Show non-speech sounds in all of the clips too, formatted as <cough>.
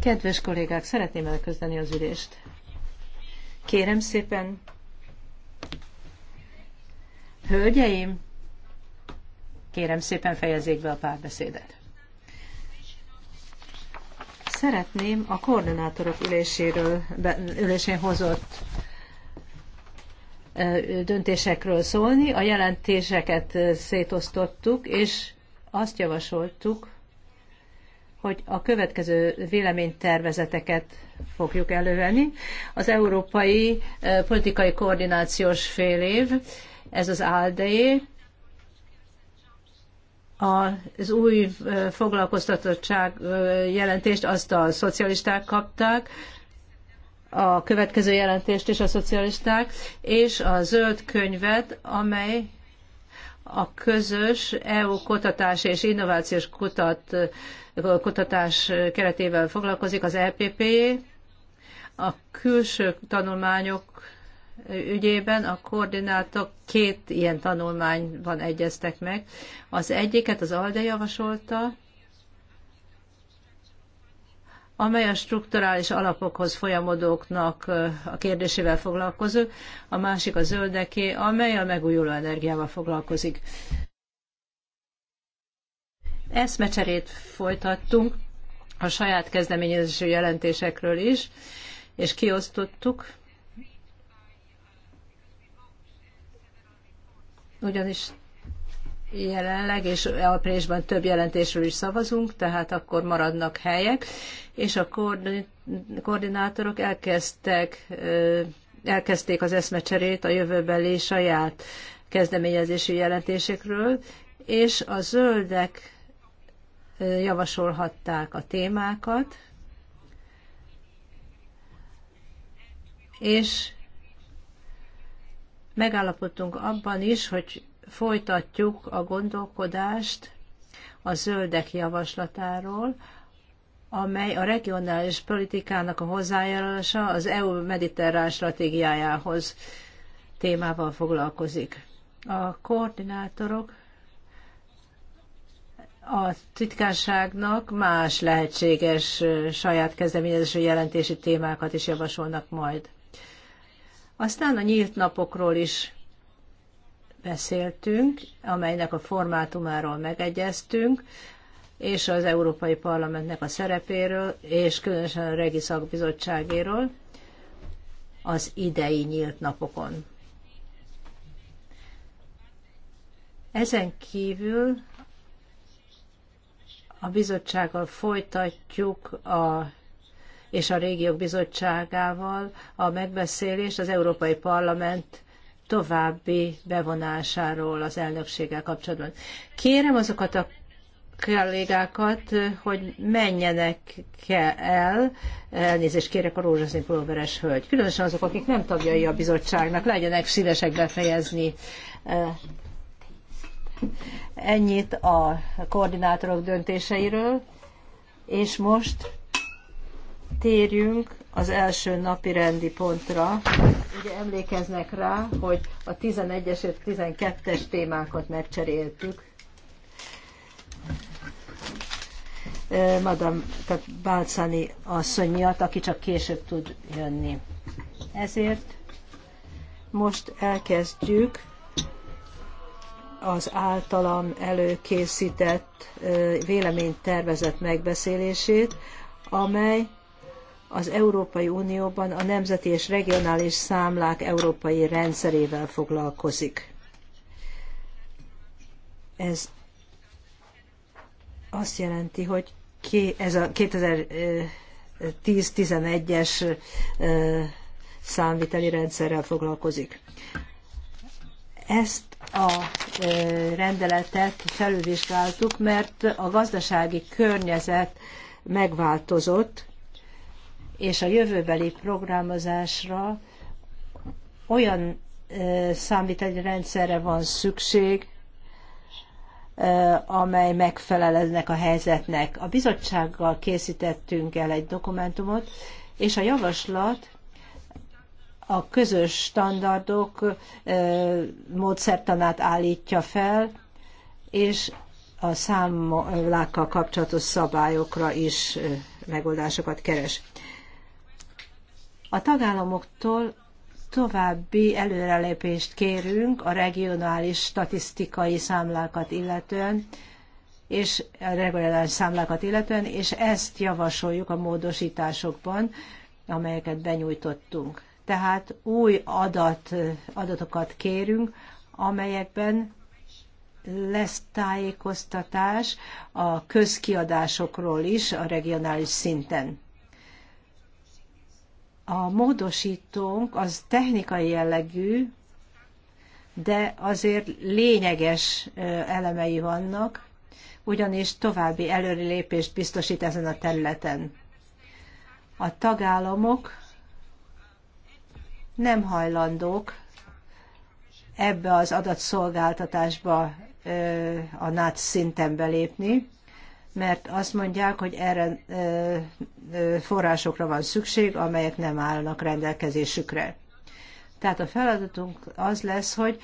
Kedves kollégák, szeretném elkezdeni az ülést. Kérem szépen, hölgyeim, kérem szépen fejezzék be a párbeszédet. Szeretném a koordinátorok üléséről, ülésén hozott döntésekről szólni. A jelentéseket szétosztottuk, és azt javasoltuk, hogy a következő véleménytervezeteket fogjuk elővenni. Az Európai Politikai Koordinációs Félév, ez az ALDE, az új foglalkoztatottság jelentést azt a szocialisták kapták, a következő jelentést is a szocialisták, és a zöld könyvet, amely a közös EU kutatás és innovációs kutat, kutatás keretével foglalkozik az EPP, a külső tanulmányok ügyében a koordinátok két ilyen tanulmányban egyeztek meg. Az egyiket az ALDE javasolta, amely a strukturális alapokhoz folyamodóknak a kérdésével foglalkozó, a másik a zöldeké, amely a megújuló energiával foglalkozik. Eszmecserét folytattunk a saját kezdeményezésű jelentésekről is, és kiosztottuk, ugyanis jelenleg, és áprilisban több jelentésről is szavazunk, tehát akkor maradnak helyek, és a koordinátorok elkezdtek, elkezdték az eszmecserét a jövőbeli saját kezdeményezésű jelentésekről, és a zöldek javasolhatták a témákat, és megállapodtunk abban is, hogy folytatjuk a gondolkodást a zöldek javaslatáról, amely a regionális politikának a hozzájárulása az EU mediterrán stratégiájához témával foglalkozik. A koordinátorok a titkárságnak más lehetséges saját kezdeményezésű jelentési témákat is javasolnak majd. Aztán a nyílt napokról is beszéltünk, amelynek a formátumáról megegyeztünk, és az Európai Parlamentnek a szerepéről, és különösen a Regi Szakbizottságéről az idei nyílt napokon. Ezen kívül a bizottsággal folytatjuk a, és a régiók bizottságával a megbeszélést az Európai Parlament további bevonásáról az elnökséggel kapcsolatban. Kérem azokat a kollégákat, hogy menjenek el, elnézést kérek a rózsaszín pulóveres hölgy, különösen azok, akik nem tagjai a bizottságnak, legyenek szívesek befejezni. Ennyit a koordinátorok döntéseiről, és most térjünk az első napi rendi pontra. Ugye emlékeznek rá, hogy a 11-es és 12-es témákat megcseréltük. Madam, tehát Bálcani asszony miatt, aki csak később tud jönni. Ezért most elkezdjük az általam előkészített véleménytervezet megbeszélését, amely az Európai Unióban a nemzeti és regionális számlák európai rendszerével foglalkozik. Ez azt jelenti, hogy ez a 2010-11-es számviteli rendszerrel foglalkozik. Ezt a rendeletet felülvizsgáltuk, mert a gazdasági környezet megváltozott, és a jövőbeli programozásra olyan számítani rendszerre van szükség, amely megfelel ennek a helyzetnek. A bizottsággal készítettünk el egy dokumentumot, és a javaslat a közös standardok módszertanát állítja fel, és a számlákkal kapcsolatos szabályokra is megoldásokat keres. A tagállamoktól további előrelépést kérünk a regionális statisztikai számlákat illetően, és a regionális számlákat illetően, és ezt javasoljuk a módosításokban, amelyeket benyújtottunk. Tehát új adat, adatokat kérünk, amelyekben lesz tájékoztatás a közkiadásokról is a regionális szinten. A módosítónk az technikai jellegű, de azért lényeges elemei vannak, ugyanis további előrelépést biztosít ezen a területen. A tagállamok nem hajlandók ebbe az adatszolgáltatásba a NAT szinten belépni, mert azt mondják, hogy erre forrásokra van szükség, amelyek nem állnak rendelkezésükre. Tehát a feladatunk az lesz, hogy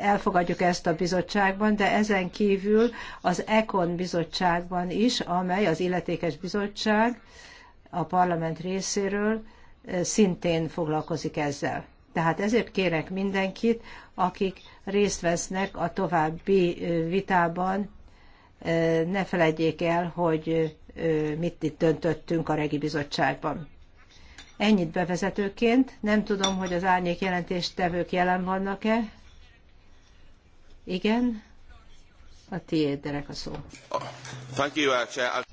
elfogadjuk ezt a bizottságban, de ezen kívül az ECON bizottságban is, amely az illetékes bizottság a parlament részéről szintén foglalkozik ezzel. Tehát ezért kérek mindenkit, akik részt vesznek a további vitában, ne felejtjék el, hogy mit itt döntöttünk a regi bizottságban. Ennyit bevezetőként. Nem tudom, hogy az árnyék jelentéstevők jelen vannak-e. Igen? A tiéd, Derek, a szó. Uh,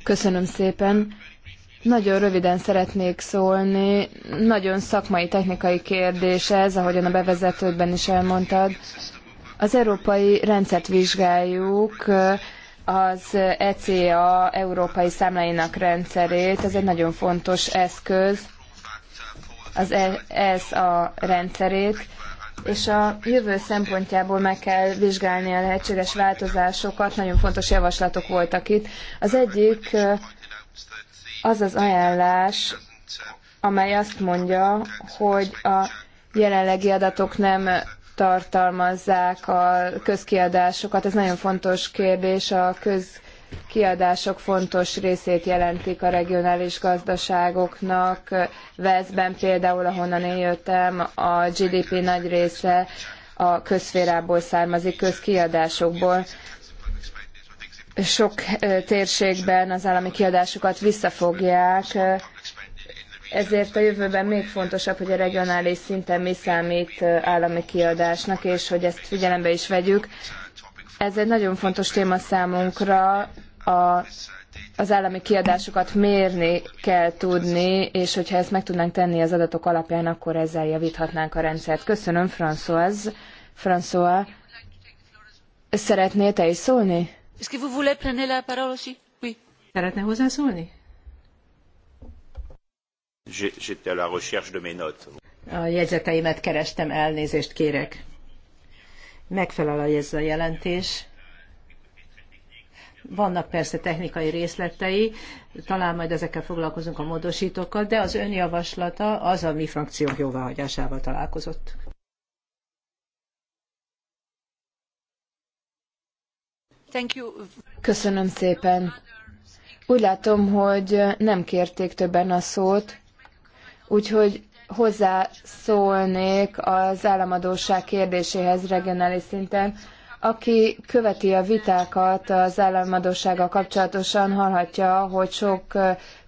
Köszönöm szépen. Nagyon röviden szeretnék szólni. Nagyon szakmai, technikai kérdés ez, ahogyan a bevezetőben is elmondtad. Az európai rendszert vizsgáljuk, az ECA európai számláinak rendszerét. Ez egy nagyon fontos eszköz, az ESA rendszerét, és a jövő szempontjából meg kell vizsgálni a lehetséges változásokat. Nagyon fontos javaslatok voltak itt. Az egyik az az ajánlás, amely azt mondja, hogy a jelenlegi adatok nem tartalmazzák a közkiadásokat. Ez nagyon fontos kérdés. A közkiadások fontos részét jelentik a regionális gazdaságoknak. Veszben például, ahonnan én jöttem, a GDP nagy része a közférából származik, közkiadásokból sok térségben az állami kiadásokat visszafogják ezért a jövőben még fontosabb, hogy a regionális szinten mi számít állami kiadásnak, és hogy ezt figyelembe is vegyük. Ez egy nagyon fontos téma számunkra, a, az állami kiadásokat mérni kell tudni, és hogyha ezt meg tudnánk tenni az adatok alapján, akkor ezzel javíthatnánk a rendszert. Köszönöm, François. François, szeretnél te is szólni? est Szeretne hozzászólni? J'étais à la recherche de mes notes. A jegyzeteimet kerestem, elnézést kérek. Megfelel a ez a jelentés. Vannak persze technikai részletei, talán majd ezekkel foglalkozunk a módosítókkal, de az ön javaslata az a mi frakciónk jóváhagyásával találkozott. Köszönöm szépen. Úgy látom, hogy nem kérték többen a szót. Úgyhogy hozzászólnék az államadóság kérdéséhez regionális szinten. Aki követi a vitákat az államadósággal kapcsolatosan, hallhatja, hogy sok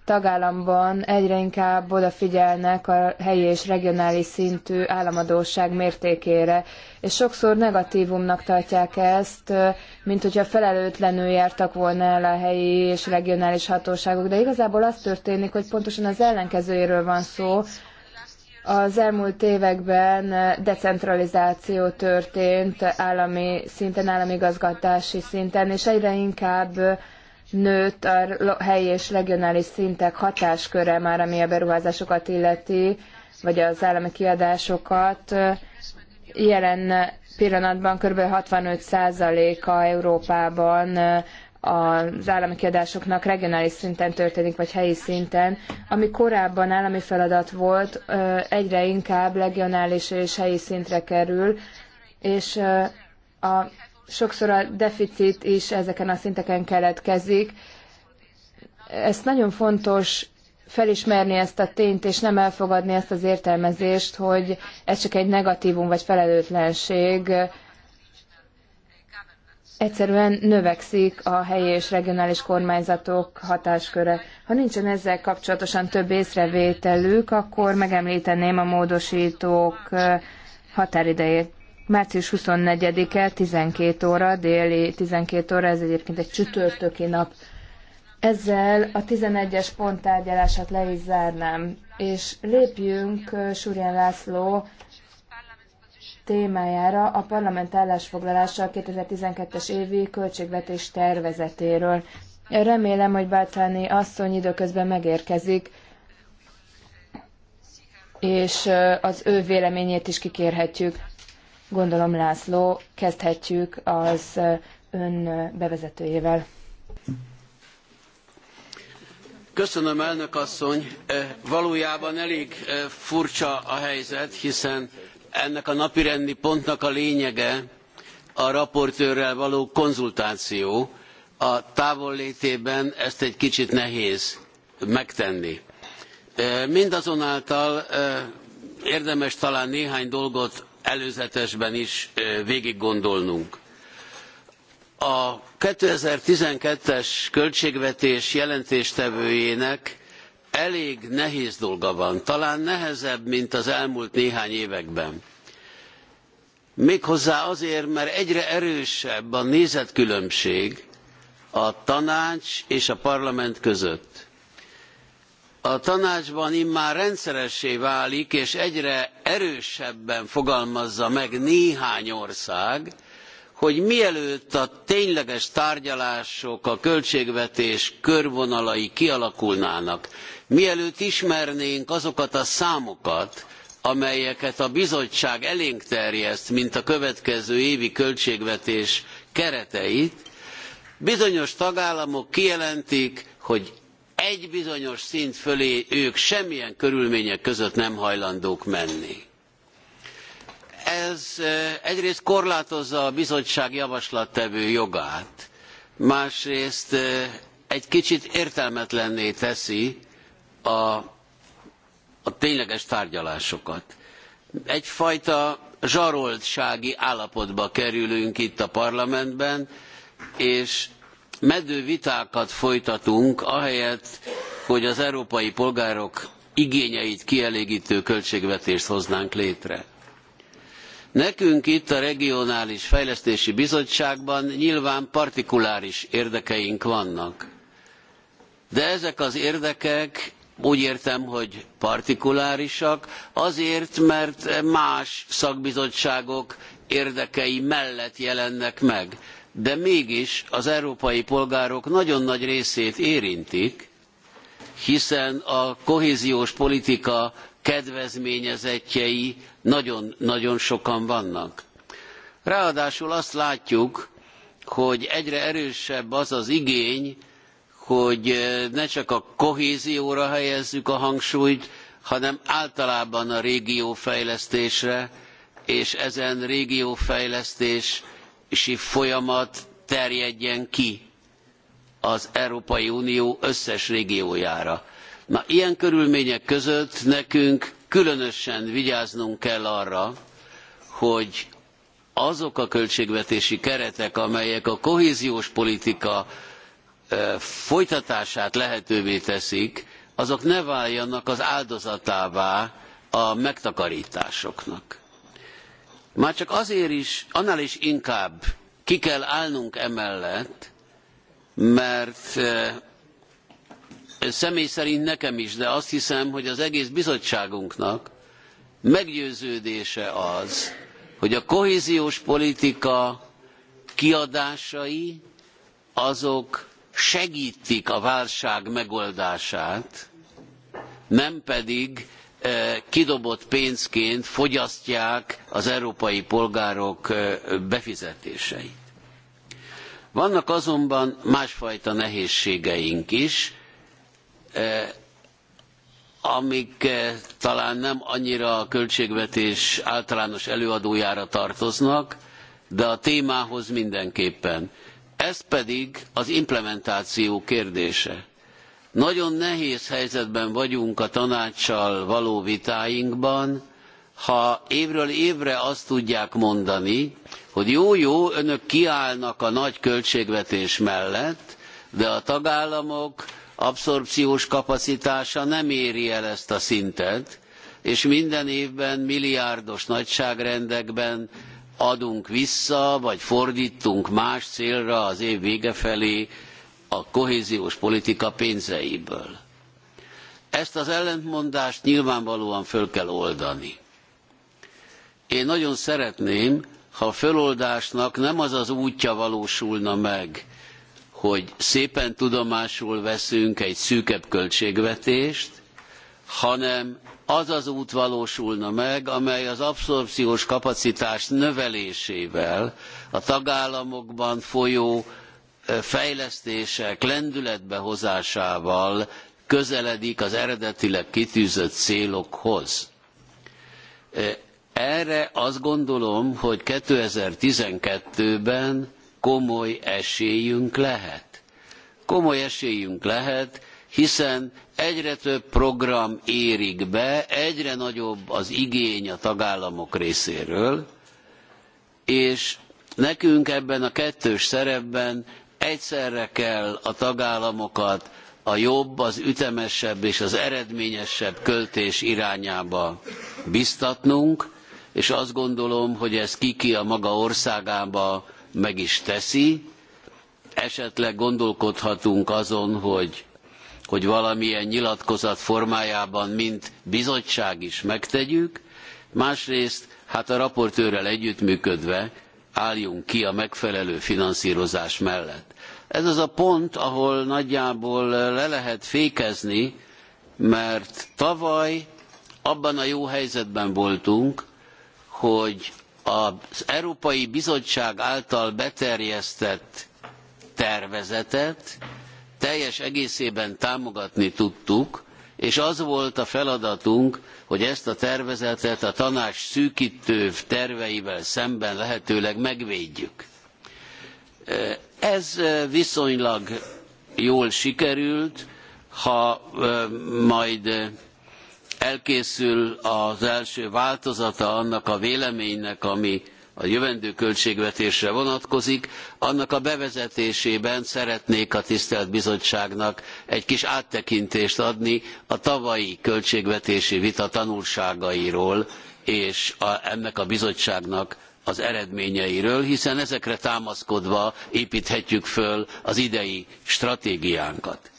tagállamban egyre inkább odafigyelnek a helyi és regionális szintű államadóság mértékére és sokszor negatívumnak tartják ezt, mint hogyha felelőtlenül jártak volna el a helyi és regionális hatóságok, de igazából az történik, hogy pontosan az ellenkezőjéről van szó, az elmúlt években decentralizáció történt állami szinten, állami igazgatási szinten, és egyre inkább nőtt a helyi és regionális szintek hatásköre már, ami a beruházásokat illeti, vagy az állami kiadásokat. Jelen pillanatban kb. 65%-a Európában az állami kiadásoknak regionális szinten történik, vagy helyi szinten, ami korábban állami feladat volt, egyre inkább regionális és helyi szintre kerül, és a, sokszor a deficit is ezeken a szinteken keletkezik. Ezt nagyon fontos felismerni ezt a tényt, és nem elfogadni ezt az értelmezést, hogy ez csak egy negatívum vagy felelőtlenség. Egyszerűen növekszik a helyi és regionális kormányzatok hatásköre. Ha nincsen ezzel kapcsolatosan több észrevételük, akkor megemlíteném a módosítók határidejét. Március 24-e, 12 óra, déli 12 óra, ez egyébként egy csütörtöki nap ezzel a 11-es ponttárgyalását le is zárnám, és lépjünk Súrján László témájára a parlament állásfoglalása a 2012-es évi költségvetés tervezetéről. Remélem, hogy Bácáni asszony időközben megérkezik, és az ő véleményét is kikérhetjük. Gondolom László, kezdhetjük az ön bevezetőjével. Köszönöm, elnök asszony. E, valójában elég e, furcsa a helyzet, hiszen ennek a napirendi pontnak a lényege a raportőrrel való konzultáció. A távollétében ezt egy kicsit nehéz megtenni. E, mindazonáltal érdemes talán néhány dolgot előzetesben is végiggondolnunk. A twelve es költségvetés jelentéstevőjének elég nehéz dolga van, talán nehezebb, mint az elmúlt néhány években. Méghozzá azért, mert egyre erősebb a nézetkülönbség a tanács és a parlament között. A tanácsban immár rendszeressé válik, és egyre erősebben fogalmazza meg néhány ország, hogy mielőtt a tényleges tárgyalások a költségvetés körvonalai kialakulnának, mielőtt ismernénk azokat a számokat, amelyeket a bizottság elénk terjeszt, mint a következő évi költségvetés kereteit, bizonyos tagállamok kijelentik, hogy egy bizonyos szint fölé ők semmilyen körülmények között nem hajlandók menni ez egyrészt korlátozza a bizottság javaslattevő jogát, másrészt egy kicsit értelmetlenné teszi a, a tényleges tárgyalásokat. Egyfajta zsaroltsági állapotba kerülünk itt a parlamentben, és medő vitákat folytatunk, ahelyett, hogy az európai polgárok igényeit kielégítő költségvetést hoznánk létre. Nekünk itt a Regionális Fejlesztési Bizottságban nyilván partikuláris érdekeink vannak. De ezek az érdekek úgy értem, hogy partikulárisak, azért, mert más szakbizottságok érdekei mellett jelennek meg. De mégis az európai polgárok nagyon nagy részét érintik, hiszen a kohéziós politika kedvezményezettjei nagyon-nagyon sokan vannak. Ráadásul azt látjuk, hogy egyre erősebb az az igény, hogy ne csak a kohézióra helyezzük a hangsúlyt, hanem általában a régiófejlesztésre, és ezen régiófejlesztési folyamat terjedjen ki az Európai Unió összes régiójára. Na, ilyen körülmények között nekünk különösen vigyáznunk kell arra, hogy azok a költségvetési keretek, amelyek a kohéziós politika folytatását lehetővé teszik, azok ne váljanak az áldozatává a megtakarításoknak. Már csak azért is, annál is inkább ki kell állnunk emellett, mert személy szerint nekem is, de azt hiszem, hogy az egész bizottságunknak meggyőződése az, hogy a kohéziós politika kiadásai azok segítik a válság megoldását, nem pedig e, kidobott pénzként fogyasztják az európai polgárok e, befizetéseit. Vannak azonban másfajta nehézségeink is, Eh, amik eh, talán nem annyira a költségvetés általános előadójára tartoznak, de a témához mindenképpen. Ez pedig az implementáció kérdése. Nagyon nehéz helyzetben vagyunk a tanácssal való vitáinkban, ha évről évre azt tudják mondani, hogy jó-jó, önök kiállnak a nagy költségvetés mellett, de a tagállamok abszorpciós kapacitása nem éri el ezt a szintet, és minden évben milliárdos nagyságrendekben adunk vissza, vagy fordítunk más célra az év vége felé a kohéziós politika pénzeiből. Ezt az ellentmondást nyilvánvalóan föl kell oldani. Én nagyon szeretném, ha a föloldásnak nem az az útja valósulna meg, hogy szépen tudomásul veszünk egy szűkebb költségvetést, hanem az az út valósulna meg, amely az abszorpciós kapacitás növelésével a tagállamokban folyó fejlesztések hozásával közeledik az eredetileg kitűzött célokhoz. Erre azt gondolom, hogy 2012-ben komoly esélyünk lehet. Komoly esélyünk lehet, hiszen egyre több program érik be, egyre nagyobb az igény a tagállamok részéről, és nekünk ebben a kettős szerepben egyszerre kell a tagállamokat a jobb, az ütemesebb és az eredményesebb költés irányába biztatnunk, és azt gondolom, hogy ez kiki a maga országába meg is teszi. Esetleg gondolkodhatunk azon, hogy, hogy valamilyen nyilatkozat formájában, mint bizottság is megtegyük, másrészt hát a raportőrrel együttműködve álljunk ki a megfelelő finanszírozás mellett. Ez az a pont, ahol nagyjából le lehet fékezni, mert tavaly abban a jó helyzetben voltunk, hogy az Európai Bizottság által beterjesztett tervezetet teljes egészében támogatni tudtuk, és az volt a feladatunk, hogy ezt a tervezetet a tanács szűkítő terveivel szemben lehetőleg megvédjük. Ez viszonylag jól sikerült, ha majd elkészül az első változata annak a véleménynek, ami a jövendő költségvetésre vonatkozik, annak a bevezetésében szeretnék a tisztelt bizottságnak egy kis áttekintést adni a tavalyi költségvetési vita tanulságairól és a, ennek a bizottságnak az eredményeiről, hiszen ezekre támaszkodva építhetjük föl az idei stratégiánkat.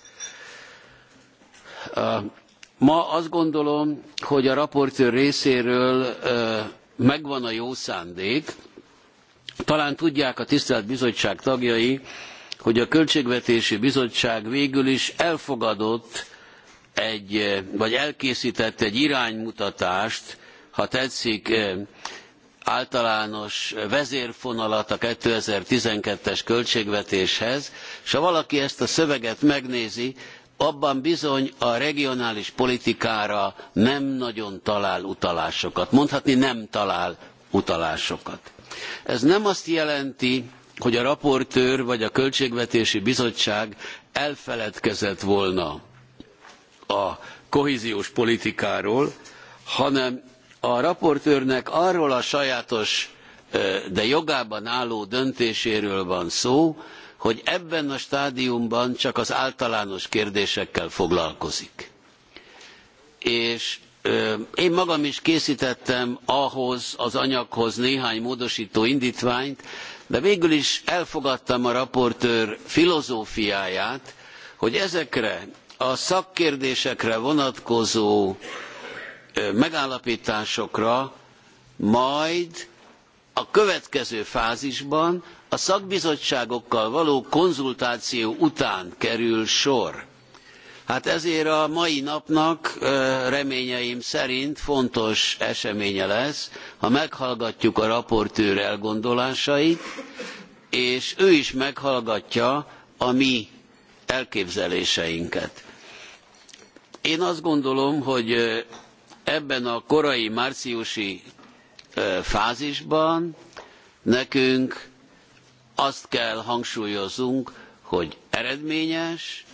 A Ma azt gondolom, hogy a raportőr részéről megvan a jó szándék. Talán tudják a tisztelt bizottság tagjai, hogy a Költségvetési Bizottság végül is elfogadott egy, vagy elkészített egy iránymutatást, ha tetszik, általános vezérfonalat a 2012-es költségvetéshez, és ha valaki ezt a szöveget megnézi, abban bizony a regionális politikára nem nagyon talál utalásokat. Mondhatni nem talál utalásokat. Ez nem azt jelenti, hogy a raportőr vagy a Költségvetési Bizottság elfeledkezett volna a kohéziós politikáról, hanem a raportőrnek arról a sajátos, de jogában álló döntéséről van szó, hogy ebben a stádiumban csak az általános kérdésekkel foglalkozik. És ö, én magam is készítettem ahhoz az anyaghoz néhány módosító indítványt, de végül is elfogadtam a raportőr filozófiáját, hogy ezekre a szakkérdésekre vonatkozó megállapításokra majd a következő fázisban, a szakbizottságokkal való konzultáció után kerül sor. Hát ezért a mai napnak reményeim szerint fontos eseménye lesz, ha meghallgatjuk a raportőr elgondolásait, és ő is meghallgatja a mi elképzeléseinket. Én azt gondolom, hogy ebben a korai márciusi fázisban nekünk azt kell hangsúlyoznunk, hogy eredményes,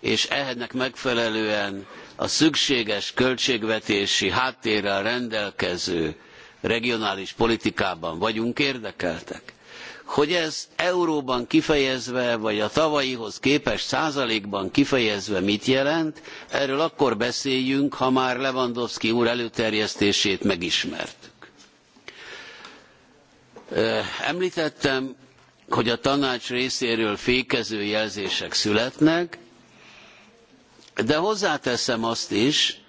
és ehhez megfelelően a szükséges költségvetési háttérrel rendelkező regionális politikában vagyunk érdekeltek. Hogy ez euróban kifejezve, vagy a tavalyihoz képest százalékban kifejezve mit jelent, erről akkor beszéljünk, ha már Lewandowski úr előterjesztését megismertük. Említettem hogy a tanács részéről fékező jelzések születnek, de hozzáteszem azt is,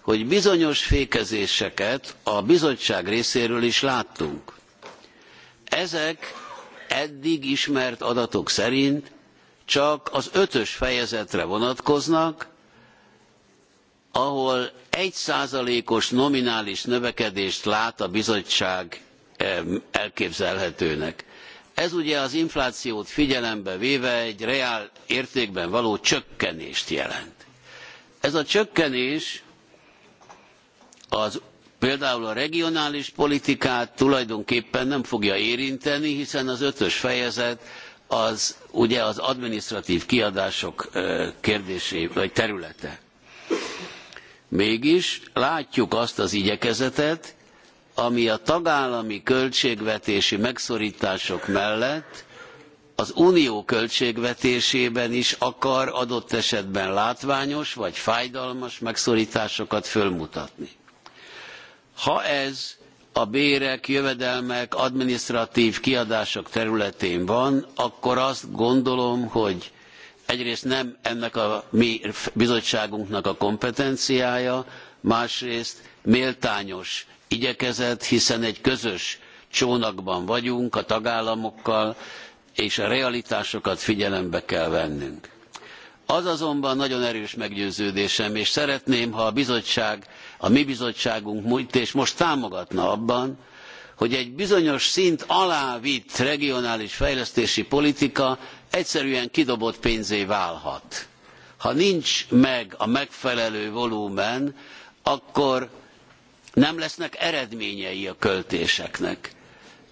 hogy bizonyos fékezéseket a bizottság részéről is láttunk. Ezek eddig ismert adatok szerint csak az ötös fejezetre vonatkoznak, ahol egy százalékos nominális növekedést lát a bizottság eh, elképzelhetőnek ez ugye az inflációt figyelembe véve egy reál értékben való csökkenést jelent. Ez a csökkenés az például a regionális politikát tulajdonképpen nem fogja érinteni, hiszen az ötös fejezet az ugye az administratív kiadások kérdésé, vagy területe. Mégis látjuk azt az igyekezetet, ami a tagállami költségvetési megszorítások mellett az unió költségvetésében is akar adott esetben látványos vagy fájdalmas megszorításokat fölmutatni. Ha ez a bérek, jövedelmek, adminisztratív kiadások területén van, akkor azt gondolom, hogy egyrészt nem ennek a mi bizottságunknak a kompetenciája, másrészt méltányos igyekezett, hiszen egy közös csónakban vagyunk a tagállamokkal, és a realitásokat figyelembe kell vennünk. Az azonban nagyon erős meggyőződésem, és szeretném, ha a bizottság, a mi bizottságunk múlt és most támogatna abban, hogy egy bizonyos szint alá vitt regionális fejlesztési politika egyszerűen kidobott pénzé válhat. Ha nincs meg a megfelelő volumen, akkor nem lesznek eredményei a költéseknek.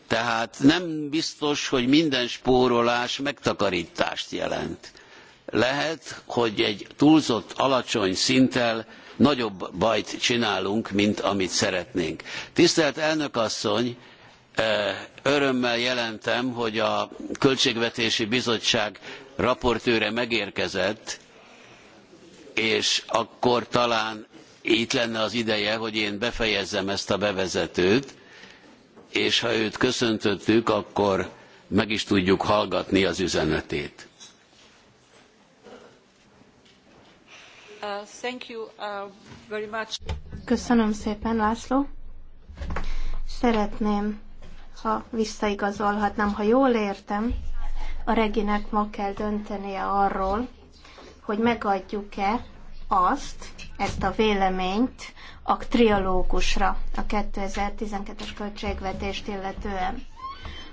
Tehát nem biztos, hogy minden spórolás megtakarítást jelent. Lehet, hogy egy túlzott alacsony szinttel nagyobb bajt csinálunk, mint amit szeretnénk. Tisztelt elnök asszony, örömmel jelentem, hogy a Költségvetési Bizottság raportőre megérkezett, és akkor talán itt lenne az ideje, hogy én befejezzem ezt a bevezetőt, és ha őt köszöntöttük, akkor meg is tudjuk hallgatni az üzenetét. Uh, uh, Köszönöm szépen, László. Szeretném, ha visszaigazolhatnám, ha jól értem, a reginek ma kell döntenie arról, hogy megadjuk-e azt, ezt a véleményt a triológusra, a 2012-es költségvetést illetően.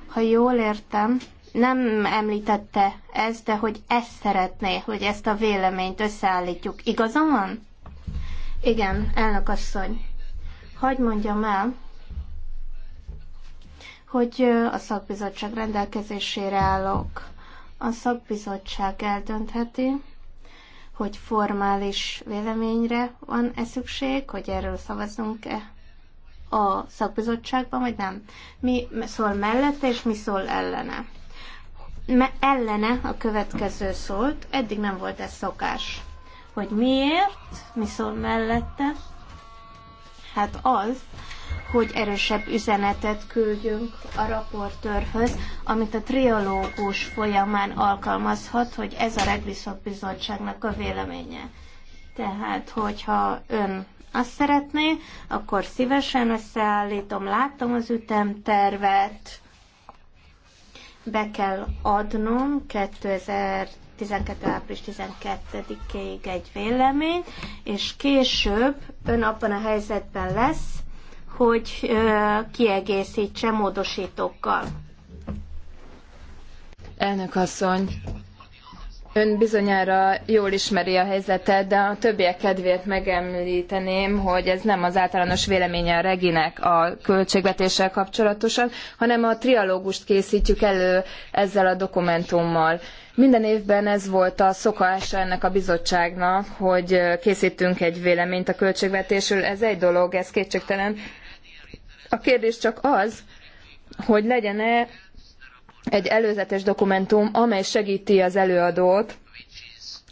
Ha jól értem, nem említette ezt, de hogy ezt szeretné, hogy ezt a véleményt összeállítjuk. Igazam van? Igen, elnök asszony. Hagy mondjam el, hogy a szakbizottság rendelkezésére állok. A szakbizottság eldöntheti, hogy formális véleményre van-e szükség, hogy erről szavazunk-e a szakbizottságban, vagy nem. Mi szól mellette, és mi szól ellene. Me ellene a következő szólt, eddig nem volt ez szokás. Hogy miért, mi szól mellette? Hát az, hogy erősebb üzenetet küldjünk a raportőrhöz, amit a triológus folyamán alkalmazhat, hogy ez a Regviszok Bizottságnak a véleménye. Tehát, hogyha ön azt szeretné, akkor szívesen összeállítom, láttam az ütemtervet, be kell adnom 2012. április 12-ig egy vélemény, és később ön abban a helyzetben lesz, hogy kiegészítse módosítókkal. Elnök asszony, Ön bizonyára jól ismeri a helyzetet, de a többiek kedvéért megemlíteném, hogy ez nem az általános véleménye a Reginek a költségvetéssel kapcsolatosan, hanem a trialógust készítjük elő ezzel a dokumentummal. Minden évben ez volt a szokása ennek a bizottságnak, hogy készítünk egy véleményt a költségvetésről. Ez egy dolog, ez kétségtelen, a kérdés csak az, hogy legyen-e egy előzetes dokumentum, amely segíti az előadót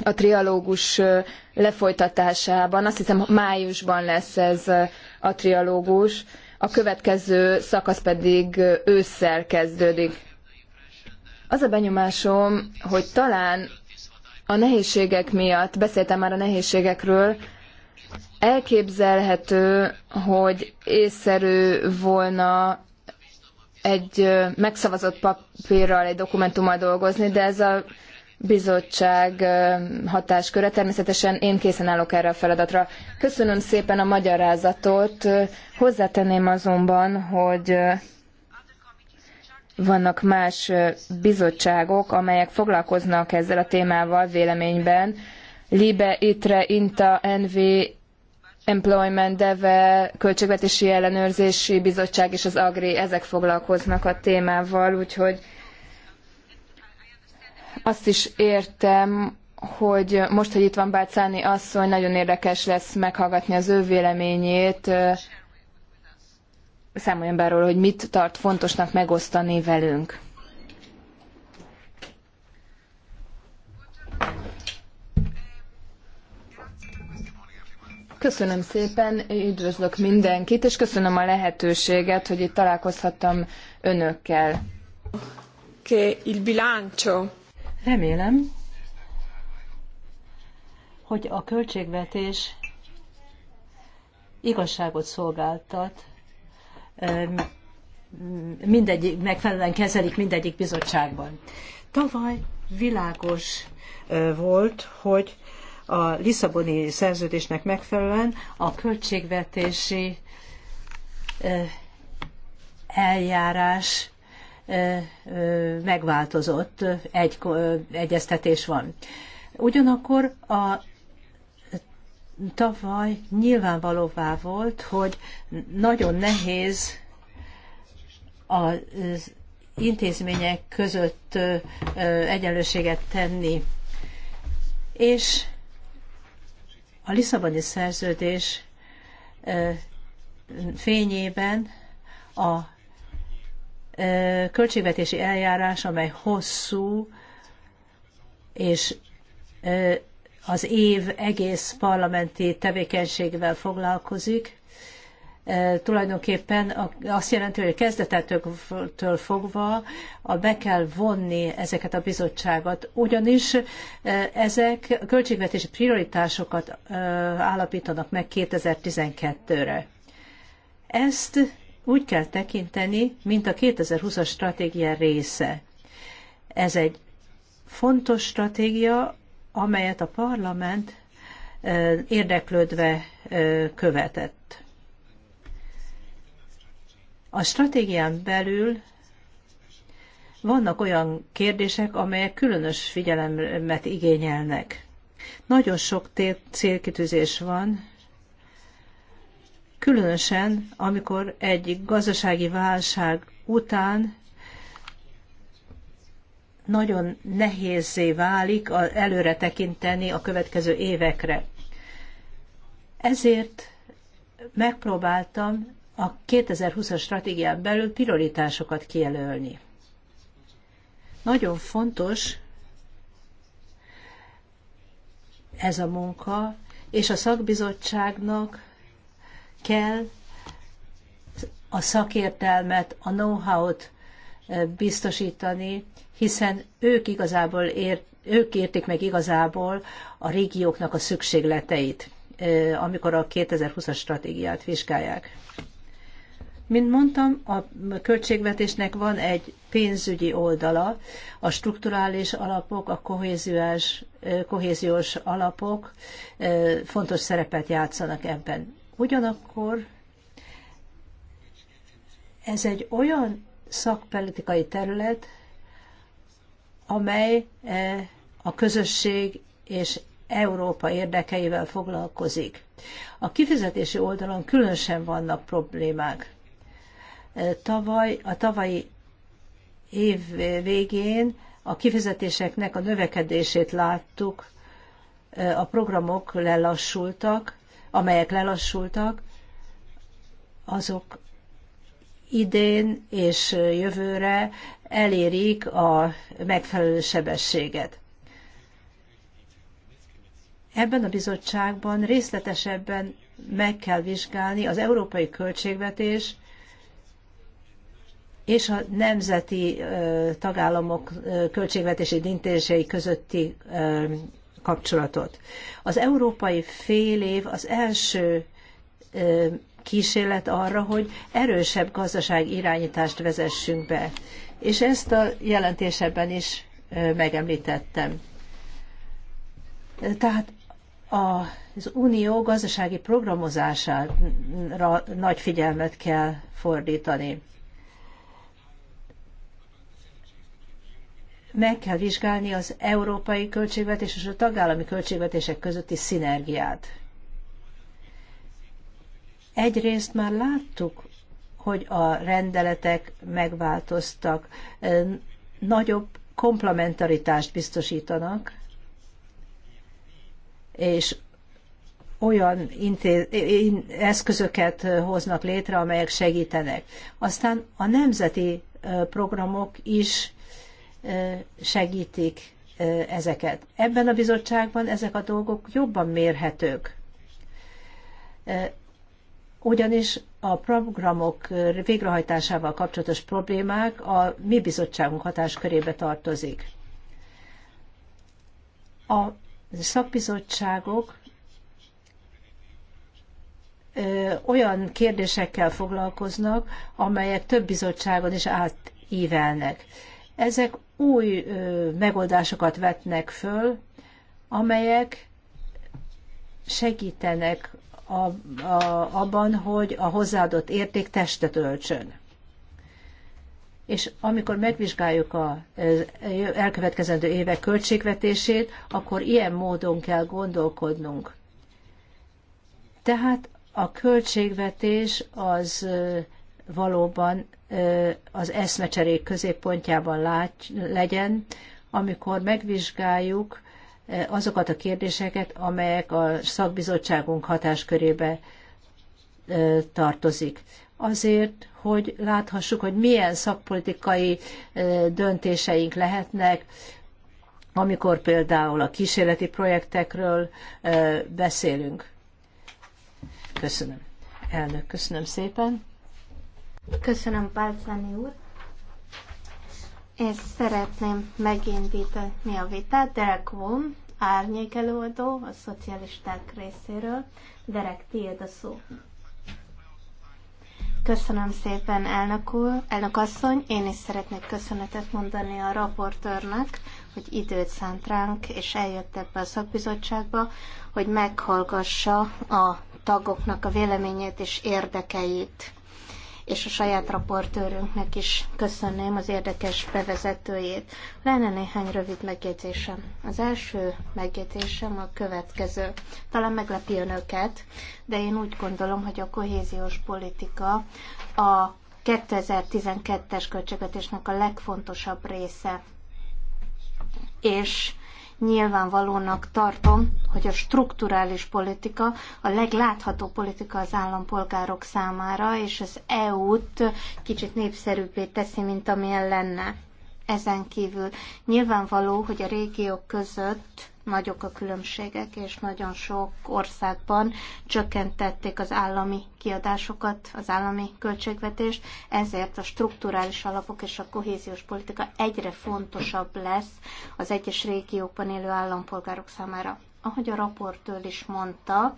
a trialógus lefolytatásában. Azt hiszem, májusban lesz ez a trialógus, a következő szakasz pedig ősszel kezdődik. Az a benyomásom, hogy talán a nehézségek miatt, beszéltem már a nehézségekről, Elképzelhető, hogy észszerű volna egy megszavazott papírral, egy dokumentummal dolgozni, de ez a bizottság hatásköre. Természetesen én készen állok erre a feladatra. Köszönöm szépen a magyarázatot. Hozzátenném azonban, hogy vannak más bizottságok, amelyek foglalkoznak ezzel a témával véleményben. Libe, Itre, Inta, NV Employment Deve, Költségvetési Ellenőrzési Bizottság és az Agri, ezek foglalkoznak a témával, úgyhogy azt is értem, hogy most, hogy itt van Bácáni asszony, nagyon érdekes lesz meghallgatni az ő véleményét. Számoljon be arról, hogy mit tart fontosnak megosztani velünk. Köszönöm szépen, üdvözlök mindenkit, és köszönöm a lehetőséget, hogy itt találkozhattam önökkel. Che il bilancio. Remélem, hogy a költségvetés igazságot szolgáltat, mindegyik, megfelelően kezelik mindegyik bizottságban. Tavaly világos volt, hogy a Lisszaboni szerződésnek megfelelően a költségvetési eljárás megváltozott, egy egyeztetés van. Ugyanakkor a tavaly nyilvánvalóvá volt, hogy nagyon nehéz az intézmények között egyenlőséget tenni. És a Lisszaboni szerződés fényében a költségvetési eljárás, amely hosszú, és az év egész parlamenti tevékenységével foglalkozik, E, tulajdonképpen azt jelenti, hogy a kezdetektől fogva a be kell vonni ezeket a bizottságot, ugyanis e, ezek költségvetési prioritásokat e, állapítanak meg 2012-re. Ezt úgy kell tekinteni, mint a 2020-as stratégia része. Ez egy fontos stratégia, amelyet a parlament érdeklődve követett. A stratégián belül vannak olyan kérdések, amelyek különös figyelemet igényelnek. Nagyon sok célkitűzés van, különösen amikor egy gazdasági válság után nagyon nehézé válik előre tekinteni a következő évekre. Ezért megpróbáltam a 2020-as stratégián belül prioritásokat kijelölni. Nagyon fontos ez a munka, és a szakbizottságnak kell a szakértelmet, a know-how-t e, biztosítani, hiszen ők igazából ért, ők értik meg igazából a régióknak a szükségleteit, e, amikor a 2020-as stratégiát vizsgálják. Mint mondtam, a költségvetésnek van egy pénzügyi oldala, a strukturális alapok, a kohéziós, kohéziós alapok fontos szerepet játszanak ebben. Ugyanakkor ez egy olyan szakpolitikai terület, amely a közösség és Európa érdekeivel foglalkozik. A kifizetési oldalon különösen vannak problémák. Tavaly, a tavalyi év végén a kifizetéseknek a növekedését láttuk, a programok lelassultak, amelyek lelassultak, azok idén és jövőre elérik a megfelelő sebességet. Ebben a bizottságban részletesebben meg kell vizsgálni az európai költségvetés és a nemzeti tagállamok költségvetési dintései közötti kapcsolatot. Az európai fél év az első kísérlet arra, hogy erősebb gazdaság irányítást vezessünk be. És ezt a jelentésebben is megemlítettem. Tehát az unió gazdasági programozására nagy figyelmet kell fordítani. meg kell vizsgálni az európai költségvetés és a tagállami költségvetések közötti szinergiát. Egyrészt már láttuk, hogy a rendeletek megváltoztak, nagyobb komplementaritást biztosítanak, és olyan eszközöket hoznak létre, amelyek segítenek. Aztán a nemzeti programok is segítik ezeket. Ebben a bizottságban ezek a dolgok jobban mérhetők. Ugyanis a programok végrehajtásával kapcsolatos problémák a mi bizottságunk hatáskörébe tartozik. A szakbizottságok olyan kérdésekkel foglalkoznak, amelyek több bizottságon is átívelnek. Ezek új megoldásokat vetnek föl, amelyek segítenek a, a, abban, hogy a hozzáadott érték testet öltsön. És amikor megvizsgáljuk a elkövetkezendő évek költségvetését, akkor ilyen módon kell gondolkodnunk. Tehát a költségvetés az valóban az eszmecserék középpontjában lágy, legyen, amikor megvizsgáljuk azokat a kérdéseket, amelyek a szakbizottságunk hatáskörébe tartozik. Azért, hogy láthassuk, hogy milyen szakpolitikai döntéseink lehetnek, amikor például a kísérleti projektekről beszélünk. Köszönöm. Elnök, köszönöm szépen. Köszönöm, Pálcáni úr. Én szeretném megindítani a vitát. Derek Wong, árnyék előadó a szocialisták részéről. Derek, tiéd a szó. Köszönöm szépen, elnök úr, elnök asszony. Én is szeretnék köszönetet mondani a raportőrnek, hogy időt szánt ránk, és eljött ebbe a szakbizottságba, hogy meghallgassa a tagoknak a véleményét és érdekeit és a saját raportőrünknek is köszönném az érdekes bevezetőjét. Lenne néhány rövid megjegyzésem. Az első megjegyzésem a következő. Talán meglepi önöket, de én úgy gondolom, hogy a kohéziós politika a 2012-es költségvetésnek a legfontosabb része. És Nyilvánvalónak tartom, hogy a strukturális politika a legláthatóbb politika az állampolgárok számára, és az EU-t kicsit népszerűbbé teszi, mint amilyen lenne ezen kívül. Nyilvánvaló, hogy a régiók között nagyok a különbségek, és nagyon sok országban csökkentették az állami kiadásokat, az állami költségvetést, ezért a strukturális alapok és a kohéziós politika egyre fontosabb lesz az egyes régiókban élő állampolgárok számára ahogy a raportőr is mondta,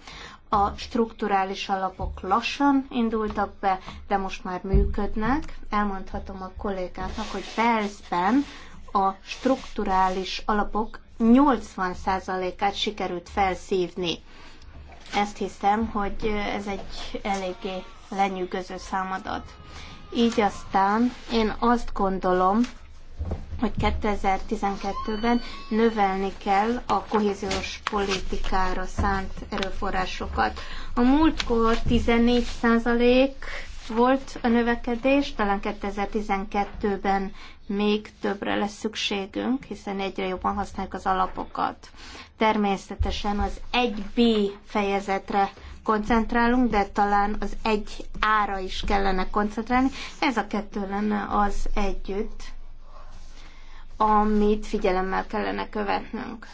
a strukturális alapok lassan indultak be, de most már működnek. Elmondhatom a kollégáknak, hogy Belszben a strukturális alapok 80%-át sikerült felszívni. Ezt hiszem, hogy ez egy eléggé lenyűgöző számadat. Így aztán én azt gondolom, hogy 2012-ben növelni kell a kohéziós politikára szánt erőforrásokat. A múltkor 14 volt a növekedés, talán 2012-ben még többre lesz szükségünk, hiszen egyre jobban használjuk az alapokat. Természetesen az 1B fejezetre koncentrálunk, de talán az 1 ára is kellene koncentrálni. Ez a kettő lenne az együtt, amit figyelemmel kellene követnünk.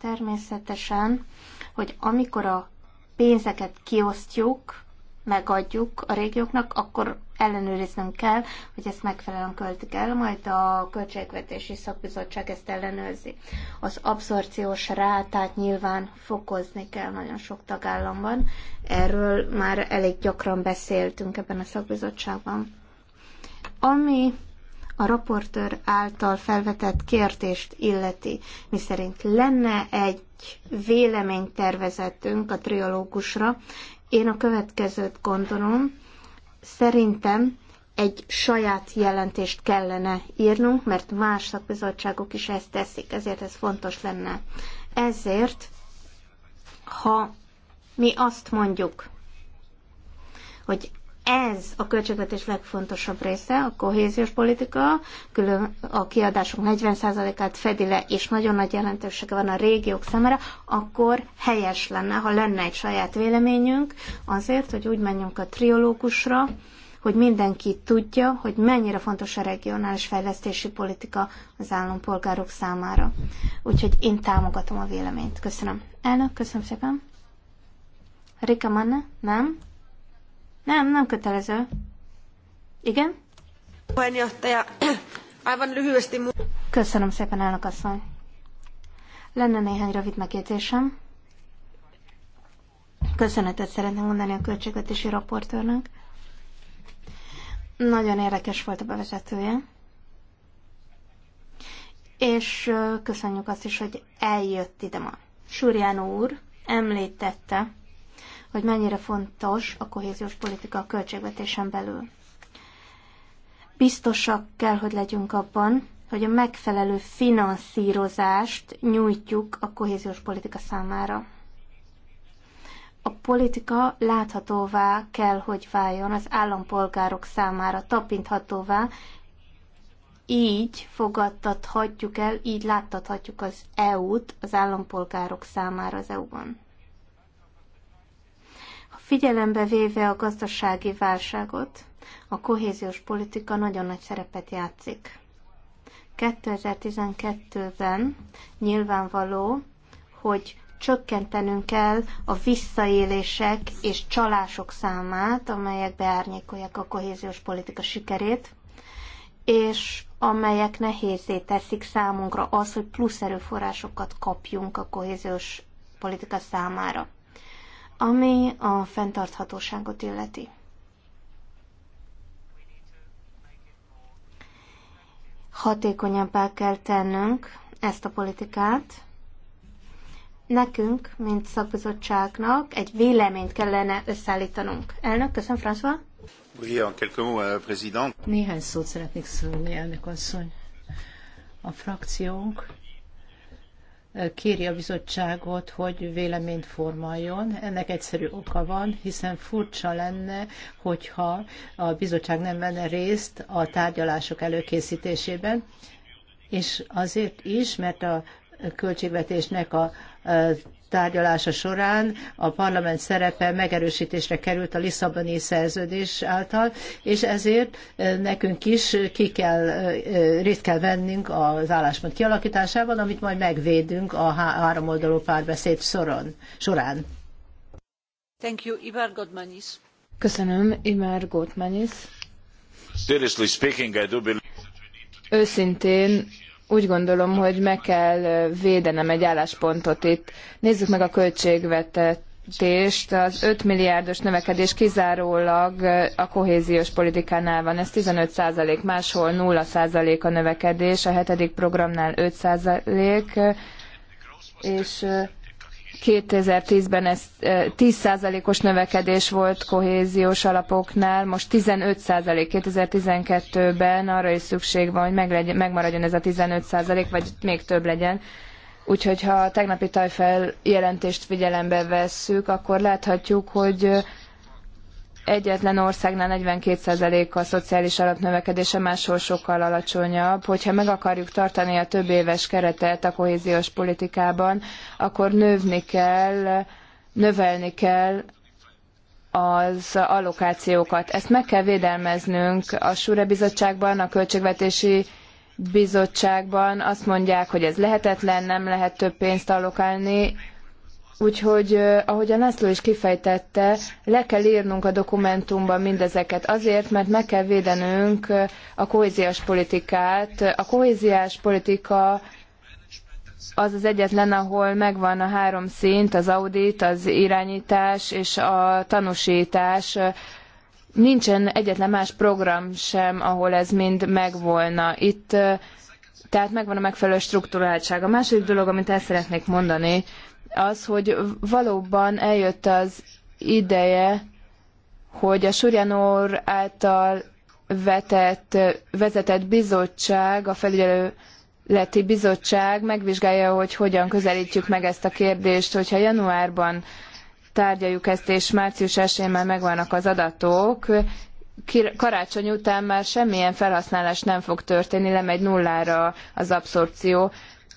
Természetesen, hogy amikor a pénzeket kiosztjuk, megadjuk a régióknak, akkor ellenőriznünk kell, hogy ezt megfelelően költik el, majd a Költségvetési Szakbizottság ezt ellenőrzi. Az abszorciós rátát nyilván fokozni kell nagyon sok tagállamban. Erről már elég gyakran beszéltünk ebben a szakbizottságban. Ami a raportőr által felvetett kérdést illeti, miszerint lenne egy véleménytervezetünk a triológusra, én a következőt gondolom, szerintem egy saját jelentést kellene írnunk, mert más szakbizottságok is ezt teszik, ezért ez fontos lenne. Ezért, ha mi azt mondjuk, hogy ez a költségvetés legfontosabb része, a kohéziós politika, külön a kiadások 40%-át fedi le, és nagyon nagy jelentősége van a régiók számára, akkor helyes lenne, ha lenne egy saját véleményünk, azért, hogy úgy menjünk a triológusra, hogy mindenki tudja, hogy mennyire fontos a regionális fejlesztési politika az állampolgárok számára. Úgyhogy én támogatom a véleményt. Köszönöm. Elnök, köszönöm szépen. Rika Manne? Nem? Nem, nem kötelező. Igen? Puheenjohtaja, aivan lyhyesti... Köszönöm szépen, elnök asszony. Lenne néhány rövid megjegyzésem. Köszönetet szeretném mondani a költségvetési raportőrnek. Nagyon érdekes volt a bevezetője. És köszönjük azt is, hogy eljött ide ma. Súrján úr említette, hogy mennyire fontos a kohéziós politika a költségvetésen belül. Biztosak kell, hogy legyünk abban, hogy a megfelelő finanszírozást nyújtjuk a kohéziós politika számára. A politika láthatóvá kell, hogy váljon az állampolgárok számára, tapinthatóvá, így fogadtathatjuk el, így láttathatjuk az EU-t az állampolgárok számára az EU-ban. Figyelembe véve a gazdasági válságot, a kohéziós politika nagyon nagy szerepet játszik. 2012-ben nyilvánvaló, hogy csökkentenünk kell a visszaélések és csalások számát, amelyek beárnyékolják a kohéziós politika sikerét, és amelyek nehézé teszik számunkra az, hogy plusz erőforrásokat kapjunk a kohéziós politika számára. Ami a fenntarthatóságot illeti. Hatékonyabbá kell tennünk ezt a politikát. Nekünk, mint szakbizottságnak egy véleményt kellene összeállítanunk. Elnök, köszönöm, François. Euh, Néhány szót szeretnék szólni, elnök asszony. A frakciónk kéri a bizottságot, hogy véleményt formáljon. Ennek egyszerű oka van, hiszen furcsa lenne, hogyha a bizottság nem venne részt a tárgyalások előkészítésében, és azért is, mert a költségvetésnek a tárgyalása során a parlament szerepe megerősítésre került a Lisszaboni szerződés által, és ezért eh, nekünk is ki kell, eh, részt kell vennünk az álláspont kialakításában, amit majd megvédünk a háromoldalú párbeszéd soron, során. Thank you, Ivar Godmanis. Köszönöm, Ivar Gótmanis. Seriously speaking, I do believe... Őszintén úgy gondolom, hogy meg kell védenem egy álláspontot itt. Nézzük meg a költségvetést. Az 5 milliárdos növekedés kizárólag a kohéziós politikánál van. Ez 15 százalék, máshol 0 százalék a növekedés, a hetedik programnál 5 százalék, és 2010-ben ez 10%-os növekedés volt kohéziós alapoknál, most 15% 2012-ben arra is szükség van, hogy meglegyen, megmaradjon ez a 15% vagy még több legyen. Úgyhogy ha a tegnapi tajfel jelentést figyelembe vesszük, akkor láthatjuk, hogy egyetlen országnál 42% a szociális alap növekedése, máshol sokkal alacsonyabb. Hogyha meg akarjuk tartani a több éves keretet a kohéziós politikában, akkor növni kell, növelni kell az allokációkat. Ezt meg kell védelmeznünk a Súre Bizottságban, a Költségvetési Bizottságban. Azt mondják, hogy ez lehetetlen, nem lehet több pénzt allokálni Úgyhogy, ahogy a László is kifejtette, le kell írnunk a dokumentumban mindezeket azért, mert meg kell védenünk a kohéziós politikát. A kohéziás politika az az egyetlen, ahol megvan a három szint, az audit, az irányítás és a tanúsítás. Nincsen egyetlen más program sem, ahol ez mind megvolna. Itt tehát megvan a megfelelő struktúráltság. A második dolog, amit el szeretnék mondani, az, hogy valóban eljött az ideje, hogy a Surjanor által vetett, vezetett bizottság, a felügyeleti bizottság megvizsgálja, hogy hogyan közelítjük meg ezt a kérdést, hogyha januárban tárgyaljuk ezt, és március 1 már megvannak az adatok, karácsony után már semmilyen felhasználás nem fog történni, lemegy nullára az abszorpció.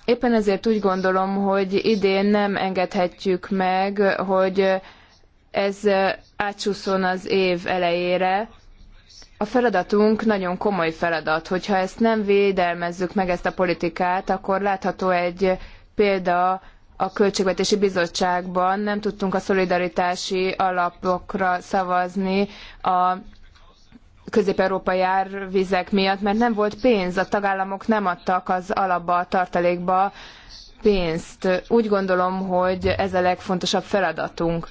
Éppen ezért úgy gondolom, hogy idén nem engedhetjük meg, hogy ez átsúszon az év elejére. A feladatunk nagyon komoly feladat. Hogyha ezt nem védelmezzük meg, ezt a politikát, akkor látható egy példa a Költségvetési Bizottságban. Nem tudtunk a szolidaritási alapokra szavazni a közép-európai árvizek miatt, mert nem volt pénz, a tagállamok nem adtak az alapba, a tartalékba pénzt. Úgy gondolom, hogy ez a legfontosabb feladatunk.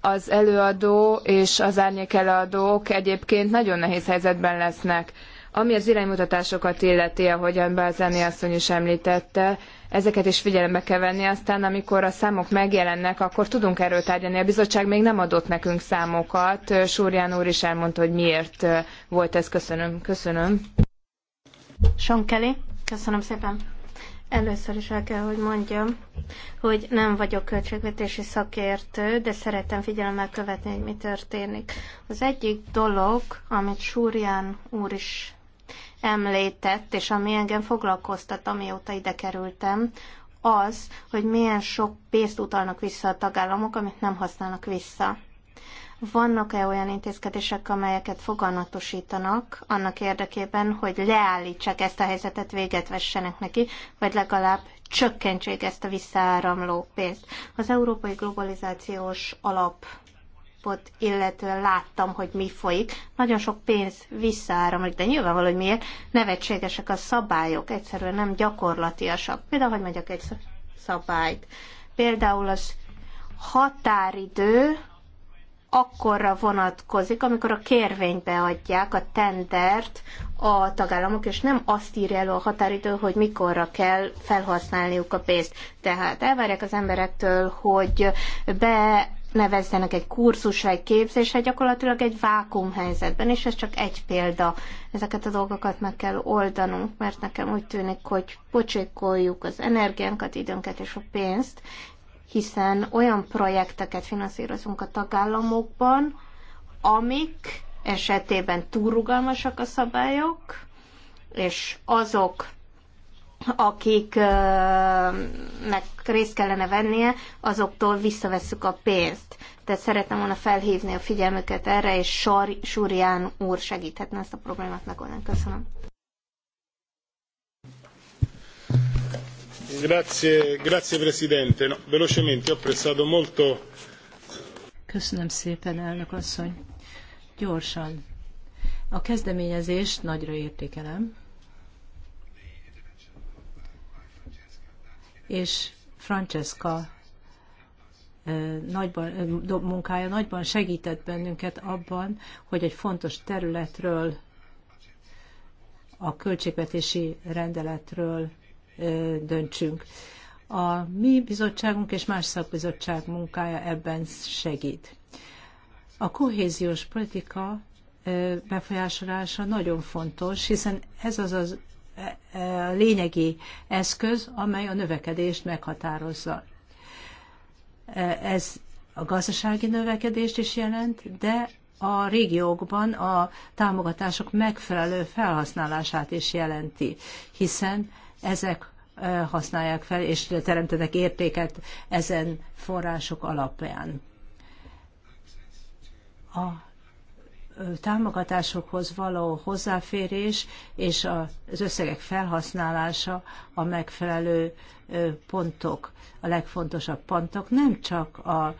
Az előadó és az árnyék előadók egyébként nagyon nehéz helyzetben lesznek ami az iránymutatásokat illeti, ahogyan Bázáni asszony is említette, ezeket is figyelembe kell venni, aztán amikor a számok megjelennek, akkor tudunk erről tárgyalni. A bizottság még nem adott nekünk számokat. Súrján úr is elmondta, hogy miért volt ez. Köszönöm. Köszönöm. Sonkeli, köszönöm szépen. Először is el kell, hogy mondjam, hogy nem vagyok költségvetési szakértő, de szeretem figyelemmel követni, hogy mi történik. Az egyik dolog, amit Súrján úr is említett, és ami engem foglalkoztat, amióta ide kerültem, az, hogy milyen sok pénzt utalnak vissza a tagállamok, amit nem használnak vissza. Vannak-e olyan intézkedések, amelyeket foganatosítanak annak érdekében, hogy leállítsák ezt a helyzetet, véget vessenek neki, vagy legalább csökkentsék ezt a visszaáramló pénzt? Az Európai Globalizációs Alap napot, illetve láttam, hogy mi folyik. Nagyon sok pénz visszaáramlik, de nyilvánvaló, hogy miért. Nevetségesek a szabályok, egyszerűen nem gyakorlatiasak. Például, hogy megyek egy szabályt. Például az határidő akkorra vonatkozik, amikor a kérvénybe adják a tendert a tagállamok, és nem azt írja elő a határidő, hogy mikorra kell felhasználniuk a pénzt. Tehát elvárják az emberektől, hogy be nevezzenek egy kurzusra, egy képzésre, hát gyakorlatilag egy vákumhelyzetben, és ez csak egy példa. Ezeket a dolgokat meg kell oldanunk, mert nekem úgy tűnik, hogy pocsékoljuk az energiánkat, időnket és a pénzt, hiszen olyan projekteket finanszírozunk a tagállamokban, amik esetében túl rugalmasak a szabályok, és azok akiknek részt kellene vennie, azoktól visszavesszük a pénzt. Tehát szeretem volna felhívni a figyelmüket erre, és Sor, Súrián úr segíthetne ezt a problémát megoldani. Köszönöm. Grazie, grazie Presidente. No, velocemente, ho apprezzato molto. Köszönöm szépen, elnök asszony. Gyorsan. A kezdeményezést nagyra értékelem. és Francesca nagyban, munkája nagyban segített bennünket abban, hogy egy fontos területről, a költségvetési rendeletről döntsünk. A mi bizottságunk és más szakbizottság munkája ebben segít. A kohéziós politika befolyásolása nagyon fontos, hiszen ez az az lényegi eszköz, amely a növekedést meghatározza. Ez a gazdasági növekedést is jelent, de a régiókban a támogatások megfelelő felhasználását is jelenti, hiszen ezek használják fel és teremtenek értéket ezen források alapján. A támogatásokhoz való hozzáférés és az összegek felhasználása a megfelelő pontok, a legfontosabb pontok, nem csak a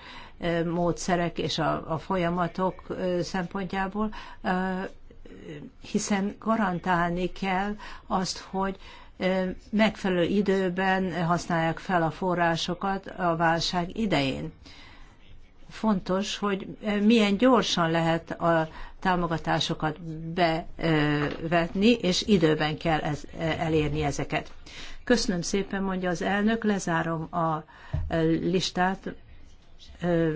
módszerek és a, a folyamatok szempontjából, hiszen garantálni kell azt, hogy megfelelő időben használják fel a forrásokat a válság idején. Fontos, hogy milyen gyorsan lehet a támogatásokat bevetni, és időben kell ez, elérni ezeket. Köszönöm szépen, mondja az elnök, lezárom a listát,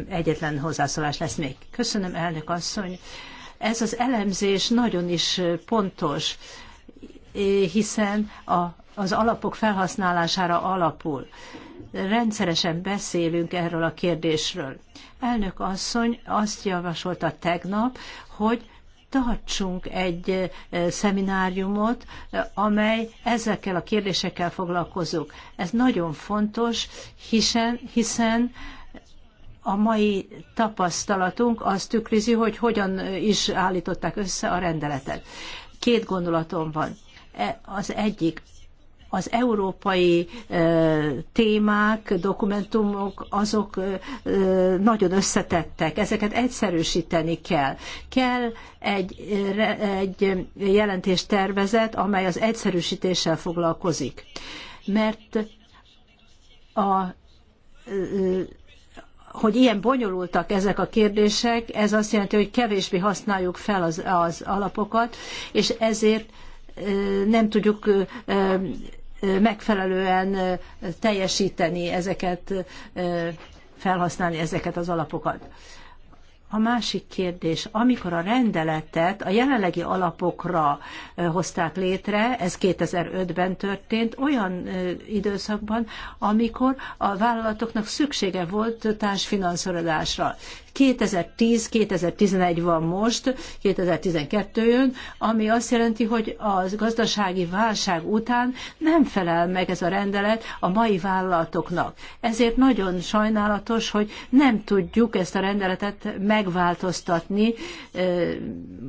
egyetlen hozzászólás lesz még. Köszönöm, elnök asszony. Ez az elemzés nagyon is pontos, hiszen a, az alapok felhasználására alapul rendszeresen beszélünk erről a kérdésről. Elnök asszony azt javasolta tegnap, hogy tartsunk egy eh, szemináriumot, eh, amely ezekkel a kérdésekkel foglalkozunk. Ez nagyon fontos, hiszen, hiszen a mai tapasztalatunk azt tükrizi, hogy hogyan eh, is állították össze a rendeletet. Két gondolatom van. E, az egyik, az európai témák, dokumentumok, azok nagyon összetettek, ezeket egyszerűsíteni kell. Kell egy, egy jelentéstervezet, amely az egyszerűsítéssel foglalkozik. Mert a hogy ilyen bonyolultak ezek a kérdések, ez azt jelenti, hogy kevésbé használjuk fel az, az alapokat, és ezért nem tudjuk megfelelően teljesíteni ezeket, felhasználni ezeket az alapokat. A másik kérdés, amikor a rendeletet a jelenlegi alapokra hozták létre, ez 2005-ben történt, olyan időszakban, amikor a vállalatoknak szüksége volt társfinanszírozásra. 2010, 2011 van most, 2012 jön, ami azt jelenti, hogy a gazdasági válság után nem felel meg ez a rendelet a mai vállalatoknak. Ezért nagyon sajnálatos, hogy nem tudjuk ezt a rendeletet megváltoztatni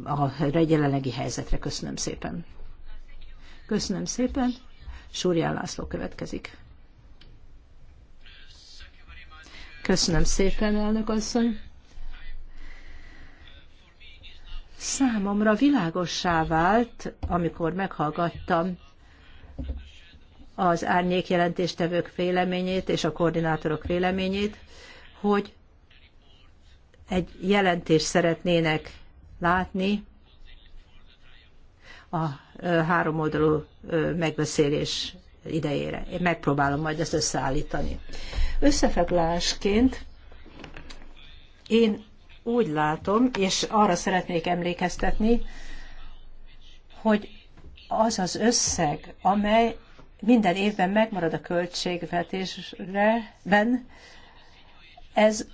a jelenlegi helyzetre. Köszönöm szépen. Köszönöm szépen. Súrján László következik. Köszönöm szépen, elnök asszony. Számomra világossá vált, amikor meghallgattam az árnyék jelentéstevők véleményét és a koordinátorok véleményét, hogy egy jelentést szeretnének látni a háromoldalú megbeszélés idejére. Én megpróbálom majd ezt összeállítani. Összefeglásként én úgy látom, és arra szeretnék emlékeztetni, hogy az az összeg, amely minden évben megmarad a költségvetésben, ez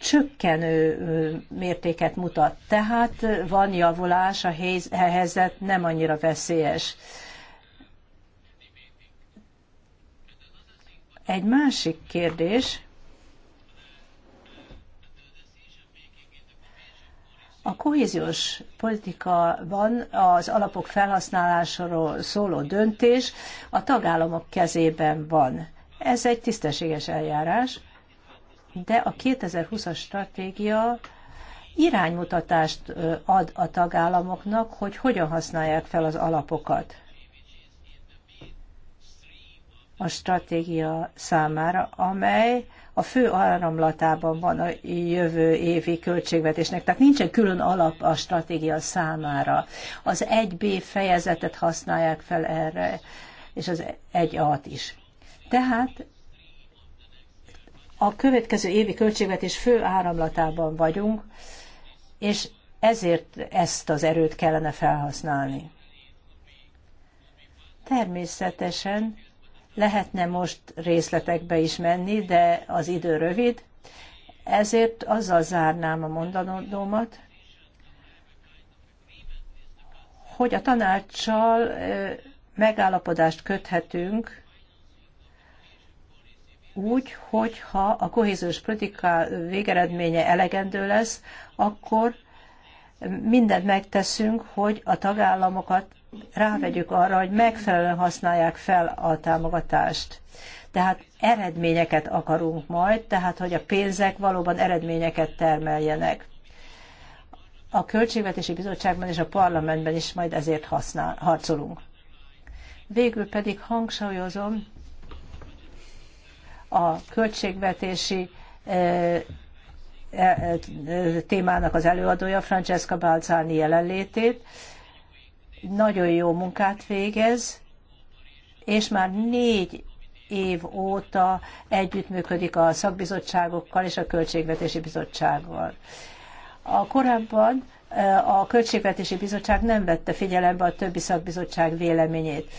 csökkenő mértéket mutat. Tehát van javulás, a e helyzet nem annyira veszélyes. Egy másik kérdés, A kohéziós politikaban az alapok felhasználásáról szóló döntés a tagállamok kezében van. Ez egy tisztességes eljárás, de a 2020-as stratégia iránymutatást ad a tagállamoknak, hogy hogyan használják fel az alapokat. A stratégia számára, amely a fő áramlatában van a jövő évi költségvetésnek, tehát nincsen külön alap a stratégia számára. Az 1B fejezetet használják fel erre, és az 1A-t is. Tehát a következő évi költségvetés fő áramlatában vagyunk, és ezért ezt az erőt kellene felhasználni. Természetesen Lehetne most részletekbe is menni, de az idő rövid, ezért azzal zárnám a mondanodómat, hogy a tanácssal megállapodást köthetünk úgy, hogyha a kohéziós politika végeredménye elegendő lesz, akkor mindent megteszünk, hogy a tagállamokat rávegyük arra, hogy megfelelően használják fel a támogatást. Tehát eredményeket akarunk majd, tehát hogy a pénzek valóban eredményeket termeljenek. A Költségvetési Bizottságban és a parlamentben is majd ezért használ, harcolunk. Végül pedig hangsúlyozom a költségvetési e, e, e, témának az előadója, Francesca Balzani jelenlétét, nagyon jó munkát végez, és már négy év óta együttműködik a szakbizottságokkal és a Költségvetési Bizottsággal. A korábban eh, a Költségvetési Bizottság nem vette figyelembe a többi szakbizottság véleményét.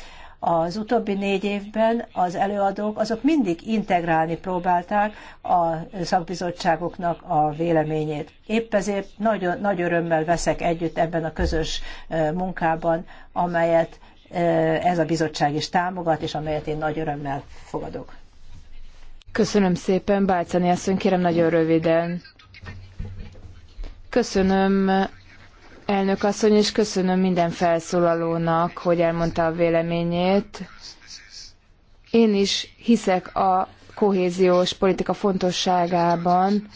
Az utóbbi négy évben az előadók azok mindig integrálni próbálták a szakbizottságoknak a véleményét. Épp ezért nagy, nagy örömmel veszek együtt ebben a közös munkában, amelyet ez a bizottság is támogat, és amelyet én nagy örömmel fogadok. Köszönöm szépen, Bálcani asszony, kérem nagyon röviden. Köszönöm elnök asszony, és köszönöm minden felszólalónak, hogy elmondta a véleményét. Én is hiszek a kohéziós politika fontosságában,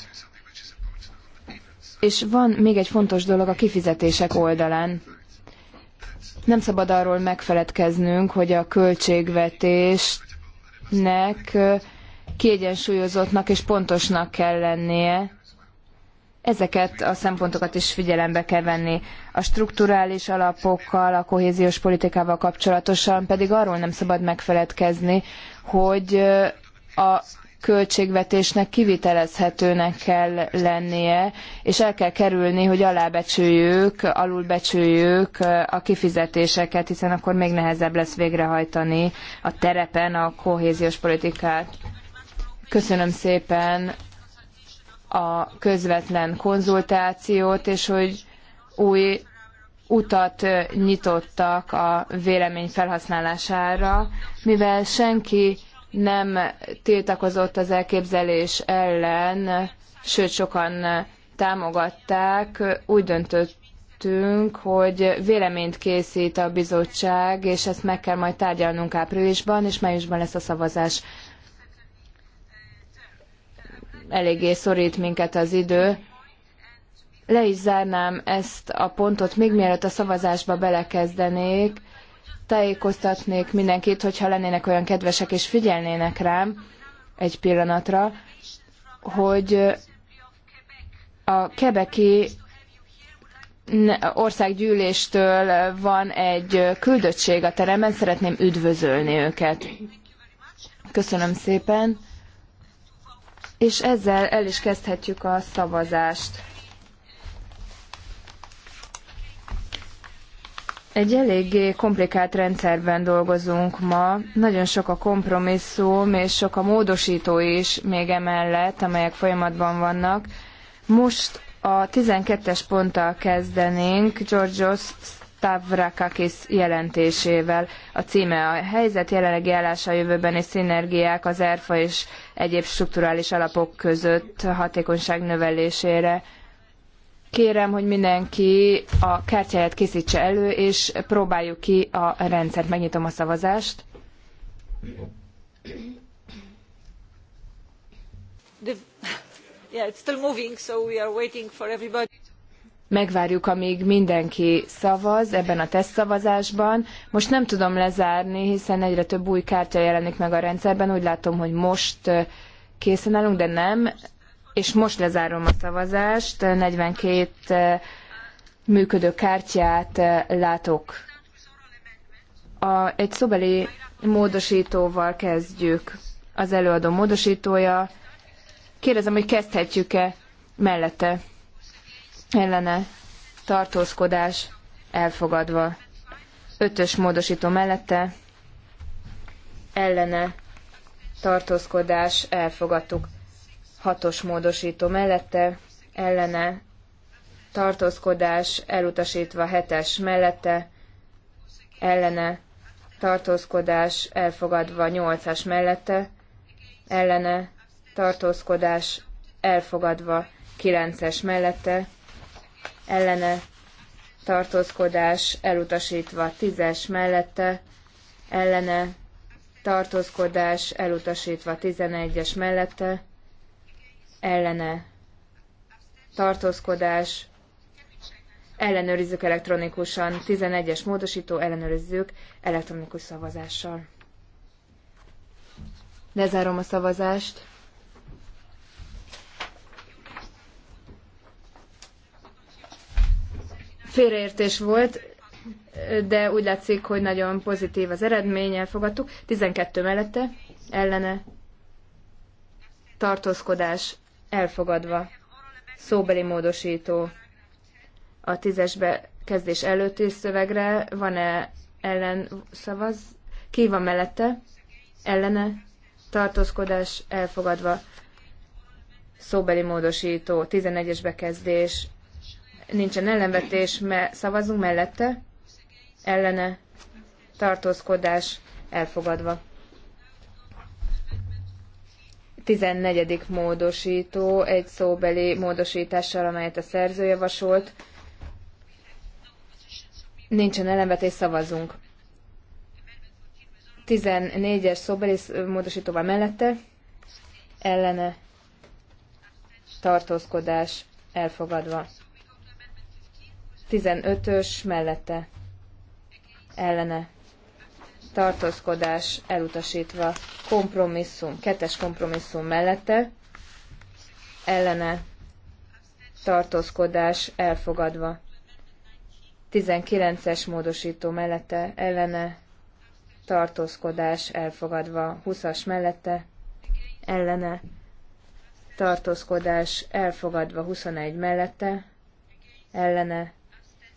és van még egy fontos dolog a kifizetések oldalán. Nem szabad arról megfeledkeznünk, hogy a költségvetésnek kiegyensúlyozottnak és pontosnak kell lennie, Ezeket a szempontokat is figyelembe kell venni. A strukturális alapokkal, a kohéziós politikával kapcsolatosan pedig arról nem szabad megfeledkezni, hogy a költségvetésnek kivitelezhetőnek kell lennie, és el kell kerülni, hogy alábecsüljük, alulbecsüljük a kifizetéseket, hiszen akkor még nehezebb lesz végrehajtani a terepen a kohéziós politikát. Köszönöm szépen a közvetlen konzultációt, és hogy új utat nyitottak a vélemény felhasználására, mivel senki nem tiltakozott az elképzelés ellen, sőt sokan támogatták, úgy döntöttünk, hogy véleményt készít a bizottság, és ezt meg kell majd tárgyalnunk áprilisban, és májusban lesz a szavazás eléggé szorít minket az idő. Le is zárnám ezt a pontot, még mielőtt a szavazásba belekezdenék. Tájékoztatnék mindenkit, hogyha lennének olyan kedvesek és figyelnének rám egy pillanatra, hogy a kebeki országgyűléstől van egy küldöttség a teremben, szeretném üdvözölni őket. Köszönöm szépen. És ezzel el is kezdhetjük a szavazást. Egy eléggé komplikált rendszerben dolgozunk ma. Nagyon sok a kompromisszum, és sok a módosító is még emellett, amelyek folyamatban vannak. Most a 12-es ponttal kezdenénk. Georgios Stavrakakis jelentésével. A címe a helyzet jelenlegi állása a jövőben és szinergiák az ERFA és egyéb strukturális alapok között hatékonyság növelésére. Kérem, hogy mindenki a kártyáját készítse elő, és próbáljuk ki a rendszert. Megnyitom a szavazást. The, <laughs> yeah, it's still moving, so we are waiting for everybody megvárjuk, amíg mindenki szavaz ebben a tesztszavazásban. Most nem tudom lezárni, hiszen egyre több új kártya jelenik meg a rendszerben. Úgy látom, hogy most készen állunk, de nem. És most lezárom a szavazást. 42 működő kártyát látok. A, egy szobeli módosítóval kezdjük. Az előadó módosítója. Kérdezem, hogy kezdhetjük-e mellette ellene tartózkodás elfogadva. Ötös módosító mellette ellene tartózkodás elfogadtuk. Hatos módosító mellette ellene tartózkodás elutasítva hetes mellette ellene tartózkodás elfogadva nyolcas mellette ellene tartózkodás elfogadva kilences mellette ellene tartózkodás elutasítva, tízes mellette ellene tartózkodás elutasítva, tizenegyes mellette ellene tartózkodás ellenőrizzük elektronikusan, 11-es módosító ellenőrizzük elektronikus szavazással. Lezárom a szavazást. félreértés volt, de úgy látszik, hogy nagyon pozitív az eredmény, elfogadtuk. 12 mellette ellene tartózkodás elfogadva. Szóbeli módosító a tízes kezdés előtti szövegre van-e ellen szavaz? Ki van mellette? Ellene tartózkodás elfogadva. Szóbeli módosító 11-es bekezdés nincsen ellenvetés, mert szavazunk mellette, ellene, tartózkodás elfogadva. 14. módosító, egy szóbeli módosítással, amelyet a szerző javasolt. Nincsen ellenvetés, szavazunk. 14-es szóbeli módosítóval mellette, ellene, tartózkodás elfogadva. 15-ös mellette ellene tartózkodás elutasítva kompromisszum, kettes kompromisszum mellette ellene tartózkodás elfogadva. 19-es módosító mellette ellene tartózkodás elfogadva. 20-as mellette ellene tartózkodás elfogadva. 21 mellette ellene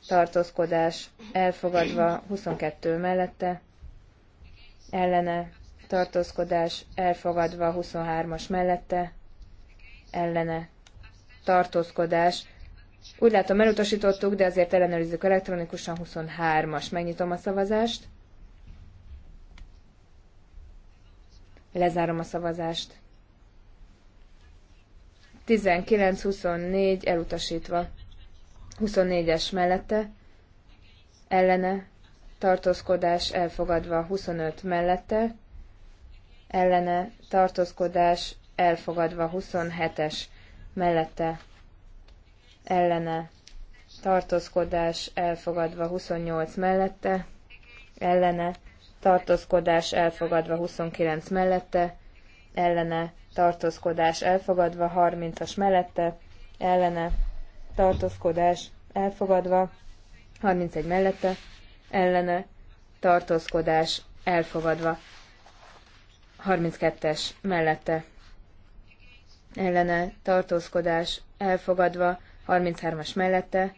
tartózkodás elfogadva 22 mellette, ellene tartózkodás elfogadva 23-as mellette, ellene tartózkodás. Úgy látom elutasítottuk, de azért ellenőrizzük elektronikusan 23-as. Megnyitom a szavazást. Lezárom a szavazást. 19-24 elutasítva. 24-es mellette, ellene, tartózkodás elfogadva 25 mellette, ellene, tartózkodás elfogadva 27-es mellette, ellene, tartózkodás elfogadva 28 mellette, ellene, tartózkodás elfogadva 29 mellette, ellene, tartózkodás elfogadva 30-as mellette, ellene, tartózkodás elfogadva, 31 mellette, ellene, tartózkodás elfogadva, 32-es mellette, ellene, tartózkodás elfogadva, 33-as mellette,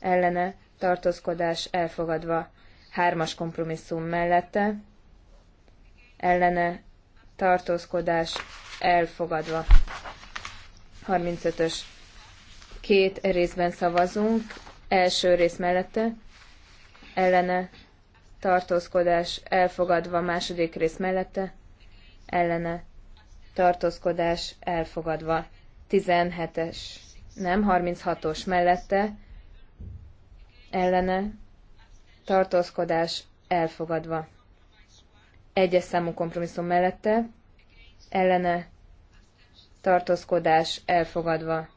ellene, tartózkodás elfogadva, 3-as kompromisszum mellette, ellene, tartózkodás elfogadva, 35-ös Két részben szavazunk. Első rész mellette ellene tartózkodás elfogadva, második rész mellette ellene tartózkodás elfogadva. 17-es, nem 36-os mellette ellene tartózkodás elfogadva. Egyes számú kompromisszum mellette ellene tartózkodás elfogadva.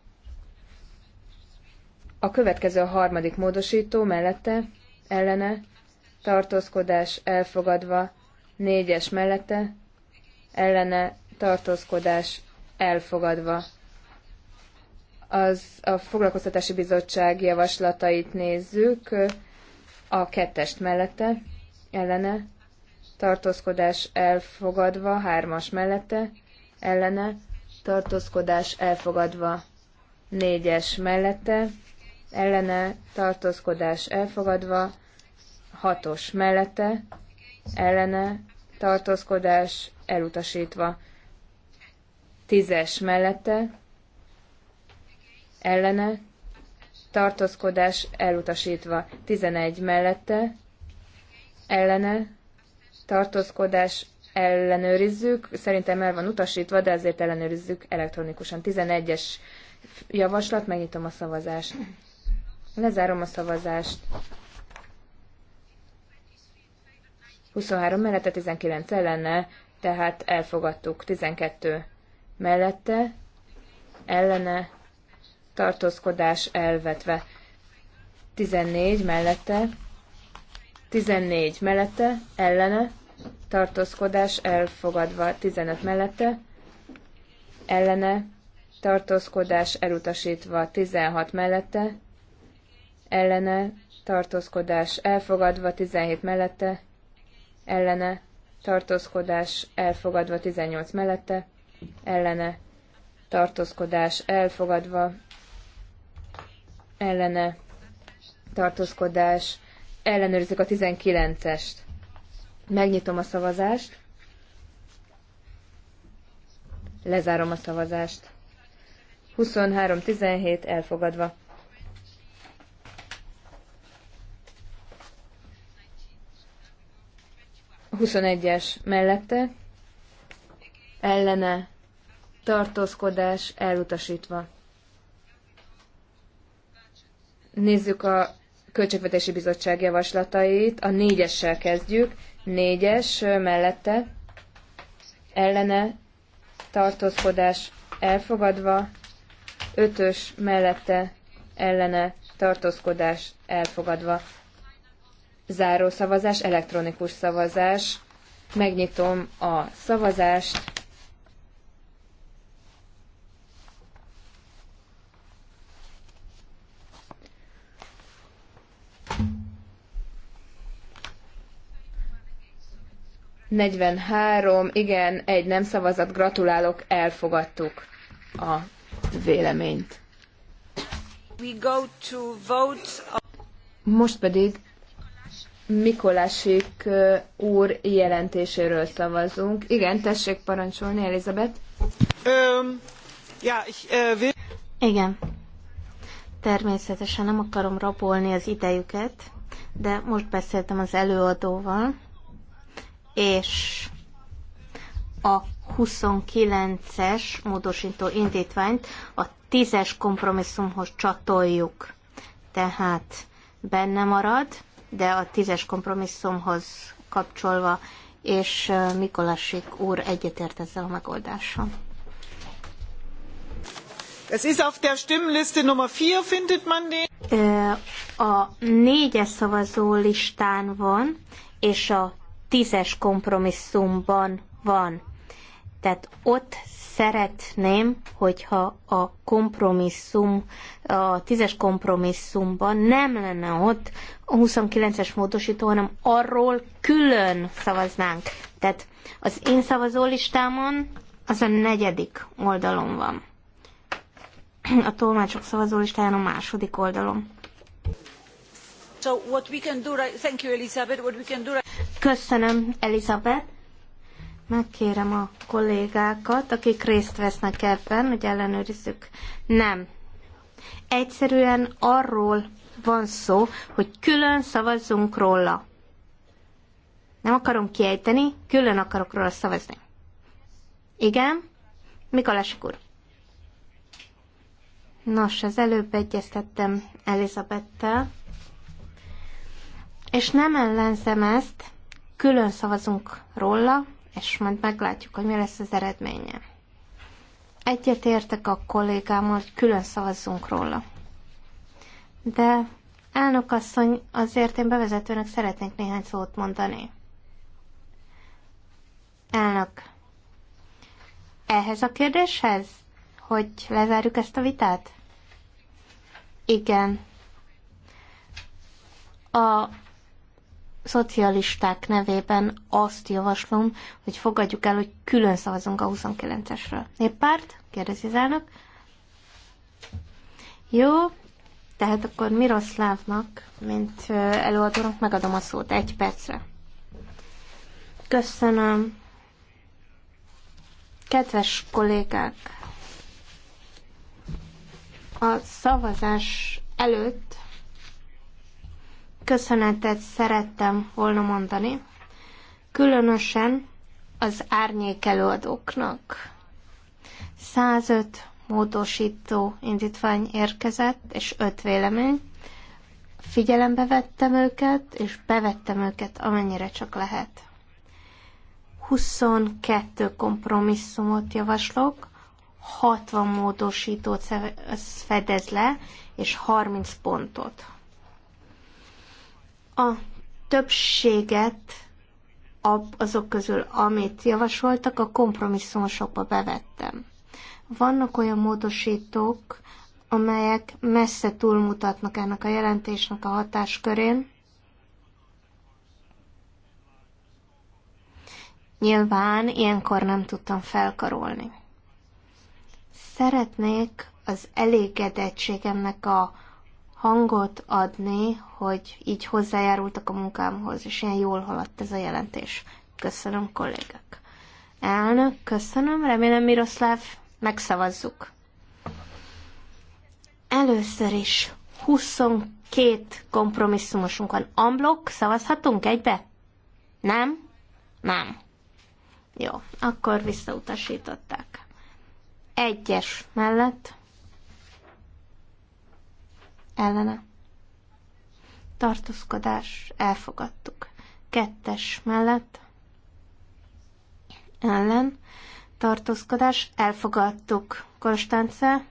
A következő a harmadik módosító mellette, ellene, tartózkodás elfogadva, négyes mellette, ellene, tartózkodás elfogadva. Az a foglalkoztatási bizottság javaslatait nézzük, a kettest mellette, ellene, tartózkodás elfogadva, hármas mellette, ellene, tartózkodás elfogadva, négyes mellette, ellene tartózkodás elfogadva, hatos mellette, ellene tartózkodás elutasítva, tízes mellette, ellene tartózkodás elutasítva, tizenegy mellette, ellene tartózkodás ellenőrizzük, szerintem el van utasítva, de azért ellenőrizzük elektronikusan. 11-es javaslat, megnyitom a szavazást. Lezárom a szavazást. 23 mellette, 19 ellene, tehát elfogadtuk. 12 mellette, ellene, tartózkodás elvetve. 14 mellette, 14 mellette, ellene, tartózkodás elfogadva. 15 mellette, ellene, tartózkodás elutasítva. 16 mellette, ellene tartózkodás elfogadva 17 mellette, ellene tartózkodás elfogadva 18 mellette, ellene tartózkodás elfogadva, ellene tartózkodás, ellenőrzik a 19-est. Megnyitom a szavazást, lezárom a szavazást. 23-17 elfogadva. 21-es mellette ellene tartózkodás elutasítva. Nézzük a Költségvetési Bizottság javaslatait. A négyessel kezdjük. Négyes mellette ellene tartózkodás elfogadva. Ötös mellette ellene tartózkodás elfogadva. Záró szavazás, elektronikus szavazás. Megnyitom a szavazást. Negyvenhárom, igen, egy nem szavazat, gratulálok, elfogadtuk a véleményt. Most pedig Mikolásik úr jelentéséről szavazunk. Igen, tessék parancsolni, Elizabeth. Um, ja, ich, uh, will... Igen. Természetesen nem akarom rabolni az idejüket, de most beszéltem az előadóval, és a 29-es módosító indítványt a 10-es kompromisszumhoz csatoljuk. Tehát benne marad, de a tízes kompromisszumhoz kapcsolva, és Mikolásik úr egyetért ezzel a megoldással. Es ist auf der Stimmliste Nummer 4 findet man den. A négyes szavazó listán van, és a tízes kompromisszumban van. Tehát ott szeretném, hogyha a kompromisszum, a tízes kompromisszumban nem lenne ott a 29-es módosító, hanem arról külön szavaznánk. Tehát az én szavazólistámon az a negyedik oldalon van. A tolmácsok szavazólistáján a második oldalon. So what we can do right, thank you Elizabeth, what we can do right... Köszönöm Elizabeth Megkérem a kollégákat, akik részt vesznek ebben, hogy ellenőrizzük. Nem. Egyszerűen arról van szó, hogy külön szavazzunk róla. Nem akarom kiejteni, külön akarok róla szavazni. Igen? Mikolásik úr. Nos, az előbb egyeztettem Elizabettel, és nem ellenzem ezt, külön szavazunk róla, és majd meglátjuk, hogy mi lesz az eredménye. Egyet értek a kollégámmal, hogy külön szavazzunk róla. De elnök asszony, azért én bevezetőnek szeretnék néhány szót mondani. Elnök, ehhez a kérdéshez, hogy lezárjuk ezt a vitát? Igen. A szocialisták nevében azt javaslom, hogy fogadjuk el, hogy külön szavazunk a 29-esről. Néppárt? Kérdezi az elnök. Jó, tehát akkor Miroszlávnak, mint előadónak megadom a szót egy percre. Köszönöm. Kedves kollégák, a szavazás előtt köszönetet szerettem volna mondani, különösen az árnyék előadóknak. 105 módosító indítvány érkezett, és 5 vélemény. Figyelembe vettem őket, és bevettem őket amennyire csak lehet. 22 kompromisszumot javaslok, 60 módosítót fedez le, és 30 pontot a többséget azok közül, amit javasoltak, a kompromisszumosokba bevettem. Vannak olyan módosítók, amelyek messze túlmutatnak ennek a jelentésnek a hatáskörén. Nyilván ilyenkor nem tudtam felkarolni. Szeretnék az elégedettségemnek a hangot adni, hogy így hozzájárultak a munkámhoz, és ilyen jól haladt ez a jelentés. Köszönöm, kollégák. Elnök, köszönöm, remélem Miroszláv, megszavazzuk. Először is 22 kompromisszumosunk van. Amblok, szavazhatunk egybe? Nem? Nem. Jó, akkor visszautasították. Egyes mellett ellene. Tartózkodás, elfogadtuk. Kettes mellett, ellen. Tartózkodás, elfogadtuk. Konstance,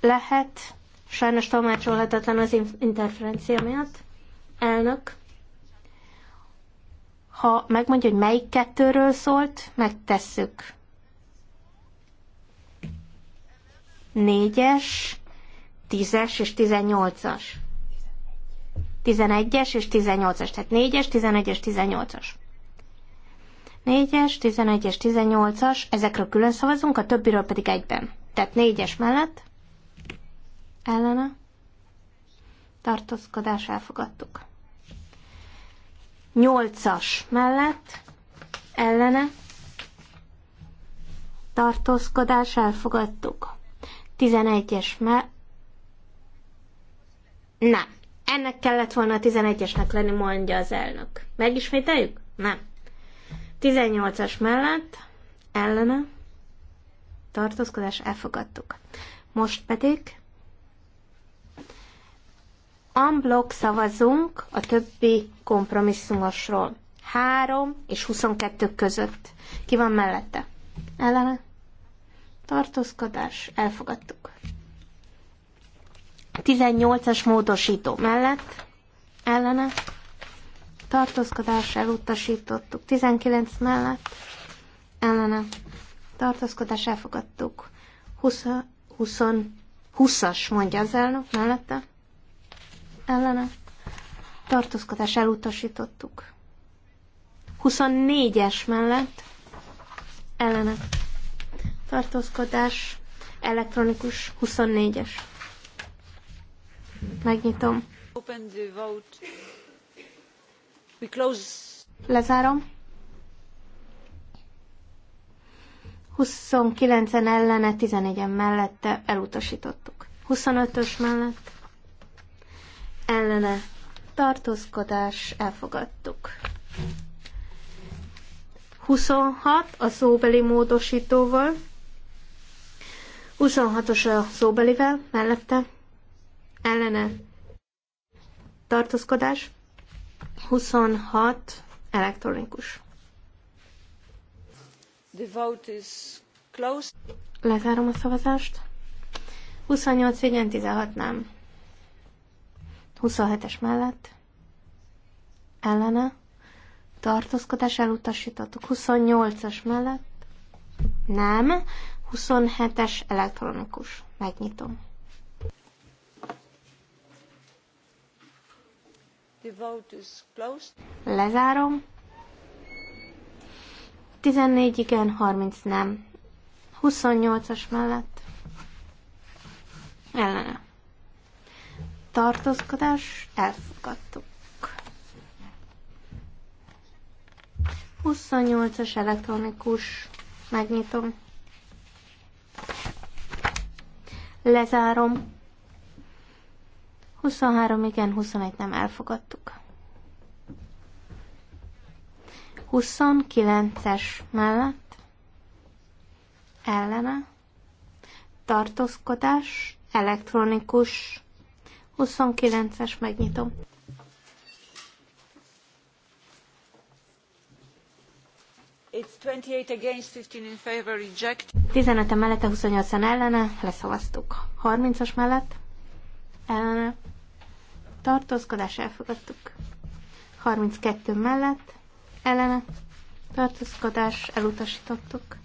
lehet, sajnos tolmácsolhatatlan az interferencia miatt, elnök, ha megmondja, hogy melyik kettőről szólt, megtesszük. 4-es, 10-es és 18-as. 11-es és 18-as, tehát 4-es, 11-es, 18-as. 4-es, 11-es, 18-as, ezekről külön szavazunk, a többiről pedig egyben. Tehát 4-es mellett, ellene, tartózkodás elfogadtuk. 8-as mellett, ellene, tartózkodás elfogadtuk. 11-es me... Nem. Ennek kellett volna a 11-esnek lenni, mondja az elnök. Megismételjük? Nem. 18-as mellett ellene tartózkodás elfogadtuk. Most pedig unblock szavazunk a többi kompromisszumosról. 3 és 22 között. Ki van mellette? Ellene? tartózkodás, elfogadtuk. 18-as módosító mellett, ellene, tartózkodás elutasítottuk. 19 mellett, ellene, tartózkodás elfogadtuk. 20, 20, 20-as mondja az elnök mellette, ellene, tartózkodás elutasítottuk. 24-es mellett, ellene, tartózkodás, elektronikus 24-es. Megnyitom. Open the vote. We close. Lezárom. 29-en ellene, 11-en mellette elutasítottuk. 25-ös mellett ellene tartózkodás elfogadtuk. 26 a szóbeli módosítóval 26-os a szóbelivel, mellette, ellene, tartózkodás, 26 elektronikus. The vote is closed. Lezárom a szavazást. 28 igen, 16 nem. 27-es mellett. Ellene. Tartózkodás elutasítottuk. 28-as mellett. Nem. 27-es elektronikus. Megnyitom. The vote is closed. Lezárom. 14 igen, 30 nem. 28-as mellett. Ellene. Tartózkodás. Elfogadtuk. 28-as elektronikus. Megnyitom. Lezárom. 23 igen, 21 nem elfogadtuk. 29-es mellett ellene tartózkodás elektronikus 29-es megnyitom. It's 28 against, 15 in mellette, 28-an ellene, leszavaztuk. 30-as mellett, ellene, tartózkodás, elfogadtuk. 32 mellett, ellene, tartózkodás, elutasítottuk.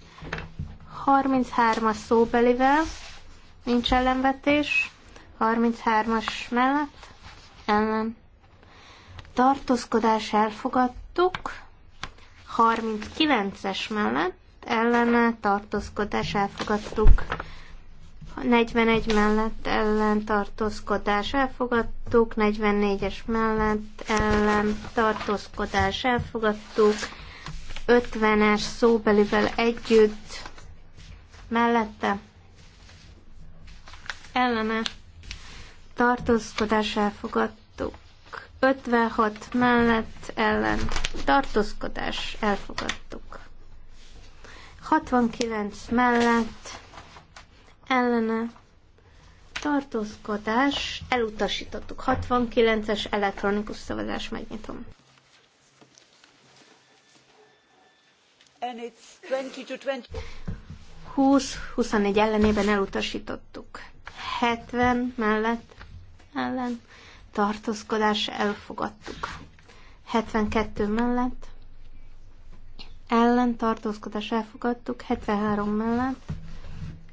33-as szóbelivel, nincs ellenvetés, 33-as mellett, ellen. Tartózkodás elfogadtuk, 39-es mellett ellene tartózkodás elfogadtuk. 41 mellett ellen tartózkodás elfogadtuk, 44-es mellett ellen tartózkodás elfogadtuk, 50-es szóbelivel együtt mellette ellene tartózkodás elfogadtuk. 56 mellett ellen tartózkodás elfogadtuk. 69 mellett ellene tartózkodás elutasítottuk. 69-es elektronikus szavazás megnyitom. And it's 20 to 20. 20-24 ellenében elutasítottuk. 70 mellett ellen tartózkodás elfogadtuk. 72 mellett ellen tartózkodás elfogadtuk, 73 mellett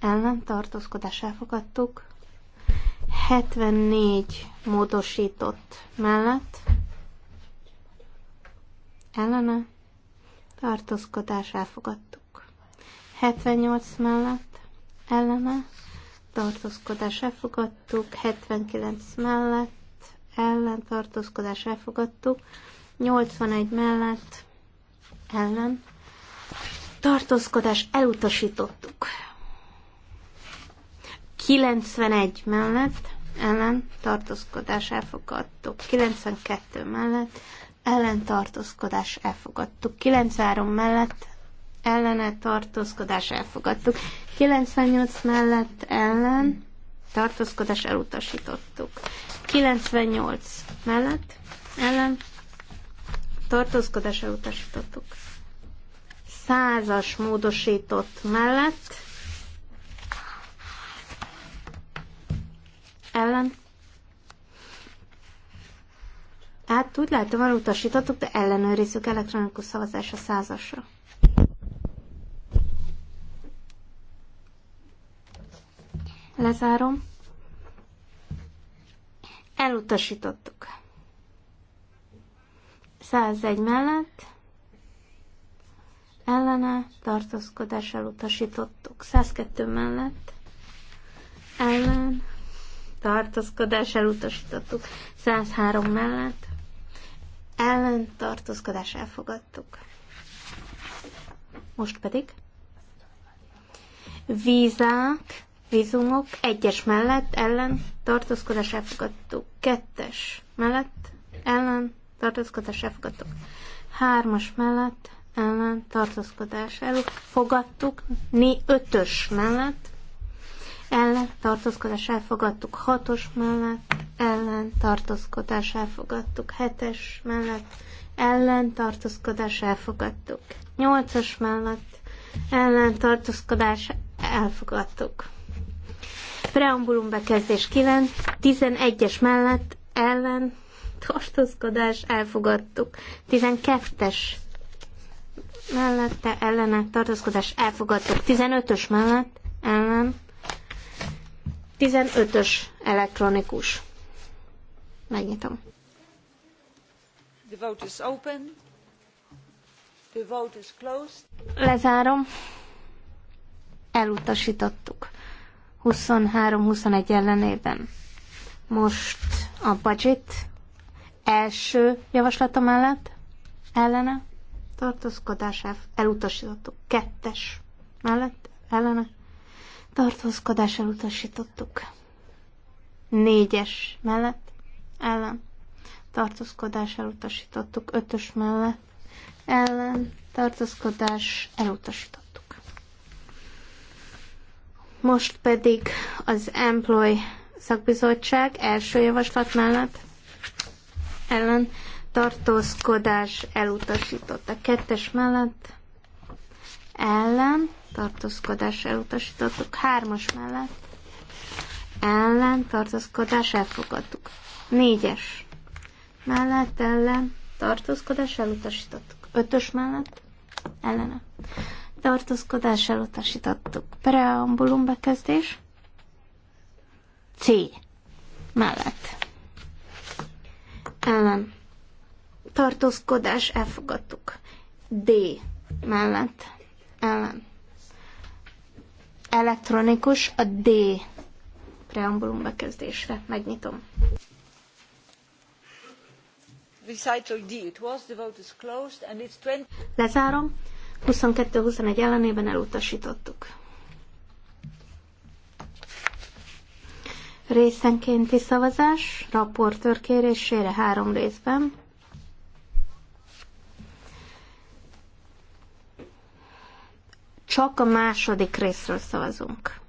ellen tartózkodás elfogadtuk, 74 módosított mellett ellene tartózkodás elfogadtuk. 78 mellett ellene tartózkodás elfogadtuk, 79 mellett ellen tartózkodás elfogadtuk, 81 mellett ellen tartózkodás elutasítottuk. 91 mellett ellen tartózkodás elfogadtuk, 92 mellett ellen tartózkodás elfogadtuk, 93 mellett ellene tartózkodás elfogadtuk, 98 mellett ellen tartózkodás elutasítottuk. 98 mellett ellen tartózkodás elutasítottuk. Százas módosított mellett ellen Hát úgy látom, utasítottuk, de ellenőrizzük elektronikus szavazás 100 százasra. Lezárom. Elutasítottuk. 101 mellett ellene tartózkodás elutasítottuk. 102 mellett ellen tartózkodás elutasítottuk. 103 mellett ellen tartózkodás elfogadtuk. Most pedig vízák vízumok, egyes mellett, ellen, tartózkodás elfogadtuk. Kettes mellett, ellen, tartózkodás elfogadtuk. Hármas mellett, ellen, tartózkodás elfogadtuk. Né, ötös mellett, ellen, tartózkodás elfogadtuk. Hatos mellett, ellen, tartózkodás elfogadtuk. Hetes mellett, ellen, tartózkodás elfogadtuk. Nyolcas mellett, ellen, tartózkodás elfogadtuk. Preambulum bekezdés 9, 11-es mellett ellen tartózkodás elfogadtuk. 12-es mellette ellene tartózkodás elfogadtuk. 15-ös mellett ellen 15-ös elektronikus. Megnyitom. The vote is open. The vote is closed. Lezárom. Elutasítottuk. 23-21 ellenében. Most a budget első javaslata mellett ellene tartózkodás elutasítottuk. Kettes mellett ellene tartózkodás elutasítottuk. Négyes mellett ellen tartózkodás elutasítottuk. Ötös mellett ellen tartózkodás elutasítottuk. Most pedig az Employ szakbizottság első javaslat mellett ellen tartózkodás elutasított. A kettes mellett ellen tartózkodás elutasítottuk. Hármas mellett ellen tartózkodás elfogadtuk. Négyes mellett ellen tartózkodás elutasítottuk. Ötös mellett ellene tartózkodás elutasítottuk. Preambulum bekezdés. C. Mellett. Ellen. Tartózkodás elfogadtuk. D. Mellett. Ellen. Elektronikus a D. Preambulum bekezdésre. Megnyitom. Recital D. It was, the vote is closed, and it's 20... Lezárom. 22-21 ellenében elutasítottuk. Részenkénti szavazás, raportőr kérésére három részben. Csak a második részről szavazunk.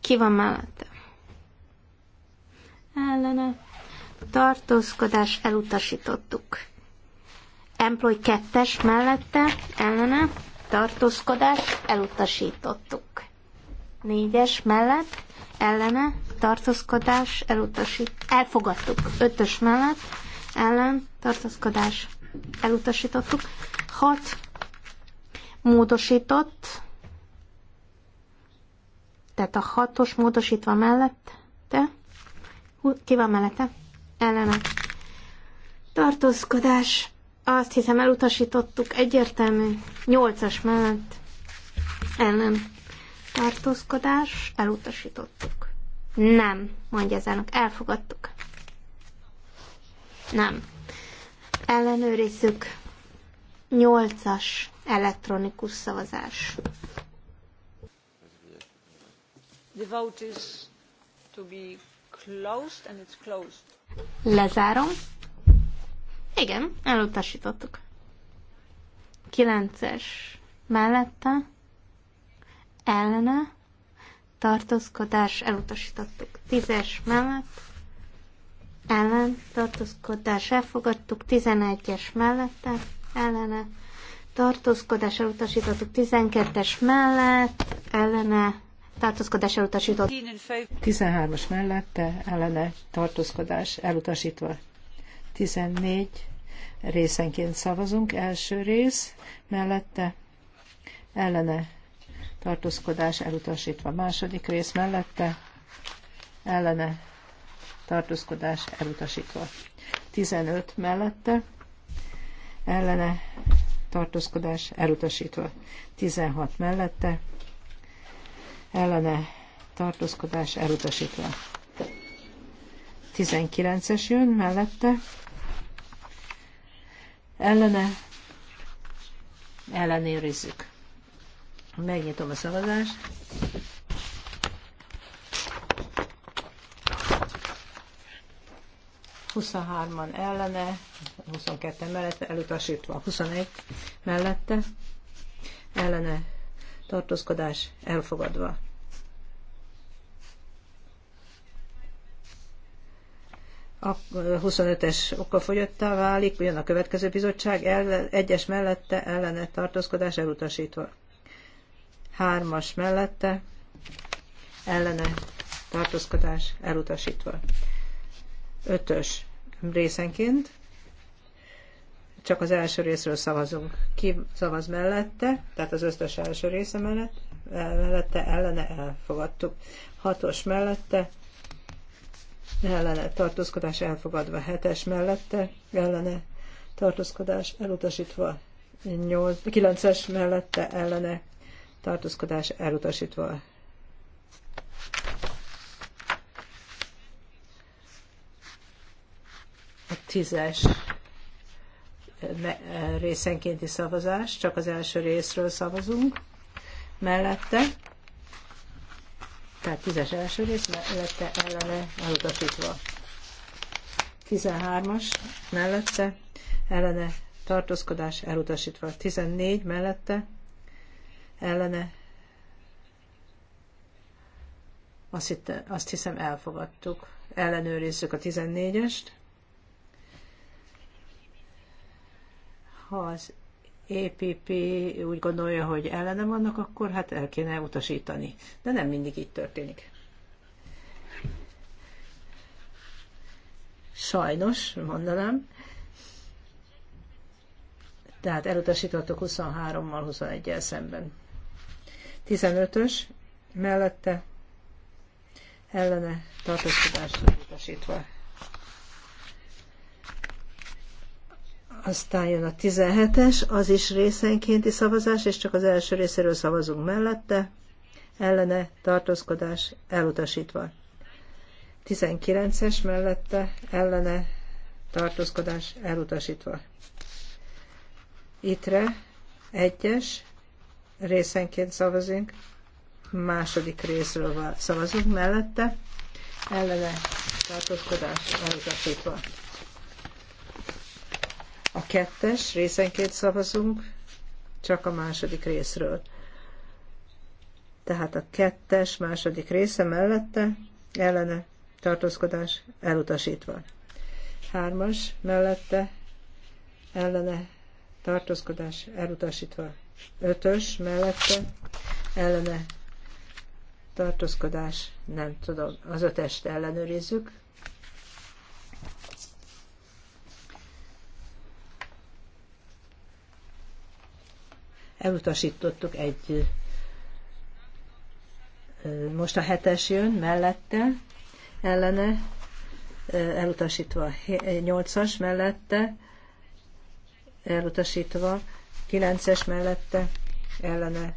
Ki van mellette? Ellene tartózkodás elutasítottuk. Employ 2 mellette, ellene, tartózkodás elutasítottuk. 4-es mellett, ellene, tartózkodás elutasít, elfogadtuk. 5-ös mellett, ellen, tartózkodás elutasítottuk. 6 módosított, tehát a hatos módosítva mellette, ki van mellette? ellene. Tartózkodás, azt hiszem elutasítottuk egyértelmű, nyolcas mellett ellen. Tartózkodás, elutasítottuk. Nem, mondja az elnök, elfogadtuk. Nem. Ellenőrizzük. nyolcas elektronikus szavazás. The vote is to be closed and it's closed. Lezárom. Igen, elutasítottuk. Kilences mellette, ellene, tartózkodás, elutasítottuk. Tízes mellett, ellen, tartózkodás, elfogadtuk. Tizenegyes mellette, ellene, tartózkodás, elutasítottuk. Tizenkettes mellett, ellene, tartózkodás elutasított. 13-as mellette ellene tartózkodás elutasítva. 14 részenként szavazunk. Első rész mellette ellene tartózkodás elutasítva. Második rész mellette ellene tartózkodás elutasítva. 15 mellette ellene tartózkodás elutasítva. 16 mellette ellene tartózkodás elutasítva. 19-es jön mellette, ellene ellenőrizzük. Megnyitom a szavazást. Huszonhárman ellene, 22 mellette, elutasítva 21 mellette, ellene tartózkodás elfogadva. A 25-es okafogyottá válik, jön a következő bizottság, ellen, egyes mellette ellene tartózkodás elutasítva. Hármas mellette ellene tartózkodás elutasítva. Ötös részenként csak az első részről szavazunk. Ki szavaz mellette, tehát az összes első része mellett, mellette ellene elfogadtuk. Hatos mellette, ellene tartózkodás elfogadva. Hetes mellette, ellene tartózkodás elutasítva. Nyolc, kilences mellette ellene tartózkodás elutasítva. A tízes részenkénti szavazás, csak az első részről szavazunk mellette. Tehát tízes első rész mellette ellene elutasítva. 13-as mellette ellene tartózkodás elutasítva. 14 mellette ellene azt, hitte, azt hiszem elfogadtuk. Ellenőrizzük a 14-est. ha az EPP úgy gondolja, hogy ellenem vannak, akkor hát el kéne utasítani. De nem mindig így történik. Sajnos, mondanám. Tehát elutasítottuk 23-mal, 21-el szemben. 15-ös mellette ellene tartózkodásra utasítva. Aztán jön a 17-es, az is részenkénti szavazás, és csak az első részéről szavazunk mellette, ellene tartózkodás elutasítva. 19-es mellette, ellene tartózkodás elutasítva. Itre egyes részenként szavazunk, második részről szavazunk mellette, ellene tartózkodás elutasítva. A kettes részenként szavazunk, csak a második részről. Tehát a kettes második része mellette ellene tartózkodás elutasítva. Hármas mellette ellene tartózkodás elutasítva. Ötös mellette ellene tartózkodás, nem tudom, az ötest ellenőrizzük. elutasítottuk egy. Most a hetes jön mellette, ellene, elutasítva nyolcas mellette, elutasítva kilences mellette, ellene,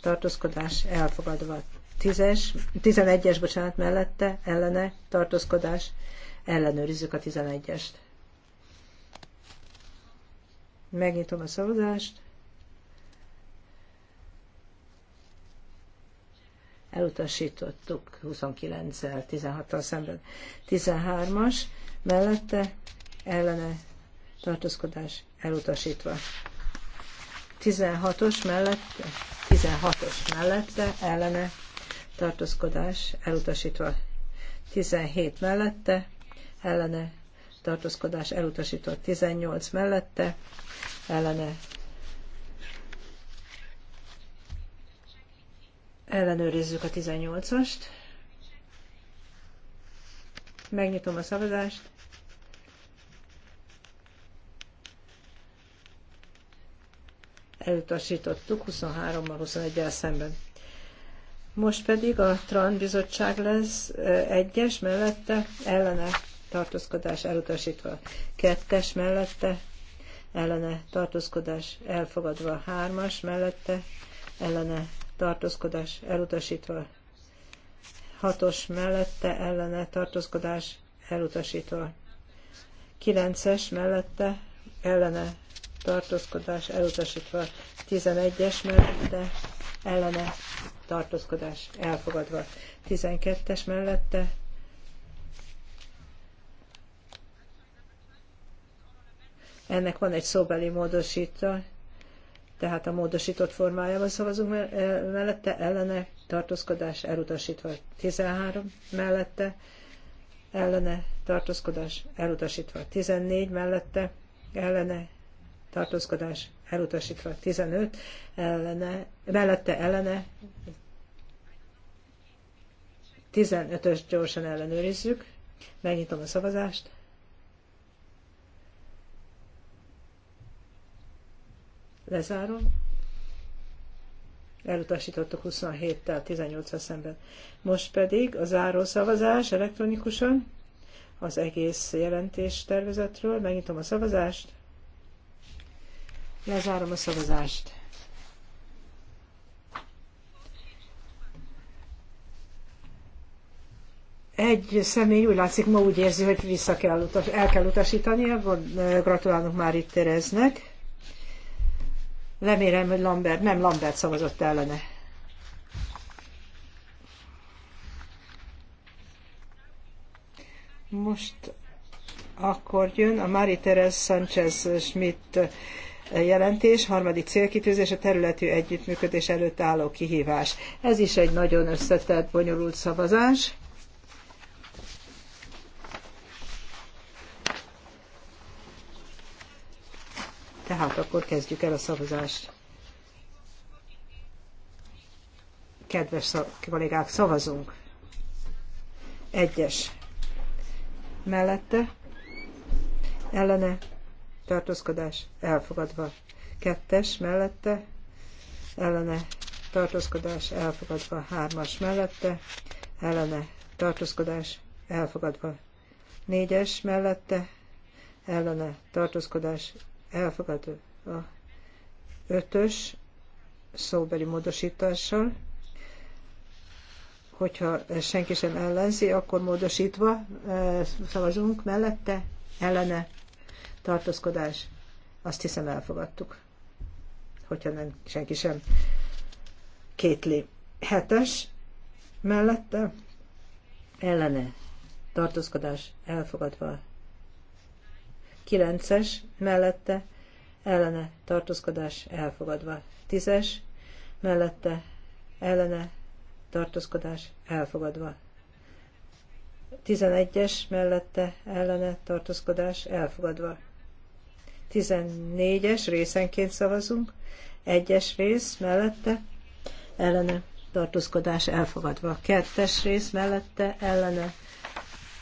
tartózkodás elfogadva. Tízes, tizenegyes, bocsánat, mellette, ellene, tartózkodás, ellenőrizzük a tizenegyest. Megnyitom a szavazást. elutasítottuk 29-el, 16-tal szemben. 13-as mellette ellene tartózkodás elutasítva. 16-os mellette, 16-os mellette ellene tartózkodás elutasítva. 17 mellette ellene tartózkodás elutasítva. 18 mellette ellene Ellenőrizzük a 18-ast. Megnyitom a szavazást. Elutasítottuk 23-mal 21-el szemben. Most pedig a TRAN bizottság lesz egyes mellette ellene tartózkodás elutasítva. Kettes mellette ellene tartózkodás elfogadva. Hármas mellette ellene tartózkodás elutasítva. Hatos mellette ellene tartózkodás elutasítva. Kilences mellette ellene tartózkodás elutasítva. Tizenegyes mellette ellene tartózkodás elfogadva. Tizenkettes mellette ennek van egy szóbeli módosítva, tehát a módosított formájában szavazunk e, mellette, ellene, tartózkodás elutasítva 13 mellette, ellene, tartózkodás elutasítva 14 mellette, ellene, tartózkodás elutasítva 15 ellene, mellette ellene, 15-ös gyorsan ellenőrizzük, megnyitom a szavazást, Lezárom. Elutasítottuk 27-tel 18 szemben. Most pedig a záró szavazás elektronikusan az egész jelentés tervezetről. Megnyitom a szavazást. Lezárom a szavazást. Egy személy úgy látszik, ma úgy érzi, hogy vissza kell utas, el kell utasítania. Eh, gratulálunk már itt Tereznek. Remélem, hogy Lambert, nem Lambert szavazott ellene. Most akkor jön a Mari Teres Sanchez Schmidt jelentés, harmadik célkitűzés a területű együttműködés előtt álló kihívás. Ez is egy nagyon összetett, bonyolult szavazás. Tehát akkor kezdjük el a szavazást. Kedves kollégák, szavazunk. Egyes. Mellette. Ellene. Tartózkodás. Elfogadva. Kettes. Mellette. Ellene. Tartózkodás. Elfogadva. Hármas. Mellette. Ellene. Tartózkodás. Elfogadva. Négyes. Mellette. Ellene. Tartózkodás elfogadó a ötös szóbeli módosítással, hogyha senki sem ellenzi, akkor módosítva e, szavazunk mellette, ellene tartózkodás. Azt hiszem elfogadtuk, hogyha nem, senki sem kétli. Hetes mellette, ellene tartózkodás elfogadva 9-es mellette ellene tartózkodás elfogadva. 10-es mellette ellene tartózkodás elfogadva. 11-es mellette ellene tartózkodás elfogadva. 14-es részenként szavazunk, 1-es rész mellette ellene tartózkodás elfogadva. 2-es rész mellette ellene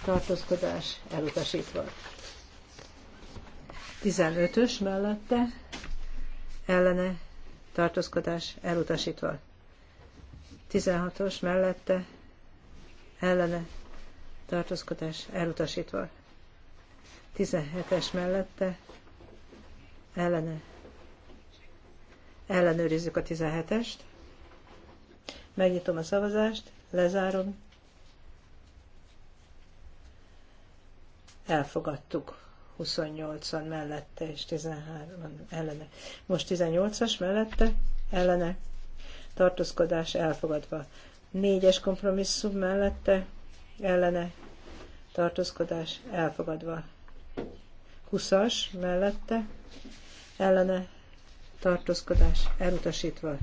tartózkodás elutasítva. 15-ös mellette ellene tartózkodás elutasítva. 16-os mellette ellene tartózkodás elutasítva. 17-es mellette ellene ellenőrizzük a 17-est. Megnyitom a szavazást, lezárom. Elfogadtuk. 28-an mellette és 13-an ellene. Most 18-as mellette ellene tartózkodás elfogadva. 4-es kompromisszum mellette ellene tartózkodás elfogadva. 20-as mellette ellene tartózkodás elutasítva.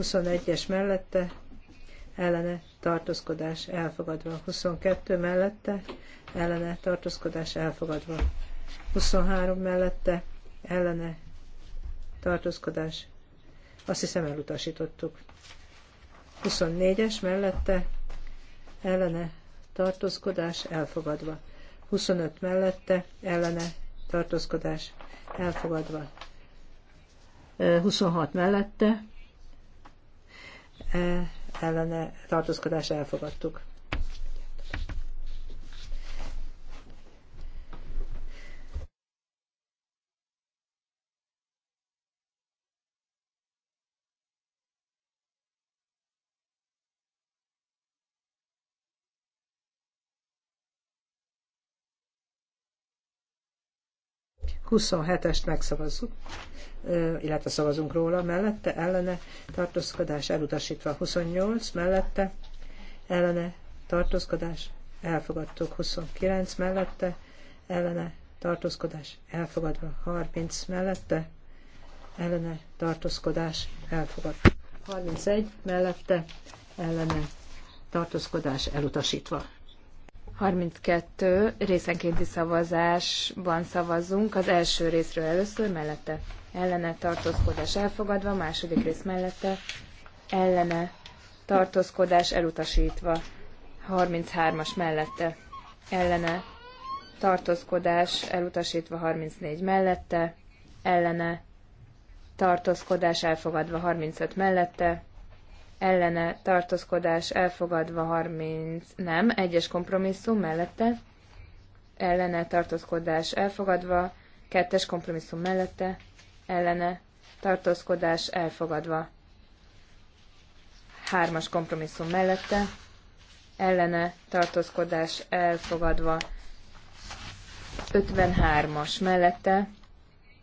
21-es mellette ellene tartózkodás elfogadva. 22 mellette ellene tartózkodás elfogadva. 23 mellette ellene tartózkodás. Azt hiszem elutasítottuk. 24-es mellette ellene tartózkodás elfogadva. 25 mellette ellene tartózkodás elfogadva. 26 mellette e, ellene tartózkodás elfogadtuk. 27-est megszavazzuk, illetve szavazunk róla, mellette, ellene, tartózkodás elutasítva 28, mellette, ellene, tartózkodás, elfogadtuk 29 mellette, ellene, tartózkodás, elfogadva 30 mellette, ellene, tartózkodás, elfogadtuk 31 mellette, ellene, tartózkodás elutasítva. 32 részenkénti szavazásban szavazzunk. Az első részről először mellette ellene tartózkodás elfogadva, második rész mellette ellene tartózkodás elutasítva, 33-as mellette ellene tartózkodás elutasítva, 34 mellette ellene tartózkodás elfogadva, 35 mellette ellene tartózkodás elfogadva 30 nem, egyes kompromisszum mellette, ellene tartózkodás elfogadva, kettes kompromisszum mellette, ellene tartózkodás elfogadva, hármas kompromisszum mellette, ellene tartózkodás elfogadva, 53-as mellette,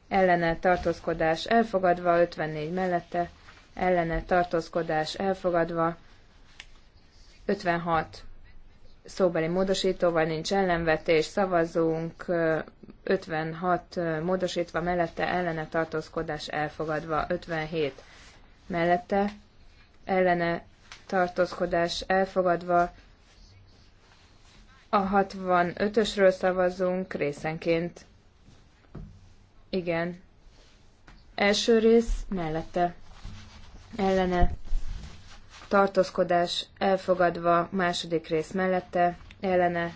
ellene tartózkodás elfogadva, 54 mellette, ellene tartózkodás elfogadva, 56 szóbeli módosítóval nincs ellenvetés, szavazunk, 56 módosítva mellette ellene tartózkodás elfogadva, 57 mellette ellene tartózkodás elfogadva, a 65-ösről szavazunk részenként. Igen. Első rész mellette ellene tartózkodás elfogadva második rész mellette, ellene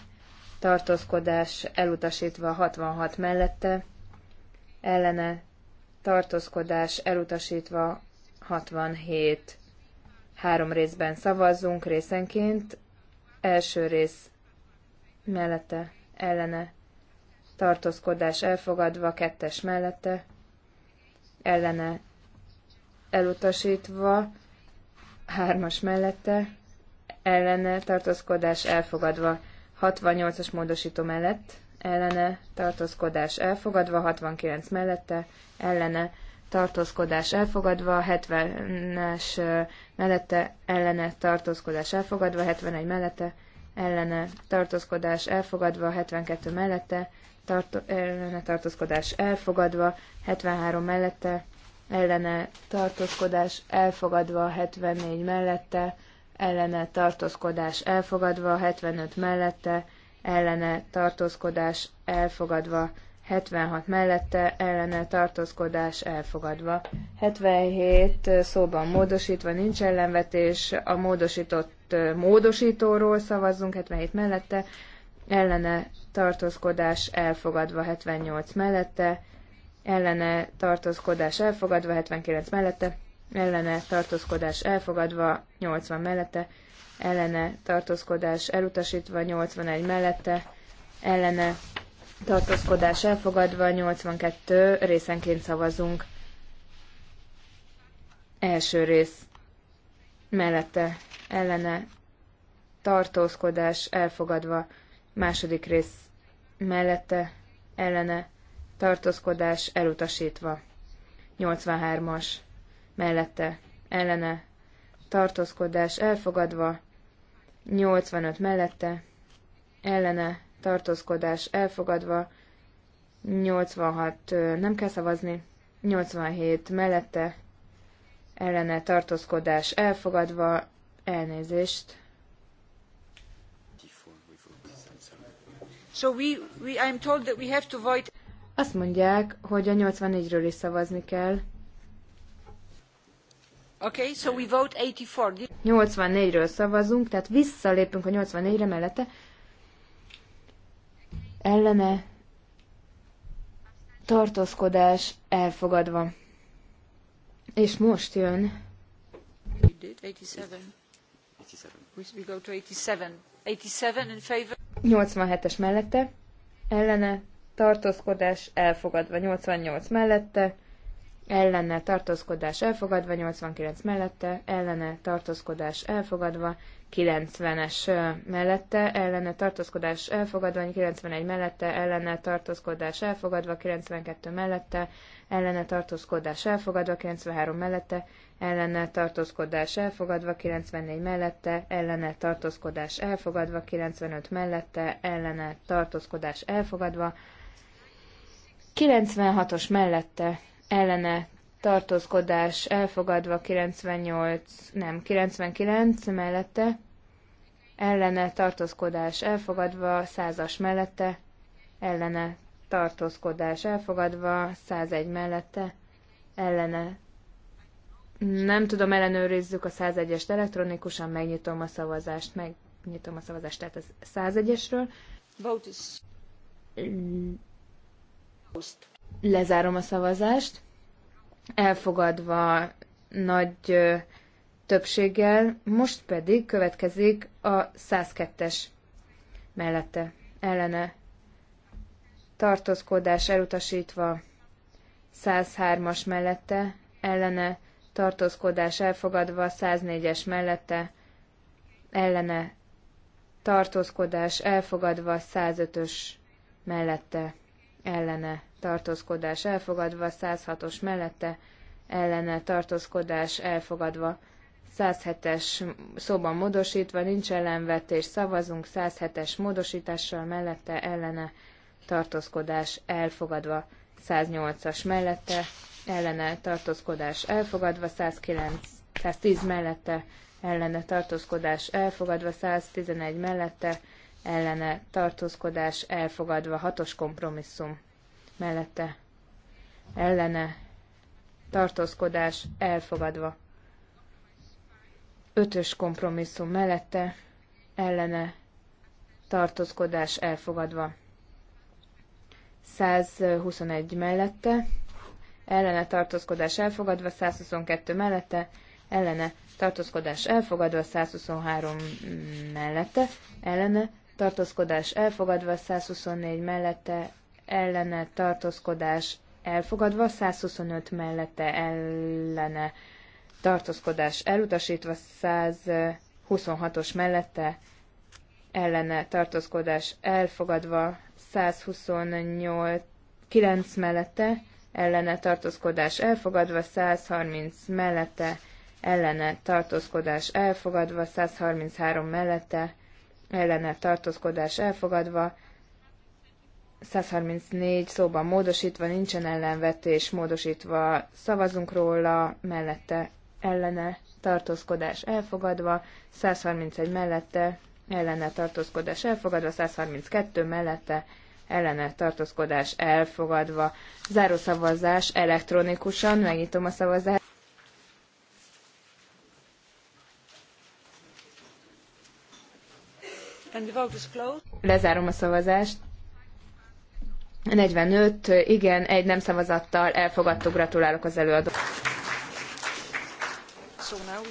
tartózkodás elutasítva 66 mellette, ellene tartózkodás elutasítva 67 három részben szavazzunk részenként, első rész mellette, ellene tartózkodás elfogadva kettes mellette, ellene elutasítva, hármas mellette, ellene tartózkodás elfogadva, 68-as módosító mellett, ellene tartózkodás elfogadva, 69 mellette, ellene tartózkodás elfogadva, 70-es mellette, ellene tartózkodás elfogadva, 71 mellette, ellene tartózkodás elfogadva, 72 mellette, tartó, ellene tartózkodás elfogadva, 73 mellette, ellene tartózkodás elfogadva 74 mellette, ellene tartózkodás elfogadva 75 mellette, ellene tartózkodás elfogadva 76 mellette, ellene tartózkodás elfogadva. 77 szóban módosítva nincs ellenvetés, a módosított módosítóról szavazzunk 77 mellette, ellene tartózkodás elfogadva 78 mellette, ellene tartózkodás elfogadva, 79 mellette, ellene tartózkodás elfogadva, 80 mellette, ellene tartózkodás elutasítva, 81 mellette, ellene tartózkodás elfogadva, 82 részenként szavazunk. Első rész mellette, ellene tartózkodás elfogadva, második rész mellette, ellene tartózkodás elutasítva. 83-as mellette ellene tartózkodás elfogadva, 85 mellette ellene tartózkodás elfogadva, 86 nem kell szavazni, 87 mellette ellene tartózkodás elfogadva, elnézést. So we, we, I'm told that we have to vote. Azt mondják, hogy a 84-ről is szavazni kell. Okay, so we vote 84. 84-ről szavazunk, tehát visszalépünk a 84-re mellette. Ellene tartózkodás elfogadva. És most jön. 87-es 87. 87 mellette, ellene tartózkodás elfogadva 88 mellette, ellene tartózkodás elfogadva 89 mellette, ellene tartózkodás elfogadva 90-es mellette, ellene tartózkodás elfogadva 91 mellette, ellene tartózkodás elfogadva 92 mellette, ellene tartózkodás elfogadva 93 mellette, ellene tartózkodás elfogadva 94 mellette, ellene tartózkodás elfogadva 95 mellette, ellene tartózkodás elfogadva 96-os mellette ellene tartózkodás elfogadva 98, nem, 99 mellette, ellene tartózkodás elfogadva 100-as mellette, ellene tartózkodás elfogadva 101 mellette, ellene nem tudom, ellenőrizzük a 101-est elektronikusan, megnyitom a szavazást, megnyitom a szavazást, tehát a 101-esről. Vote is Lezárom a szavazást. Elfogadva nagy többséggel, most pedig következik a 102-es mellette, ellene. Tartózkodás elutasítva, 103-as mellette, ellene. Tartózkodás elfogadva, 104-es mellette, ellene. Tartózkodás elfogadva, 105-ös mellette ellene tartózkodás elfogadva, 106-os mellette ellene tartózkodás elfogadva, 107-es szóban módosítva, nincs ellenvetés, szavazunk 107-es módosítással mellette ellene tartózkodás elfogadva, 108-as mellette ellene tartózkodás elfogadva, 109, 110 mellette ellene tartózkodás elfogadva, 111 mellette ellene tartózkodás elfogadva, hatos kompromisszum mellette ellene tartózkodás elfogadva, ötös kompromisszum mellette ellene tartózkodás elfogadva, 121 mellette ellene tartózkodás elfogadva, 122 mellette ellene tartózkodás elfogadva, 123 mellette ellene tartózkodás elfogadva, 124 mellette ellene tartózkodás elfogadva, 125 mellette ellene tartózkodás elutasítva, 126-os mellette ellene tartózkodás elfogadva, 129 mellette ellene tartózkodás elfogadva, 130 mellette ellene tartózkodás elfogadva, 133 mellette ellene tartózkodás elfogadva, 134 szóban módosítva, nincsen ellenvetés, módosítva szavazunk róla, mellette ellene tartózkodás elfogadva, 131 mellette ellene tartózkodás elfogadva, 132 mellette ellene tartózkodás elfogadva. záró szavazás elektronikusan, megnyitom a szavazást. Lezárom a szavazást. 45 igen, egy nem szavazattal elfogadtuk. Gratulálok az előadó. So now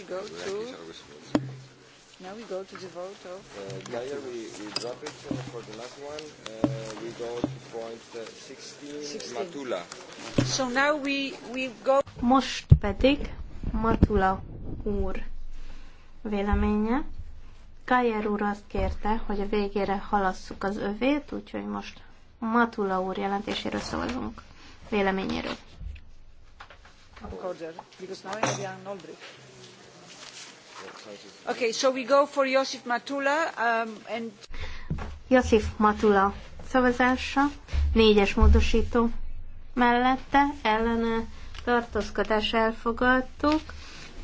we uh, we go Most pedig Matula úr véleménye Kajer úr azt kérte, hogy a végére halasszuk az övét, úgyhogy most Matula úr jelentéséről szavazunk, véleményéről. Okay, so we go for Josif Matula um, and... Josif Matula szavazása, négyes módosító mellette, ellene tartózkodás elfogadtuk,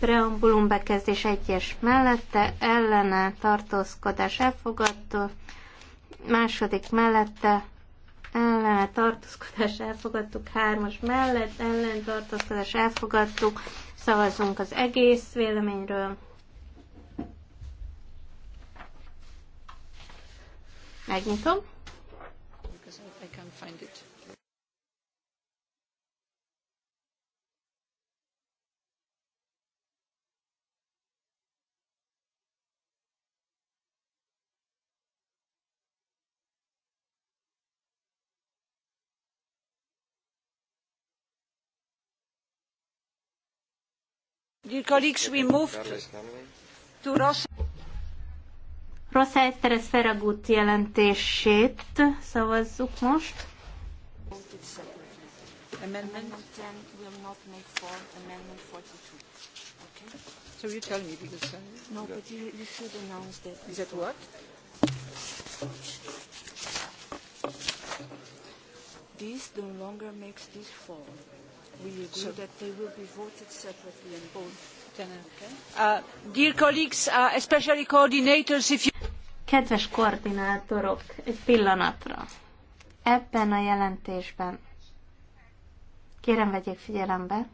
preambulum bekezdés egyes mellette, ellene tartózkodás elfogadó, második mellette, ellene tartózkodás elfogadtuk, hármas mellett, ellen tartózkodás elfogadtuk, szavazunk az egész véleményről. Megnyitom. Dear colleagues, we moved to Ross. Rosszály Teres Ferragut jelentését szavazzuk most. Amendment 10 will not make for amendment 42. Okay? So you tell me because I... Uh, no, but you, you should announce that. Is that what? This no longer makes this fall. Uh, dear colleagues, uh, especially coordinators, if you... Kedves koordinátorok, egy pillanatra. Ebben a jelentésben kérem vegyék figyelembe,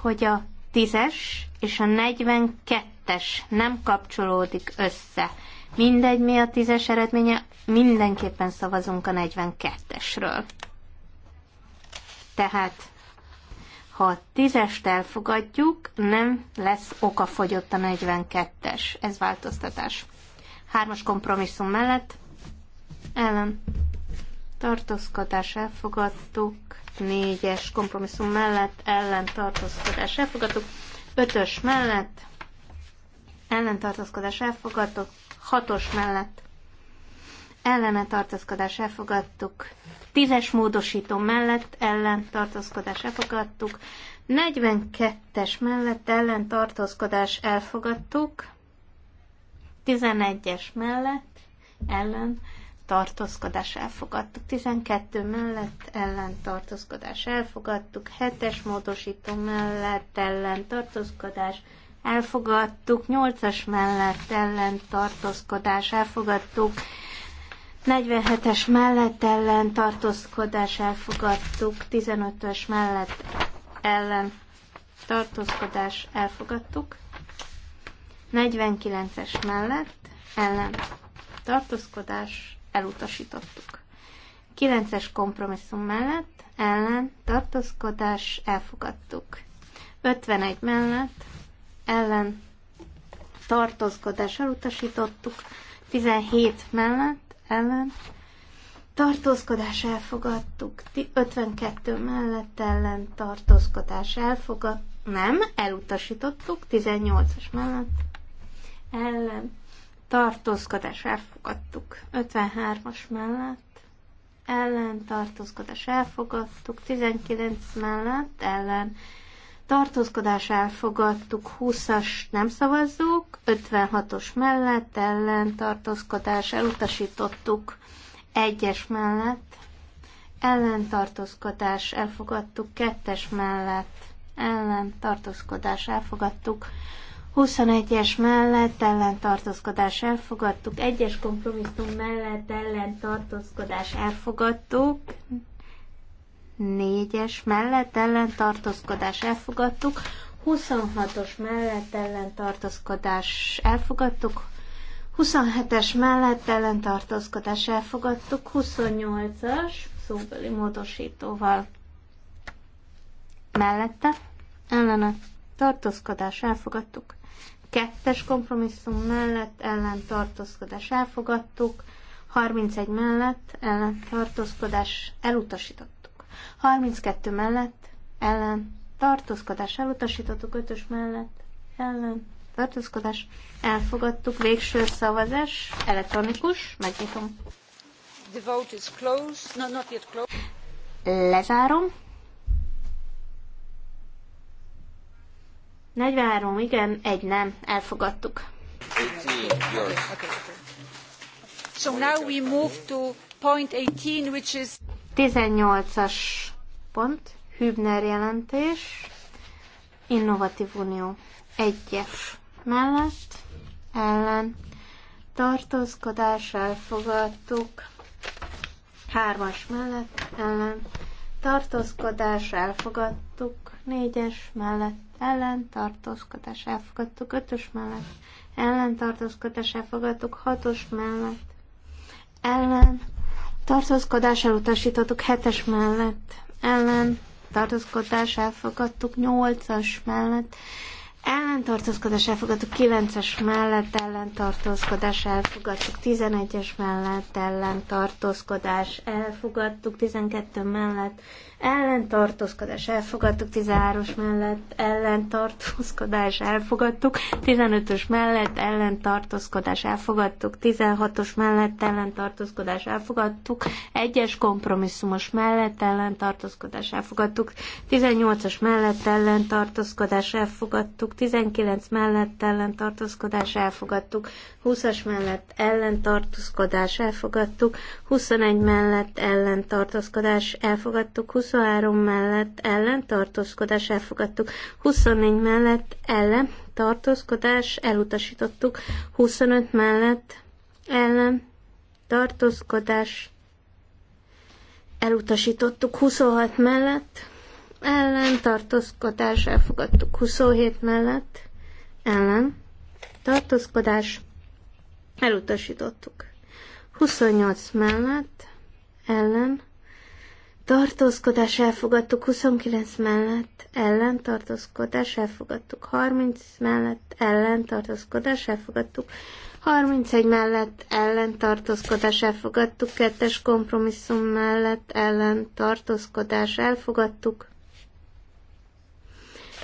hogy a 10-es és a 42-es nem kapcsolódik össze. Mindegy, mi a 10-es eredménye, mindenképpen szavazunk a 42-esről. Tehát, ha a tízest elfogadjuk, nem lesz fogyott a 42-es. Ez változtatás. Hármas kompromisszum mellett ellen tartózkodás elfogadtuk, négyes kompromisszum mellett ellen tartózkodás elfogadtuk, ötös mellett ellen tartózkodás elfogadtuk, hatos mellett ellene tartózkodás elfogadtuk, Tízes módosító mellett ellen tartózkodás elfogadtuk. 42-es mellett ellen tartózkodás elfogadtuk. 11-es mellett ellen tartózkodás elfogadtuk. 12 mellett ellen tartózkodás elfogadtuk. 7-es módosító mellett ellen tartózkodás elfogadtuk. 8-as mellett ellen tartózkodás elfogadtuk. 47-es mellett ellen tartózkodás elfogadtuk, 15-ös mellett ellen tartózkodás elfogadtuk, 49-es mellett ellen tartózkodás elutasítottuk. 9-es kompromisszum mellett ellen tartózkodás elfogadtuk. 51 mellett ellen tartózkodás elutasítottuk, 17 mellett ellen. Tartózkodás elfogadtuk. 52 mellett ellen tartózkodás elfogadt. Nem, elutasítottuk. 18-as mellett ellen tartózkodás elfogadtuk. 53-as mellett ellen tartózkodás elfogadtuk. 19 mellett ellen tartózkodás elfogadtuk, 20-as nem szavazzuk, 56-os mellett ellen tartózkodás elutasítottuk, 1-es mellett ellen tartózkodás elfogadtuk, 2-es mellett ellen tartózkodás elfogadtuk, 21-es mellett ellen tartózkodás elfogadtuk, 1-es kompromisszum mellett ellen tartózkodás elfogadtuk, négyes mellett ellen elfogadtuk, 26-os mellett ellen elfogadtuk, 27-es mellett ellen elfogadtuk, 28-as szóbeli módosítóval mellette ellene tartózkodás elfogadtuk, kettes kompromisszum mellett ellen elfogadtuk, 31 mellett ellen tartózkodás elutasítottuk. 32 mellett, ellen, tartózkodás elutasítottuk, 5-ös mellett, ellen, tartózkodás, elfogadtuk, végső szavazás, elektronikus, megnyitom. The vote is closed. No, not yet closed. Lezárom. 43, igen, egy nem, elfogadtuk. So now we move to point 18, which is... 18-as pont, Hübner jelentés, Innovatív Unió. Egyes mellett, ellen, tartózkodás elfogadtuk. Hármas mellett, ellen, tartózkodás elfogadtuk. Négyes mellett, ellen, tartózkodás elfogadtuk. Ötös mellett, ellen, tartózkodás elfogadtuk. Hatos mellett, ellen, tartózkodás elutasítottuk hetes mellett, ellen tartózkodás elfogadtuk nyolcas mellett, ellentartózkodás elfogadtuk, 9-es mellett ellentartózkodás elfogadtuk, 11-es mellett ellentartózkodás elfogadtuk, 12 mellett ellentartózkodás elfogadtuk, 13-os mellett ellentartózkodás elfogadtuk, 15-ös mellett ellentartózkodás elfogadtuk, 16-os mellett ellentartózkodás elfogadtuk, 1-es kompromisszumos mellett ellentartózkodás elfogadtuk, 18-as mellett ellentartózkodás elfogadtuk, elfogadtuk, 19 mellett ellentartózkodás elfogadtuk, 20-as mellett ellentartózkodás elfogadtuk, 21 mellett ellentartózkodás elfogadtuk, 23 mellett ellentartózkodás elfogadtuk, 24 mellett ellentartózkodás elutasítottuk, 25 mellett ellen elutasítottuk, 26 mellett ellen tartózkodás elfogadtuk 27 mellett, ellen tartózkodás elutasítottuk 28 mellett, ellen tartózkodás elfogadtuk 29 mellett, ellen tartózkodás elfogadtuk 30 mellett, ellen tartózkodás elfogadtuk 31 mellett ellen tartózkodás elfogadtuk, kettes kompromisszum mellett ellen tartózkodás elfogadtuk.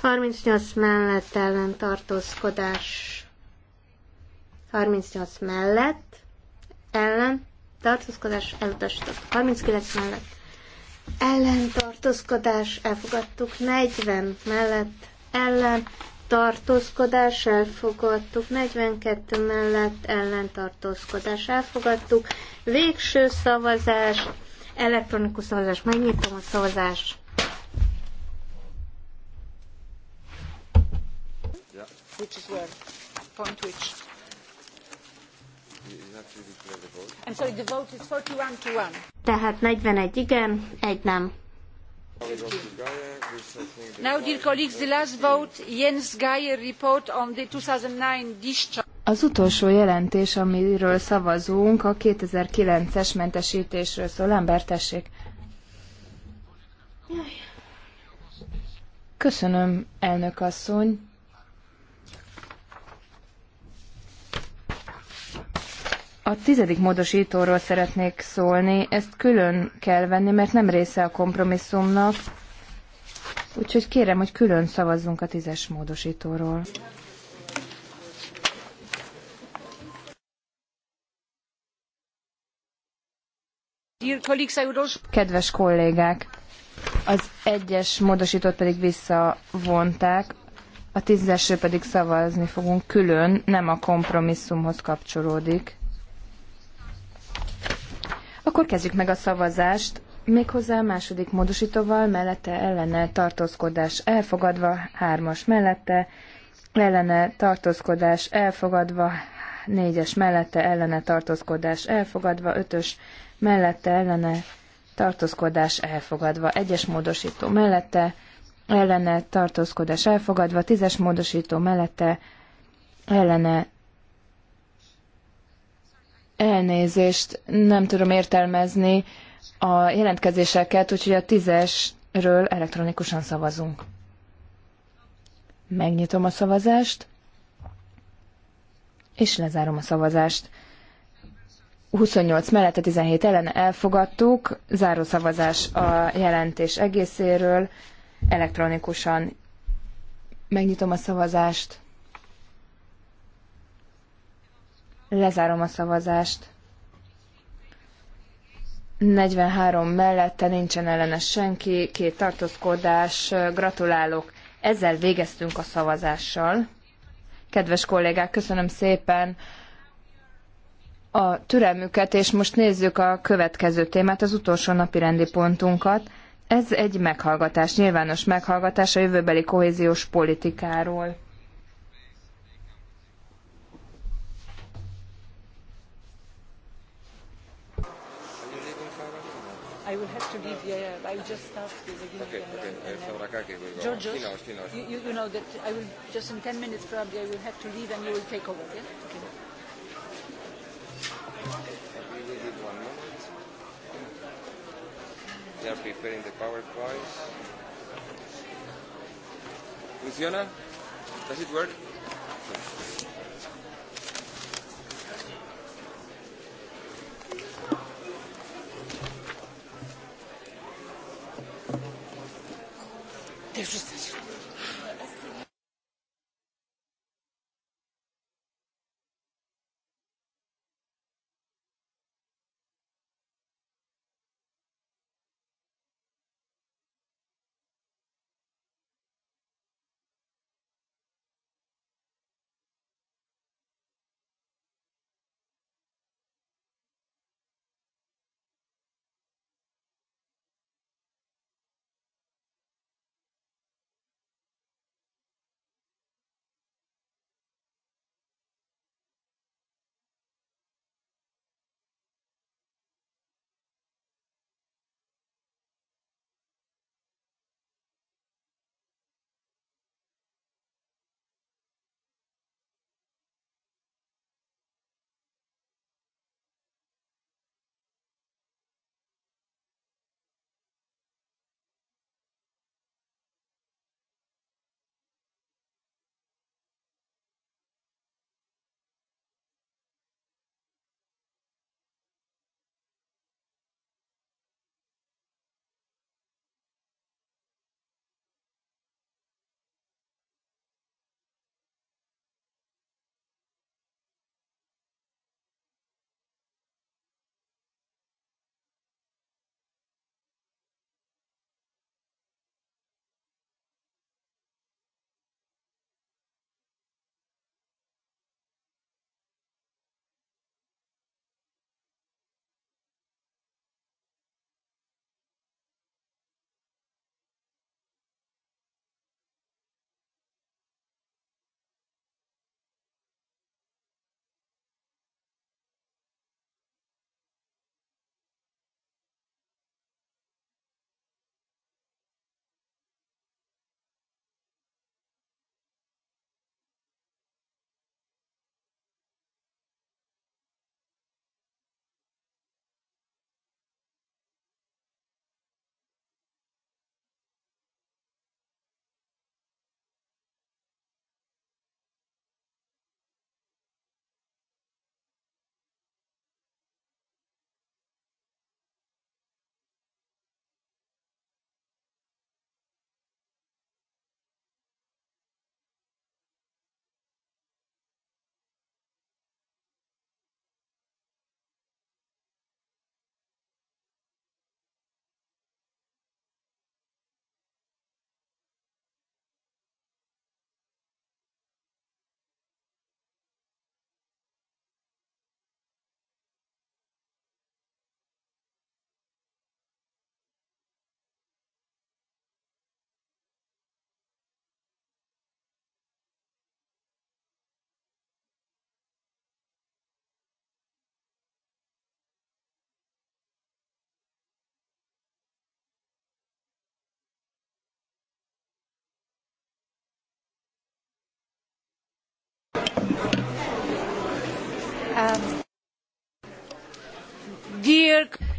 38 mellett ellen tartózkodás. 38 mellett ellen tartózkodás elutasított. 39 mellett ellen tartózkodás elfogadtuk. 40 mellett ellen tartózkodás elfogadtuk. 42 mellett ellen tartózkodás elfogadtuk. Végső szavazás. Elektronikus szavazás. Megnyitom a szavazást. which is where? Point which? I'm sorry, the vote is 41 to 1. Tehát 41 igen, egy nem. Now, dear colleagues, the last vote, Jens Geier report on the 2009 discharge. Az utolsó jelentés, amiről szavazunk, a 2009-es mentesítésről szól. Ember, tessék. Köszönöm, elnök asszony. A tizedik módosítóról szeretnék szólni, ezt külön kell venni, mert nem része a kompromisszumnak, úgyhogy kérem, hogy külön szavazzunk a tízes módosítóról. Kedves kollégák, az egyes módosítót pedig visszavonták, a tízesről pedig szavazni fogunk külön, nem a kompromisszumhoz kapcsolódik. Akkor kezdjük meg a szavazást. Méghozzá a második módosítóval mellette ellene tartózkodás elfogadva, hármas mellette ellene tartózkodás elfogadva, négyes mellette ellene tartózkodás elfogadva, ötös mellette ellene tartózkodás elfogadva, egyes módosító mellette ellene tartózkodás elfogadva, tízes módosító mellette ellene Elnézést, nem tudom értelmezni a jelentkezéseket, úgyhogy a tízesről elektronikusan szavazunk. Megnyitom a szavazást, és lezárom a szavazást. 28 mellett a 17 ellen elfogadtuk, záró szavazás a jelentés egészéről, elektronikusan megnyitom a szavazást. Lezárom a szavazást. 43 mellette nincsen ellene senki, két tartózkodás, gratulálok. Ezzel végeztünk a szavazással. Kedves kollégák, köszönöm szépen a türelmüket, és most nézzük a következő témát, az utolsó napi rendi pontunkat. Ez egy meghallgatás, nyilvános meghallgatás a jövőbeli kohéziós politikáról. I will have to leave. Yeah, yeah. I just start with the Guinea. Okay, okay. And, eh, Georgios, you, you, you know that I will just in 10 minutes probably I will have to leave and you will take over. Yeah. Okay. We will one moment. They are preparing the power PowerPoints. Funciona? Does it work? Okay. wszyscy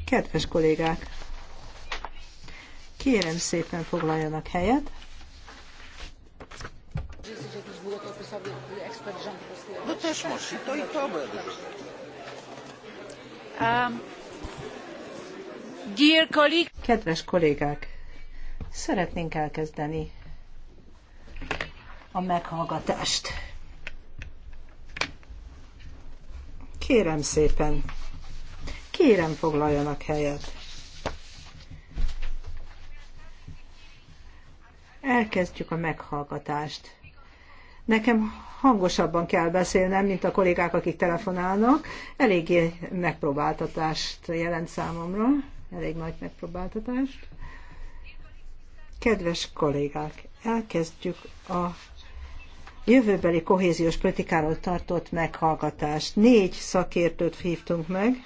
Kedves kollégák! Kérem szépen foglaljanak helyet. Um, Kedves kollégák! Szeretnénk elkezdeni a meghallgatást. Kérem szépen, kérem foglaljanak helyet. Elkezdjük a meghallgatást. Nekem hangosabban kell beszélnem, mint a kollégák, akik telefonálnak. Eléggé megpróbáltatást jelent számomra. Elég nagy megpróbáltatást. Kedves kollégák, elkezdjük a jövőbeli kohéziós politikáról tartott meghallgatást. Négy szakértőt hívtunk meg,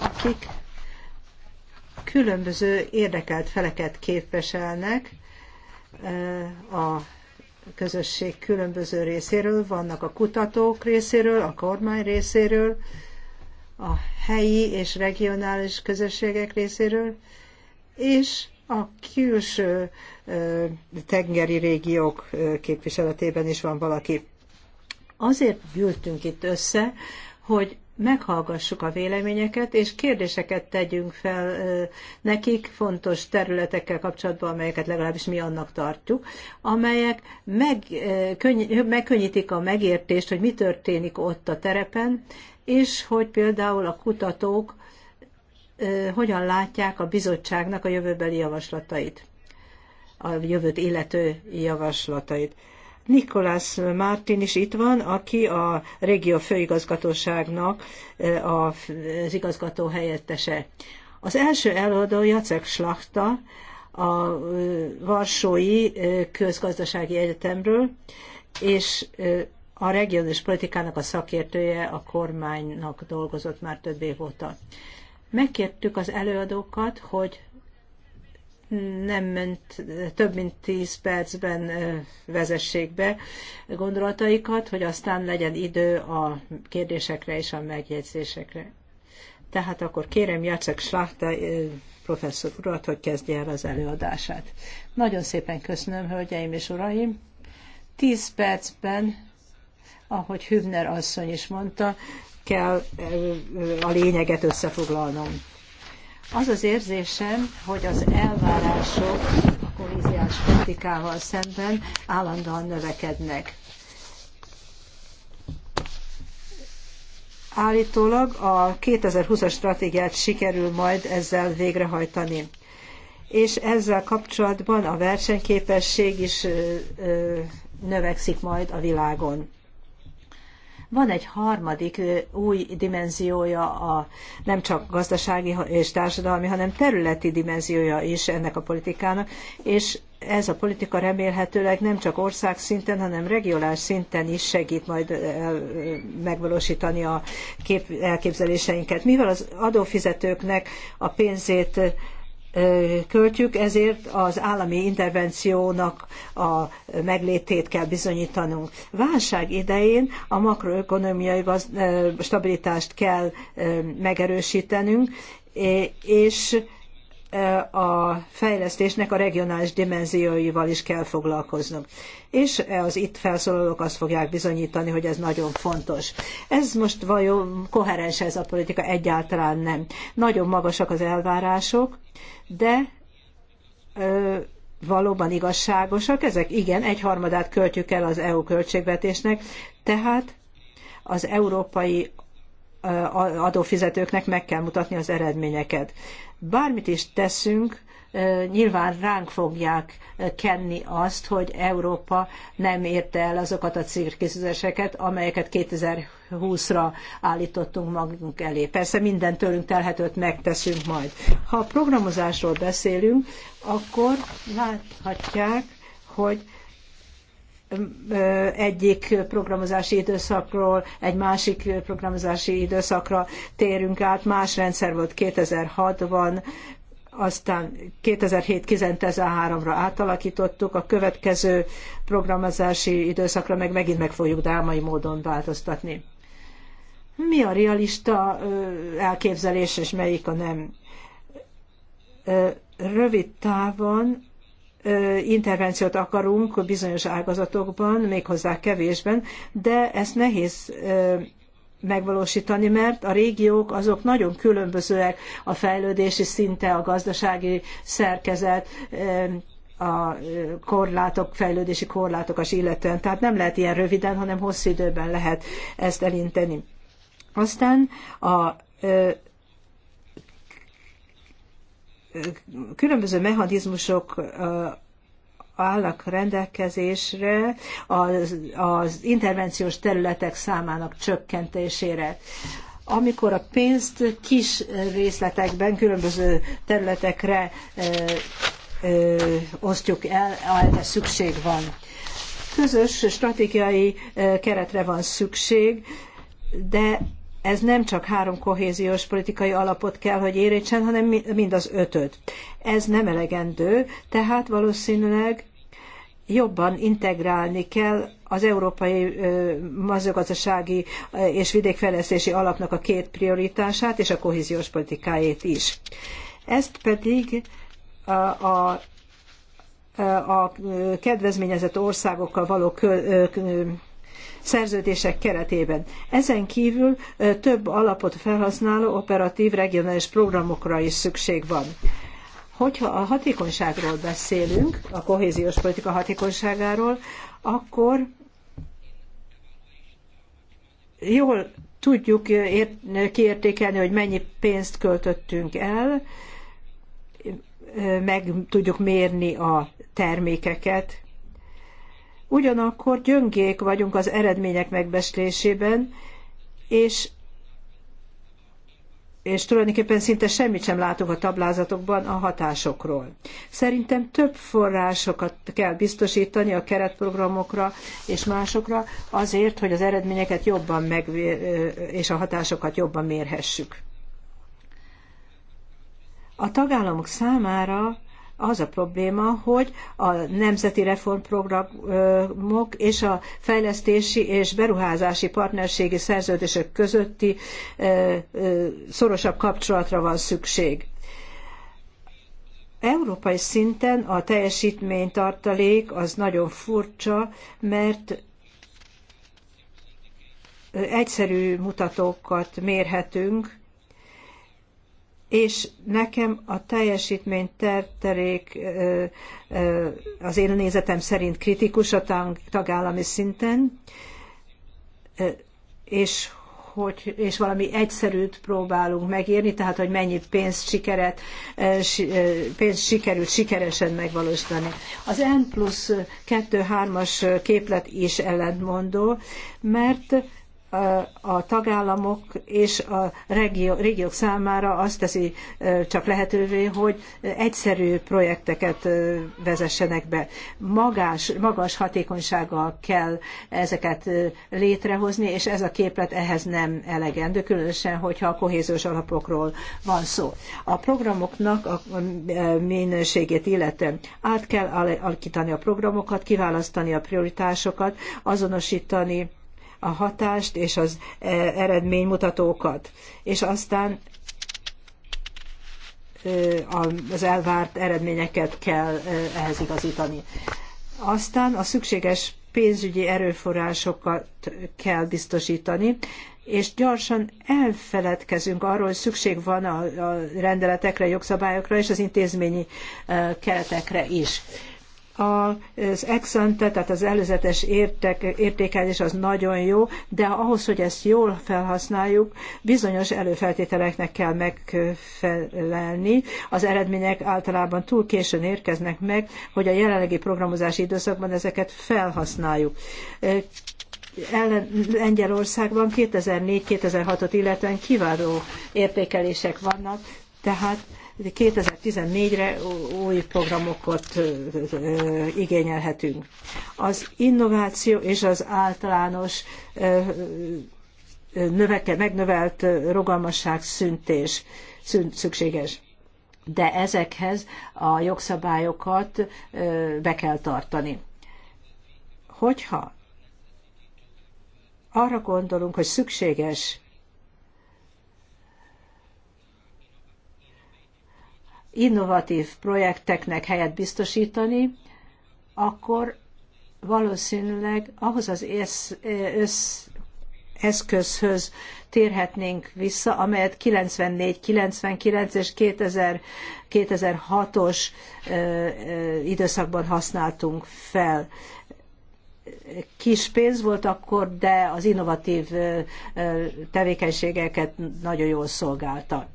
akik különböző érdekelt feleket képviselnek eh, a közösség különböző részéről, vannak a kutatók részéről, a kormány részéről, a helyi és regionális közösségek részéről, és a külső tengeri régiók képviseletében is van valaki. Azért gyűltünk itt össze, hogy meghallgassuk a véleményeket, és kérdéseket tegyünk fel nekik fontos területekkel kapcsolatban, amelyeket legalábbis mi annak tartjuk, amelyek meg, könny- megkönnyítik a megértést, hogy mi történik ott a terepen, és hogy például a kutatók hogyan látják a bizottságnak a jövőbeli javaslatait, a jövőt illető javaslatait. Nikolás Martin is itt van, aki a régió főigazgatóságnak az igazgató helyettese. Az első előadó Jacek Slachta, a Varsói Közgazdasági Egyetemről, és a regionális politikának a szakértője a kormánynak dolgozott már több év óta. Megkértük az előadókat, hogy nem ment több mint 10 percben vezessék be gondolataikat, hogy aztán legyen idő a kérdésekre és a megjegyzésekre. Tehát akkor kérem Jacek Slachta professzor urat, hogy kezdje el az előadását. Nagyon szépen köszönöm, hölgyeim és uraim. 10 percben, ahogy Hübner asszony is mondta, kell a lényeget összefoglalnom. Az az érzésem, hogy az elvárások a kohéziás politikával szemben állandóan növekednek. Állítólag a 2020-as stratégiát sikerül majd ezzel végrehajtani. És ezzel kapcsolatban a versenyképesség is növekszik majd a világon. Van egy harmadik új dimenziója, a, nem csak gazdasági és társadalmi, hanem területi dimenziója is ennek a politikának, és ez a politika remélhetőleg nem csak ország szinten, hanem regionális szinten is segít majd megvalósítani a kép, elképzeléseinket. Mivel az adófizetőknek a pénzét költjük, ezért az állami intervenciónak a meglétét kell bizonyítanunk. Válság idején a makroökonomiai stabilitást kell megerősítenünk, és a fejlesztésnek a regionális dimenzióival is kell foglalkoznunk. És az itt felszólalók azt fogják bizonyítani, hogy ez nagyon fontos. Ez most vajon koherens ez a politika? Egyáltalán nem. Nagyon magasak az elvárások, de ö, valóban igazságosak. Ezek igen, egy harmadát költjük el az EU költségvetésnek, tehát az európai adófizetőknek meg kell mutatni az eredményeket. Bármit is teszünk, nyilván ránk fogják kenni azt, hogy Európa nem érte el azokat a célkészítéseket, amelyeket 2020-ra állítottunk magunk elé. Persze minden tőlünk telhetőt megteszünk majd. Ha a programozásról beszélünk, akkor láthatják, hogy egyik programozási időszakról egy másik programozási időszakra térünk át. Más rendszer volt 2006-ban, aztán 2007-2013-ra átalakítottuk, a következő programozási időszakra meg megint meg fogjuk drámai módon változtatni. Mi a realista elképzelés, és melyik a nem? Rövid távon intervenciót akarunk bizonyos ágazatokban, méghozzá kevésben, de ezt nehéz megvalósítani, mert a régiók azok nagyon különbözőek a fejlődési szinte, a gazdasági szerkezet, a korlátok, fejlődési korlátok az illetően. Tehát nem lehet ilyen röviden, hanem hosszú időben lehet ezt elinteni. Aztán a különböző mechanizmusok állnak rendelkezésre az, az intervenciós területek számának csökkentésére. Amikor a pénzt kis részletekben, különböző területekre ö, osztjuk el, erre szükség van. Közös stratégiai keretre van szükség, de ez nem csak három kohéziós politikai alapot kell, hogy érítsen, hanem mind az ötöt. Ez nem elegendő, tehát valószínűleg jobban integrálni kell az európai mezőgazdasági és vidékfejlesztési alapnak a két prioritását és a kohéziós politikáját is. Ezt pedig a, a, a kedvezményezett országokkal való kö, szerződések keretében. Ezen kívül több alapot felhasználó operatív regionális programokra is szükség van. Hogyha a hatékonyságról beszélünk, a kohéziós politika hatékonyságáról, akkor jól tudjuk kiértékelni, hogy mennyi pénzt költöttünk el, meg tudjuk mérni a termékeket, Ugyanakkor gyöngék vagyunk az eredmények megbeslésében, és és tulajdonképpen szinte semmit sem látunk a táblázatokban a hatásokról. Szerintem több forrásokat kell biztosítani a keretprogramokra és másokra azért, hogy az eredményeket jobban meg, és a hatásokat jobban mérhessük. A tagállamok számára az a probléma, hogy a nemzeti reformprogramok és a fejlesztési és beruházási partnerségi szerződések közötti szorosabb kapcsolatra van szükség. Európai szinten a teljesítménytartalék az nagyon furcsa, mert egyszerű mutatókat mérhetünk, és nekem a teljesítmény terterék az én nézetem szerint kritikus a tagállami szinten, és hogy, és valami egyszerűt próbálunk megírni, tehát hogy mennyi pénzt, sikeret, pénzt sikerült sikeresen megvalósítani. Az N plusz 2-3-as képlet is ellentmondó, mert a tagállamok és a regió, régiók számára azt teszi csak lehetővé, hogy egyszerű projekteket vezessenek be. Magás, magas hatékonysággal kell ezeket létrehozni, és ez a képlet ehhez nem elegendő, különösen, hogyha a kohéziós alapokról van szó. A programoknak a minőségét illetően át kell alakítani a programokat, kiválasztani a prioritásokat, azonosítani a hatást és az e, eredménymutatókat, és aztán e, az elvárt eredményeket kell e, ehhez igazítani. Aztán a szükséges pénzügyi erőforrásokat kell biztosítani, és gyorsan elfeledkezünk arról, hogy szükség van a, rendeletekre, jogszabályokra és az intézményi keretekre is az exente, tehát az előzetes értek, értékelés az nagyon jó, de ahhoz, hogy ezt jól felhasználjuk, bizonyos előfeltételeknek kell megfelelni. Az eredmények általában túl későn érkeznek meg, hogy a jelenlegi programozási időszakban ezeket felhasználjuk Lengyelországban 2004-2006-ot illetően kiváló értékelések vannak, tehát 2014-re új programokat igényelhetünk. Az innováció és az általános növeke, megnövelt rugalmasság szüntés szükséges. De ezekhez a jogszabályokat be kell tartani. Hogyha arra gondolunk, hogy szükséges innovatív projekteknek helyet biztosítani, akkor valószínűleg ahhoz az össz, eszközhöz térhetnénk vissza, amelyet 94, 99 és 2000, 2006-os időszakban használtunk fel. Kis pénz volt akkor, de az innovatív tevékenységeket nagyon jól szolgálta.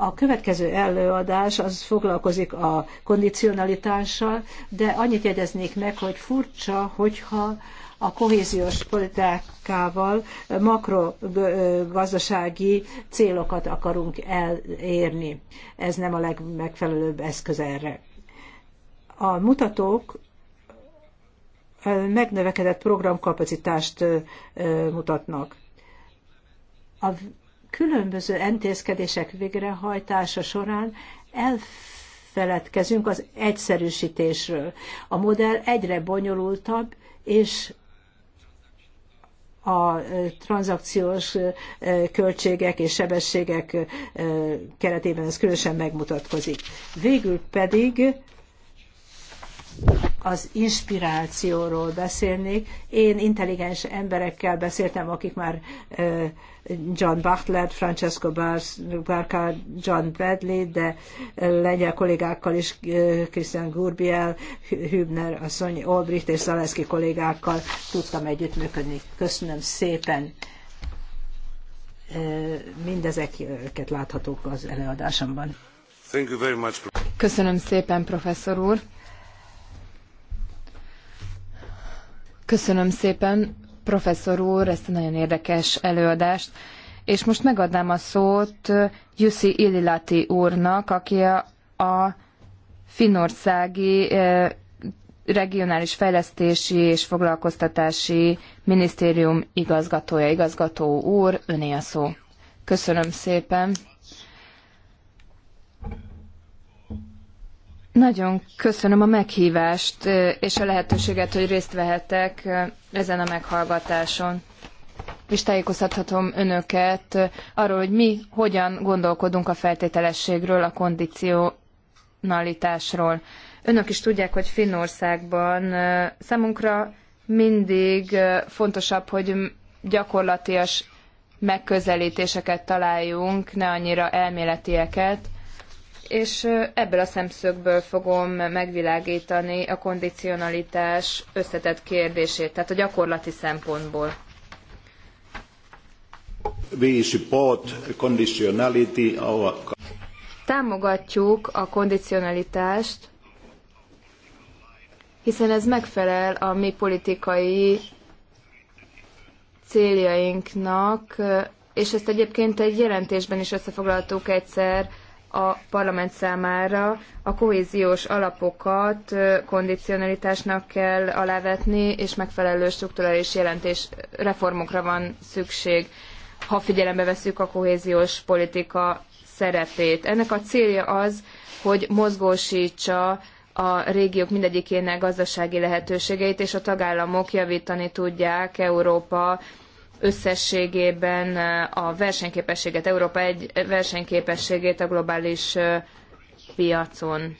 A következő előadás az foglalkozik a kondicionalitással, de annyit jegyeznék meg, hogy furcsa, hogyha a kohéziós politikával makrogazdasági célokat akarunk elérni. Ez nem a legmegfelelőbb eszköz erre. A mutatók megnövekedett programkapacitást mutatnak. A különböző intézkedések végrehajtása során elfeledkezünk az egyszerűsítésről. A modell egyre bonyolultabb, és a tranzakciós költségek és sebességek keretében ez különösen megmutatkozik. Végül pedig az inspirációról beszélnék. Én intelligens emberekkel beszéltem, akik már John Butler, Francesco Barca, John Bradley, de lengyel kollégákkal is, Christian Gurbiel, Hübner, asszony, Olbricht és Zaleszki kollégákkal tudtam együttműködni. Köszönöm szépen. Mindezeket láthatók az előadásomban. Köszönöm szépen, professzor úr. Köszönöm szépen, professzor úr, ezt a nagyon érdekes előadást. És most megadnám a szót Jussi Illilati úrnak, aki a, a finnországi regionális fejlesztési és foglalkoztatási minisztérium igazgatója, igazgató úr, öné a szó. Köszönöm szépen. Nagyon köszönöm a meghívást és a lehetőséget, hogy részt vehetek ezen a meghallgatáson. És tájékoztathatom önöket arról, hogy mi hogyan gondolkodunk a feltételességről, a kondicionalitásról. Önök is tudják, hogy Finnországban számunkra mindig fontosabb, hogy gyakorlatias megközelítéseket találjunk, ne annyira elméletieket és ebből a szemszögből fogom megvilágítani a kondicionalitás összetett kérdését, tehát a gyakorlati szempontból. We support conditionality Támogatjuk a kondicionalitást, hiszen ez megfelel a mi politikai céljainknak, és ezt egyébként egy jelentésben is összefoglaltuk egyszer, a parlament számára a kohéziós alapokat kondicionalitásnak kell alávetni, és megfelelő strukturális jelentés reformokra van szükség, ha figyelembe vesszük a kohéziós politika szerepét. Ennek a célja az, hogy mozgósítsa a régiók mindegyikének gazdasági lehetőségeit, és a tagállamok javítani tudják Európa összességében a versenyképességet, Európa egy versenyképességét a globális piacon.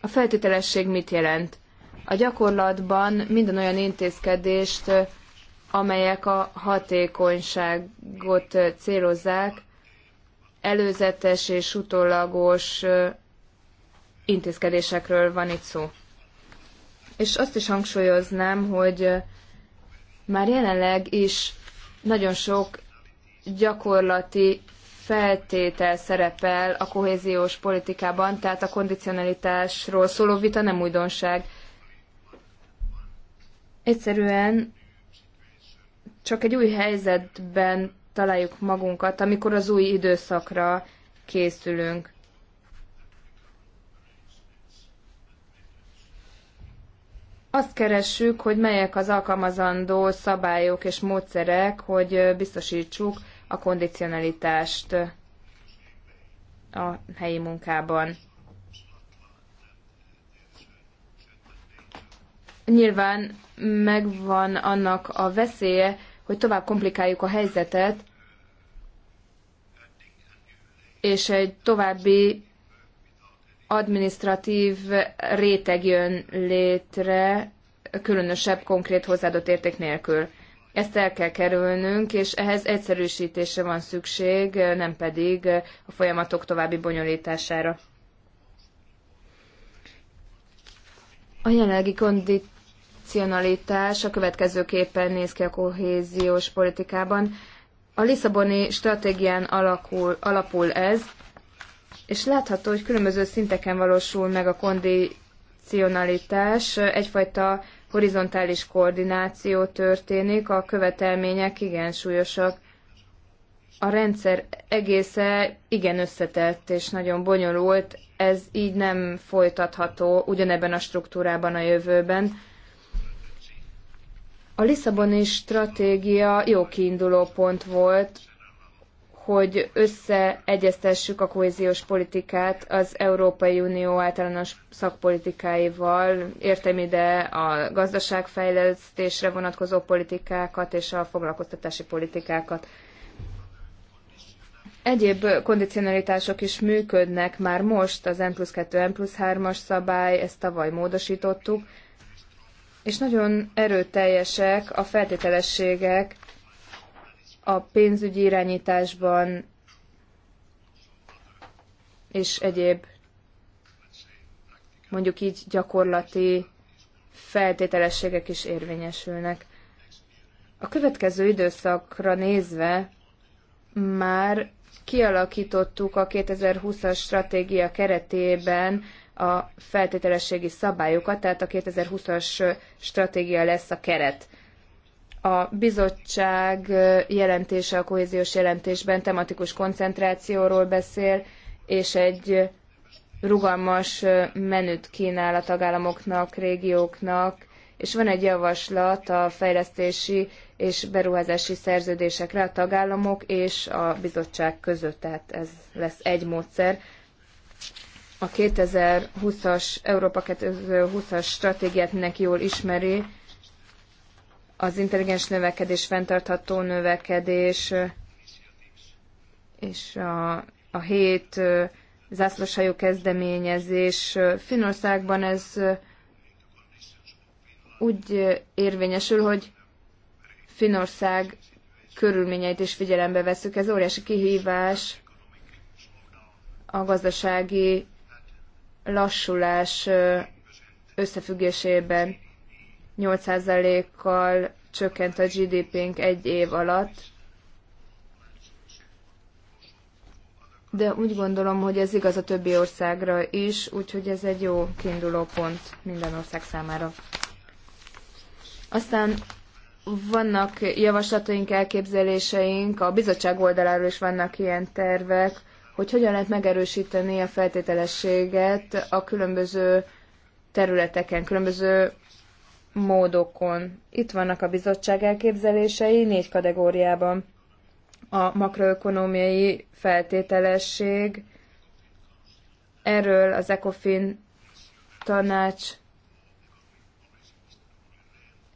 A feltételesség mit jelent? A gyakorlatban minden olyan intézkedést, amelyek a hatékonyságot célozzák, előzetes és utólagos intézkedésekről van itt szó. És azt is hangsúlyoznám, hogy már jelenleg is nagyon sok gyakorlati feltétel szerepel a kohéziós politikában, tehát a kondicionalitásról szóló vita nem újdonság. Egyszerűen csak egy új helyzetben találjuk magunkat, amikor az új időszakra készülünk. azt keressük, hogy melyek az alkalmazandó szabályok és módszerek, hogy biztosítsuk a kondicionalitást a helyi munkában. Nyilván megvan annak a veszélye, hogy tovább komplikáljuk a helyzetet, és egy további administratív réteg jön létre, különösebb, konkrét hozzáadott érték nélkül. Ezt el kell kerülnünk, és ehhez egyszerűsítésre van szükség, nem pedig a folyamatok további bonyolítására. A jelenlegi kondicionalitás a következőképpen néz ki a kohéziós politikában. A Lisszaboni stratégián alakul, alapul ez, és látható, hogy különböző szinteken valósul meg a kondicionalitás, egyfajta horizontális koordináció történik, a követelmények igen súlyosak. A rendszer egésze igen összetett és nagyon bonyolult, ez így nem folytatható ugyanebben a struktúrában a jövőben. A Lisszaboni stratégia jó kiinduló pont volt, hogy összeegyeztessük a kohéziós politikát az Európai Unió általános szakpolitikáival, értem ide a gazdaságfejlesztésre vonatkozó politikákat és a foglalkoztatási politikákat. Egyéb kondicionalitások is működnek már most, az N plusz 2, N plusz 3-as szabály, ezt tavaly módosítottuk, és nagyon erőteljesek a feltételességek a pénzügyi irányításban és egyéb mondjuk így gyakorlati feltételességek is érvényesülnek. A következő időszakra nézve már kialakítottuk a 2020-as stratégia keretében a feltételességi szabályokat, tehát a 2020-as stratégia lesz a keret. A bizottság jelentése a kohéziós jelentésben tematikus koncentrációról beszél, és egy rugalmas menüt kínál a tagállamoknak, régióknak, és van egy javaslat a fejlesztési és beruházási szerződésekre a tagállamok és a bizottság között, tehát ez lesz egy módszer. A 2020-as, Európa 2020-as stratégiát mindenki jól ismeri, az intelligens növekedés, fenntartható növekedés és a, a hét zászlóshajó kezdeményezés. Finországban ez úgy érvényesül, hogy Finország körülményeit is figyelembe veszük. Ez óriási kihívás a gazdasági lassulás összefüggésében. 8%-kal csökkent a GDP-nk egy év alatt, de úgy gondolom, hogy ez igaz a többi országra is, úgyhogy ez egy jó kiinduló pont minden ország számára. Aztán vannak javaslataink, elképzeléseink, a bizottság oldaláról is vannak ilyen tervek, hogy hogyan lehet megerősíteni a feltételességet a különböző területeken, különböző módokon. Itt vannak a bizottság elképzelései négy kategóriában. A makroökonomiai feltételesség, erről az ECOFIN tanács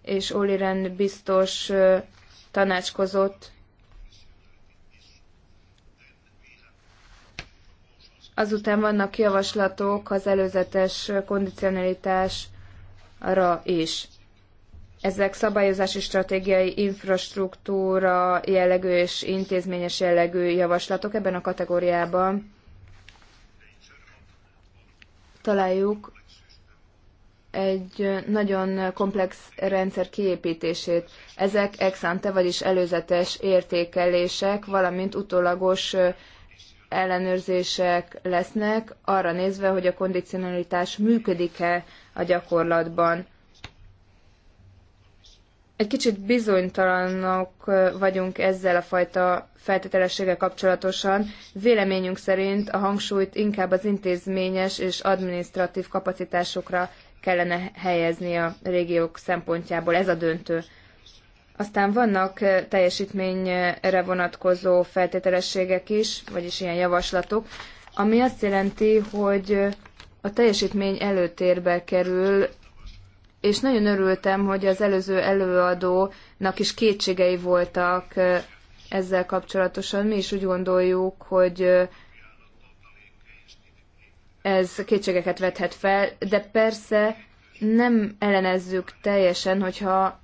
és Rend biztos tanácskozott. Azután vannak javaslatok az előzetes kondicionalitásra is. Ezek szabályozási stratégiai infrastruktúra jellegű és intézményes jellegű javaslatok ebben a kategóriában. Találjuk egy nagyon komplex rendszer kiépítését. Ezek ex ante, vagyis előzetes értékelések, valamint utólagos ellenőrzések lesznek, arra nézve, hogy a kondicionalitás működik-e a gyakorlatban egy kicsit bizonytalanok vagyunk ezzel a fajta feltételességgel kapcsolatosan. Véleményünk szerint a hangsúlyt inkább az intézményes és administratív kapacitásokra kellene helyezni a régiók szempontjából. Ez a döntő. Aztán vannak teljesítményre vonatkozó feltételességek is, vagyis ilyen javaslatok, ami azt jelenti, hogy a teljesítmény előtérbe kerül és nagyon örültem, hogy az előző előadónak is kétségei voltak ezzel kapcsolatosan. Mi is úgy gondoljuk, hogy ez kétségeket vethet fel, de persze nem ellenezzük teljesen, hogyha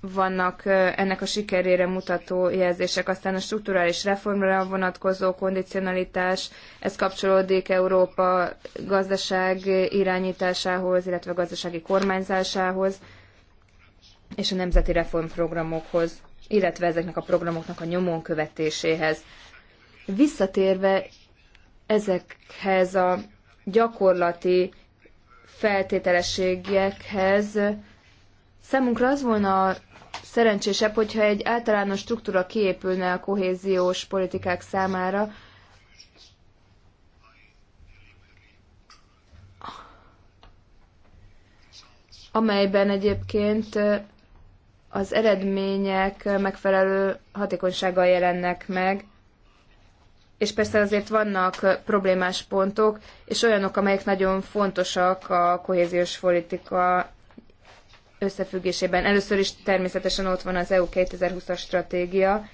vannak ennek a sikerére mutató jelzések. Aztán a strukturális reformra vonatkozó kondicionalitás, ez kapcsolódik Európa gazdaság irányításához, illetve gazdasági kormányzásához, és a nemzeti reformprogramokhoz, illetve ezeknek a programoknak a nyomon követéséhez. Visszatérve ezekhez a gyakorlati feltételességekhez, Számunkra az volna szerencsésebb, hogyha egy általános struktúra kiépülne a kohéziós politikák számára. amelyben egyébként az eredmények megfelelő hatékonysággal jelennek meg. És persze azért vannak problémás pontok, és olyanok, amelyek nagyon fontosak a kohéziós politika összefüggésében. Először is természetesen ott van az EU 2020-as stratégia.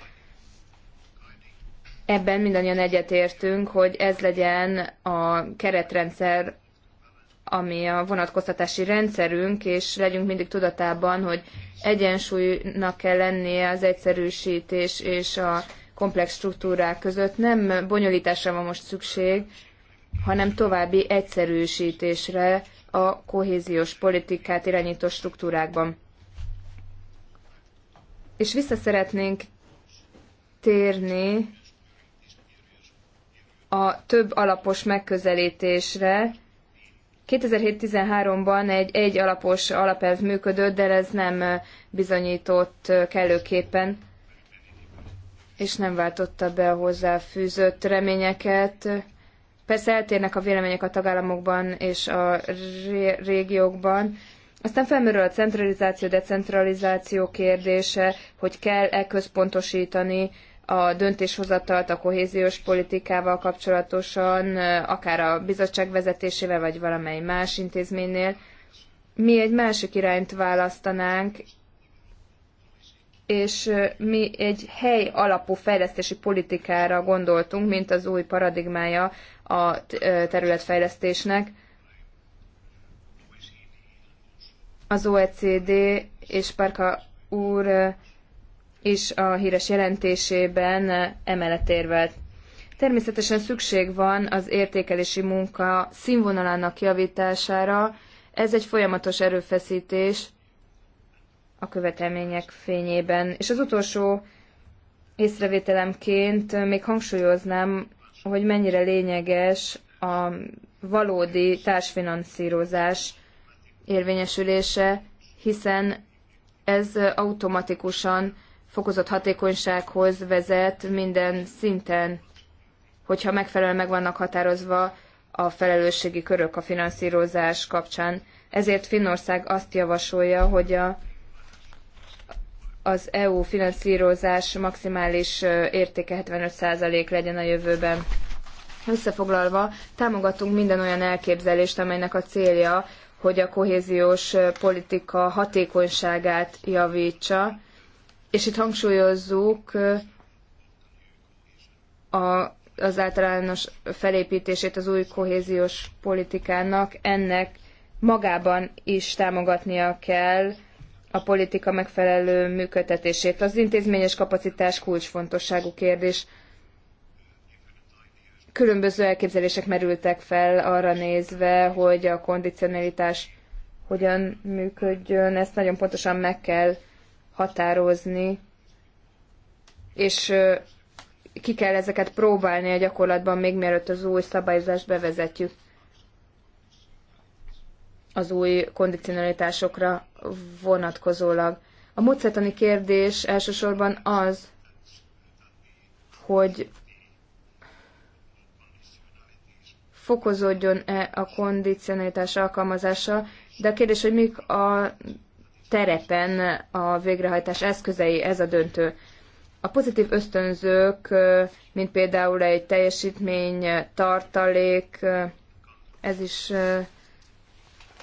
Ebben mindannyian egyetértünk, hogy ez legyen a keretrendszer, ami a vonatkoztatási rendszerünk, és legyünk mindig tudatában, hogy egyensúlynak kell lennie az egyszerűsítés és a komplex struktúrák között. Nem bonyolításra van most szükség, hanem további egyszerűsítésre, a kohéziós politikát irányító struktúrákban. És vissza szeretnénk térni a több alapos megközelítésre. 2007-13-ban egy egy alapos alapelv működött, de ez nem bizonyított kellőképpen, és nem váltotta be a hozzáfűzött reményeket Persze eltérnek a vélemények a tagállamokban és a régiókban. Aztán felmerül a centralizáció, decentralizáció kérdése, hogy kell-e központosítani a döntéshozatalt a kohéziós politikával kapcsolatosan, akár a bizottság vezetésével, vagy valamely más intézménynél. Mi egy másik irányt választanánk, és mi egy hely alapú fejlesztési politikára gondoltunk, mint az új paradigmája a területfejlesztésnek. Az OECD és Parka úr is a híres jelentésében emellett érvelt. Természetesen szükség van az értékelési munka színvonalának javítására. Ez egy folyamatos erőfeszítés a követelmények fényében. És az utolsó észrevételemként még hangsúlyoznám hogy mennyire lényeges a valódi társfinanszírozás érvényesülése, hiszen ez automatikusan fokozott hatékonysághoz vezet minden szinten, hogyha megfelelően meg vannak határozva a felelősségi körök a finanszírozás kapcsán. Ezért Finnország azt javasolja, hogy a az EU finanszírozás maximális értéke 75% legyen a jövőben. Összefoglalva, támogatunk minden olyan elképzelést, amelynek a célja, hogy a kohéziós politika hatékonyságát javítsa, és itt hangsúlyozzuk a, az általános felépítését az új kohéziós politikának, ennek magában is támogatnia kell a politika megfelelő működtetését. Az intézményes kapacitás kulcsfontosságú kérdés. Különböző elképzelések merültek fel arra nézve, hogy a kondicionalitás hogyan működjön, ezt nagyon pontosan meg kell határozni, és ki kell ezeket próbálni a gyakorlatban, még mielőtt az új szabályozást bevezetjük az új kondicionalitásokra vonatkozólag. A módszertani kérdés elsősorban az, hogy fokozódjon-e a kondicionalitás alkalmazása, de a kérdés, hogy mik a terepen a végrehajtás eszközei, ez a döntő. A pozitív ösztönzők, mint például egy teljesítmény, tartalék, ez is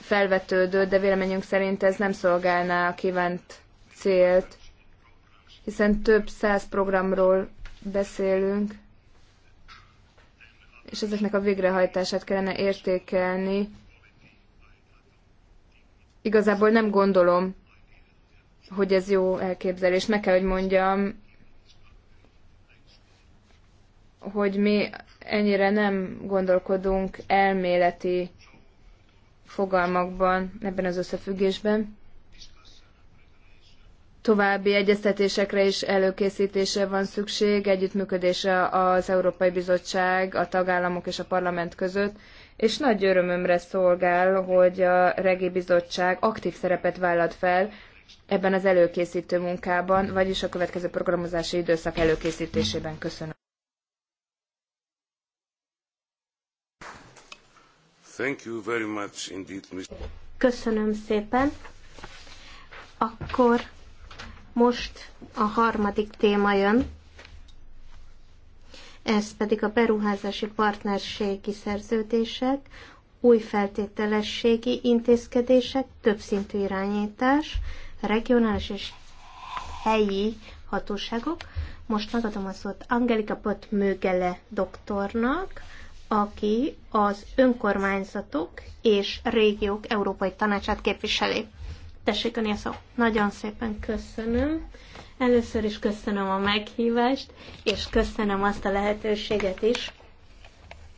felvetődött, de véleményünk szerint ez nem szolgálná a kívánt célt, hiszen több száz programról beszélünk, és ezeknek a végrehajtását kellene értékelni. Igazából nem gondolom, hogy ez jó elképzelés. Meg kell, hogy mondjam, hogy mi ennyire nem gondolkodunk elméleti fogalmakban ebben az összefüggésben. További egyeztetésekre is előkészítése van szükség, együttműködése az Európai Bizottság, a tagállamok és a parlament között, és nagy örömömre szolgál, hogy a Regi Bizottság aktív szerepet vállalt fel ebben az előkészítő munkában, vagyis a következő programozási időszak előkészítésében. Köszönöm. Köszönöm szépen. Akkor most a harmadik téma jön. Ez pedig a beruházási partnerségi szerződések, új feltételességi intézkedések, többszintű irányítás, regionális és helyi hatóságok. Most megadom a szót Angelika Pott Mögele doktornak, aki az önkormányzatok és régiók Európai Tanácsát képviseli. Tessék Önél szó. Nagyon szépen köszönöm. Először is köszönöm a meghívást, és köszönöm azt a lehetőséget is,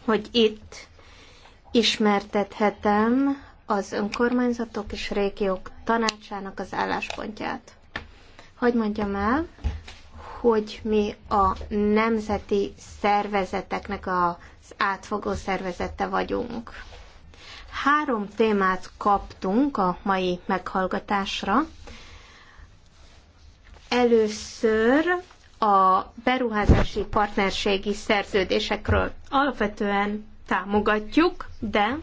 hogy itt ismertethetem az önkormányzatok és régiók tanácsának az álláspontját. Hogy mondjam el, hogy mi a nemzeti szervezeteknek a átfogó szervezete vagyunk. Három témát kaptunk a mai meghallgatásra. Először a beruházási partnerségi szerződésekről alapvetően támogatjuk, de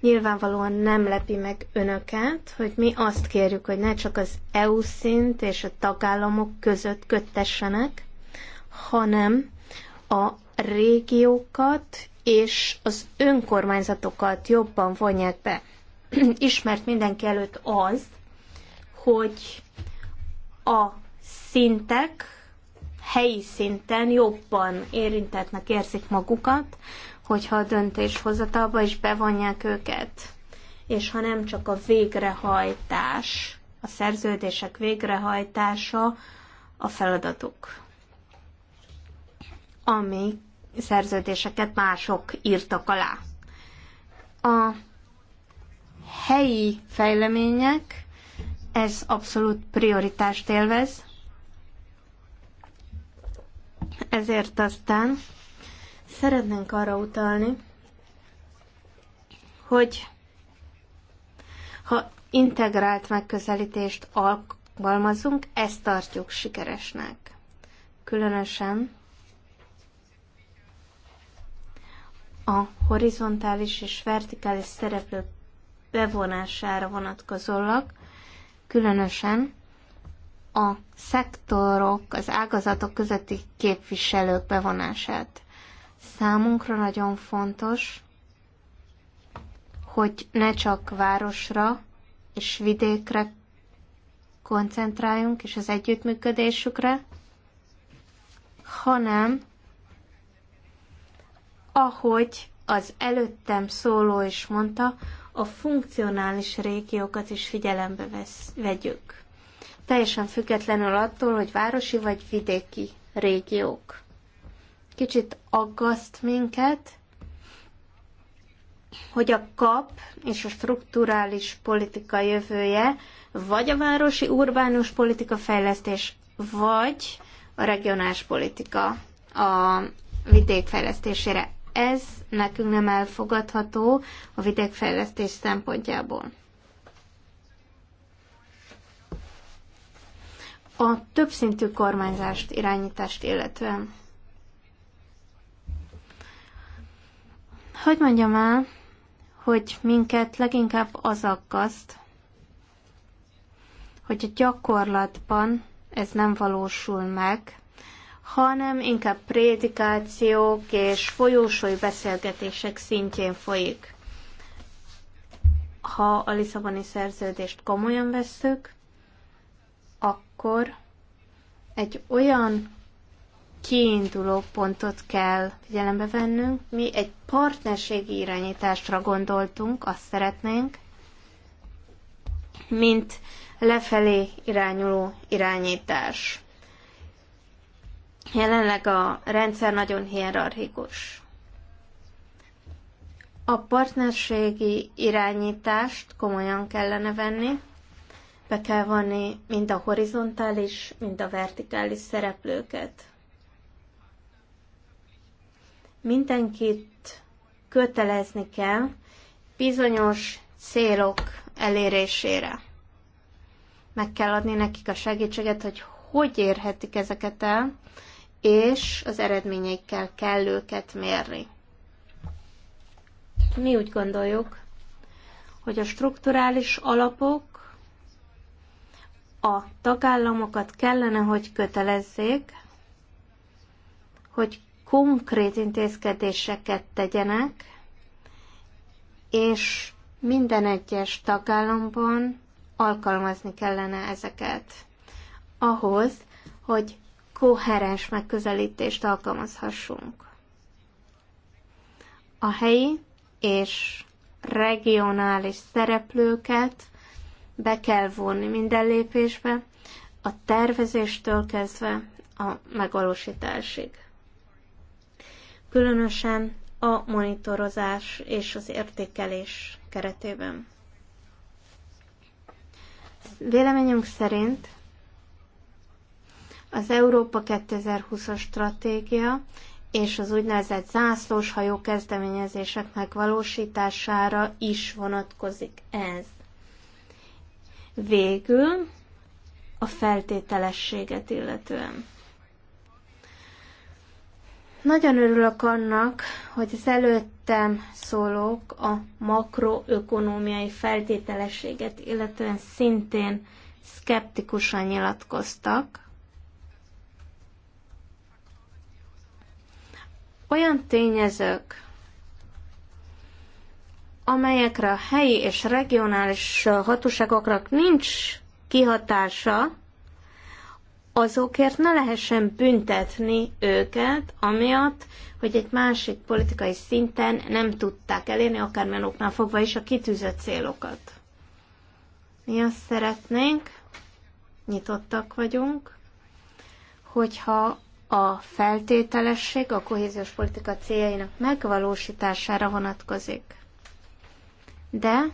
nyilvánvalóan nem lepi meg önöket, hogy mi azt kérjük, hogy ne csak az EU szint és a tagállamok között köttessenek, hanem a régiókat és az önkormányzatokat jobban vonják be. <clears throat> Ismert mindenki előtt az, hogy a szintek helyi szinten jobban érintetnek érzik magukat, hogyha a döntéshozatalba is bevonják őket. És ha nem csak a végrehajtás, a szerződések végrehajtása a feladatuk. Amik szerződéseket mások írtak alá. A helyi fejlemények, ez abszolút prioritást élvez, ezért aztán szeretnénk arra utalni, hogy ha integrált megközelítést alkalmazunk, ezt tartjuk sikeresnek. Különösen a horizontális és vertikális szereplők bevonására vonatkozólag, különösen a szektorok, az ágazatok közötti képviselők bevonását. Számunkra nagyon fontos, hogy ne csak városra és vidékre koncentráljunk, és az együttműködésükre, hanem ahogy az előttem szóló is mondta, a funkcionális régiókat is figyelembe vesz, vegyük. Teljesen függetlenül attól, hogy városi vagy vidéki régiók. Kicsit aggaszt minket, hogy a kap és a strukturális politika jövője vagy a városi urbánus politika fejlesztés, vagy a regionális politika a vidék fejlesztésére ez nekünk nem elfogadható a vidékfejlesztés szempontjából. A többszintű kormányzást, irányítást illetően. Hogy mondjam el, hogy minket leginkább az aggaszt, hogy a gyakorlatban ez nem valósul meg, hanem inkább prédikációk és folyósói beszélgetések szintjén folyik. Ha a Lisszaboni szerződést komolyan vesszük, akkor egy olyan kiinduló pontot kell figyelembe vennünk. Mi egy partnerségi irányításra gondoltunk, azt szeretnénk, mint lefelé irányuló irányítás. Jelenleg a rendszer nagyon hierarchikus. A partnerségi irányítást komolyan kellene venni, be kell vonni mind a horizontális, mind a vertikális szereplőket. Mindenkit kötelezni kell bizonyos célok elérésére. Meg kell adni nekik a segítséget, hogy hogy érhetik ezeket el, és az eredményeikkel kell őket mérni. Mi úgy gondoljuk, hogy a strukturális alapok a tagállamokat kellene, hogy kötelezzék, hogy konkrét intézkedéseket tegyenek, és minden egyes tagállamban alkalmazni kellene ezeket. Ahhoz, hogy koherens megközelítést alkalmazhassunk. A helyi és regionális szereplőket be kell vonni minden lépésbe, a tervezéstől kezdve a megvalósításig. Különösen a monitorozás és az értékelés keretében. Véleményünk szerint az Európa 2020-as stratégia és az úgynevezett zászlós hajó kezdeményezések megvalósítására is vonatkozik ez. Végül a feltételességet illetően. Nagyon örülök annak, hogy az előttem szólók a makroökonómiai feltételességet, illetően szintén szkeptikusan nyilatkoztak, olyan tényezők, amelyekre a helyi és regionális hatóságoknak nincs kihatása, azokért ne lehessen büntetni őket, amiatt, hogy egy másik politikai szinten nem tudták elérni, akármilyen oknál fogva is, a kitűzött célokat. Mi azt szeretnénk, nyitottak vagyunk, hogyha a feltételesség a kohéziós politika céljainak megvalósítására vonatkozik. De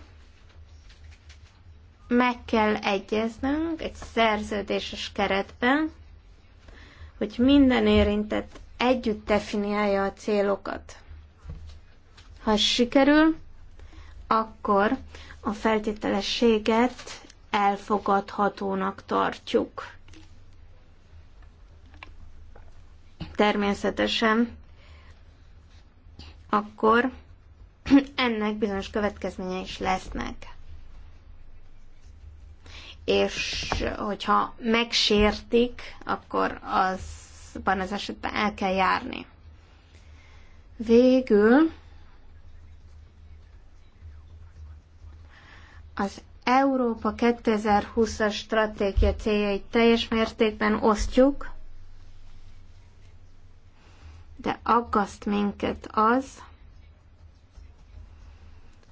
meg kell egyeznünk egy szerződéses keretben, hogy minden érintett együtt definiálja a célokat. Ha sikerül, akkor a feltételességet elfogadhatónak tartjuk. természetesen, akkor ennek bizonyos következményei is lesznek. És hogyha megsértik, akkor azban az esetben el kell járni. Végül az Európa 2020-as stratégia céljait teljes mértékben osztjuk, de aggaszt minket az,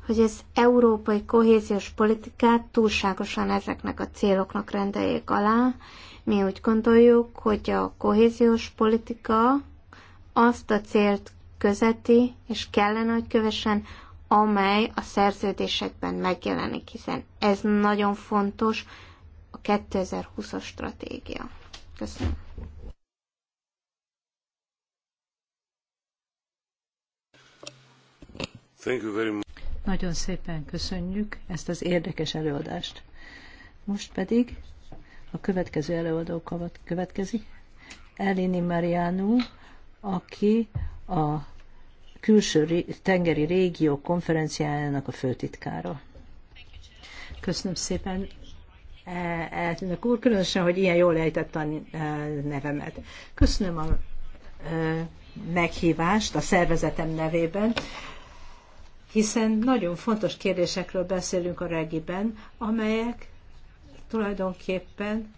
hogy az európai kohéziós politikát túlságosan ezeknek a céloknak rendeljék alá. Mi úgy gondoljuk, hogy a kohéziós politika azt a célt közeti, és kellene, hogy kövessen, amely a szerződésekben megjelenik, hiszen ez nagyon fontos a 2020-as stratégia. Köszönöm. Nagyon szépen köszönjük ezt az érdekes előadást. Most pedig a következő előadó következik, Elini Mariano, aki a külső tengeri régió konferenciájának a főtitkára. Köszönöm szépen, e, elnök úr, különösen, hogy ilyen jól ejtett a e, nevemet. Köszönöm a e, meghívást a szervezetem nevében, hiszen nagyon fontos kérdésekről beszélünk a regiben, amelyek tulajdonképpen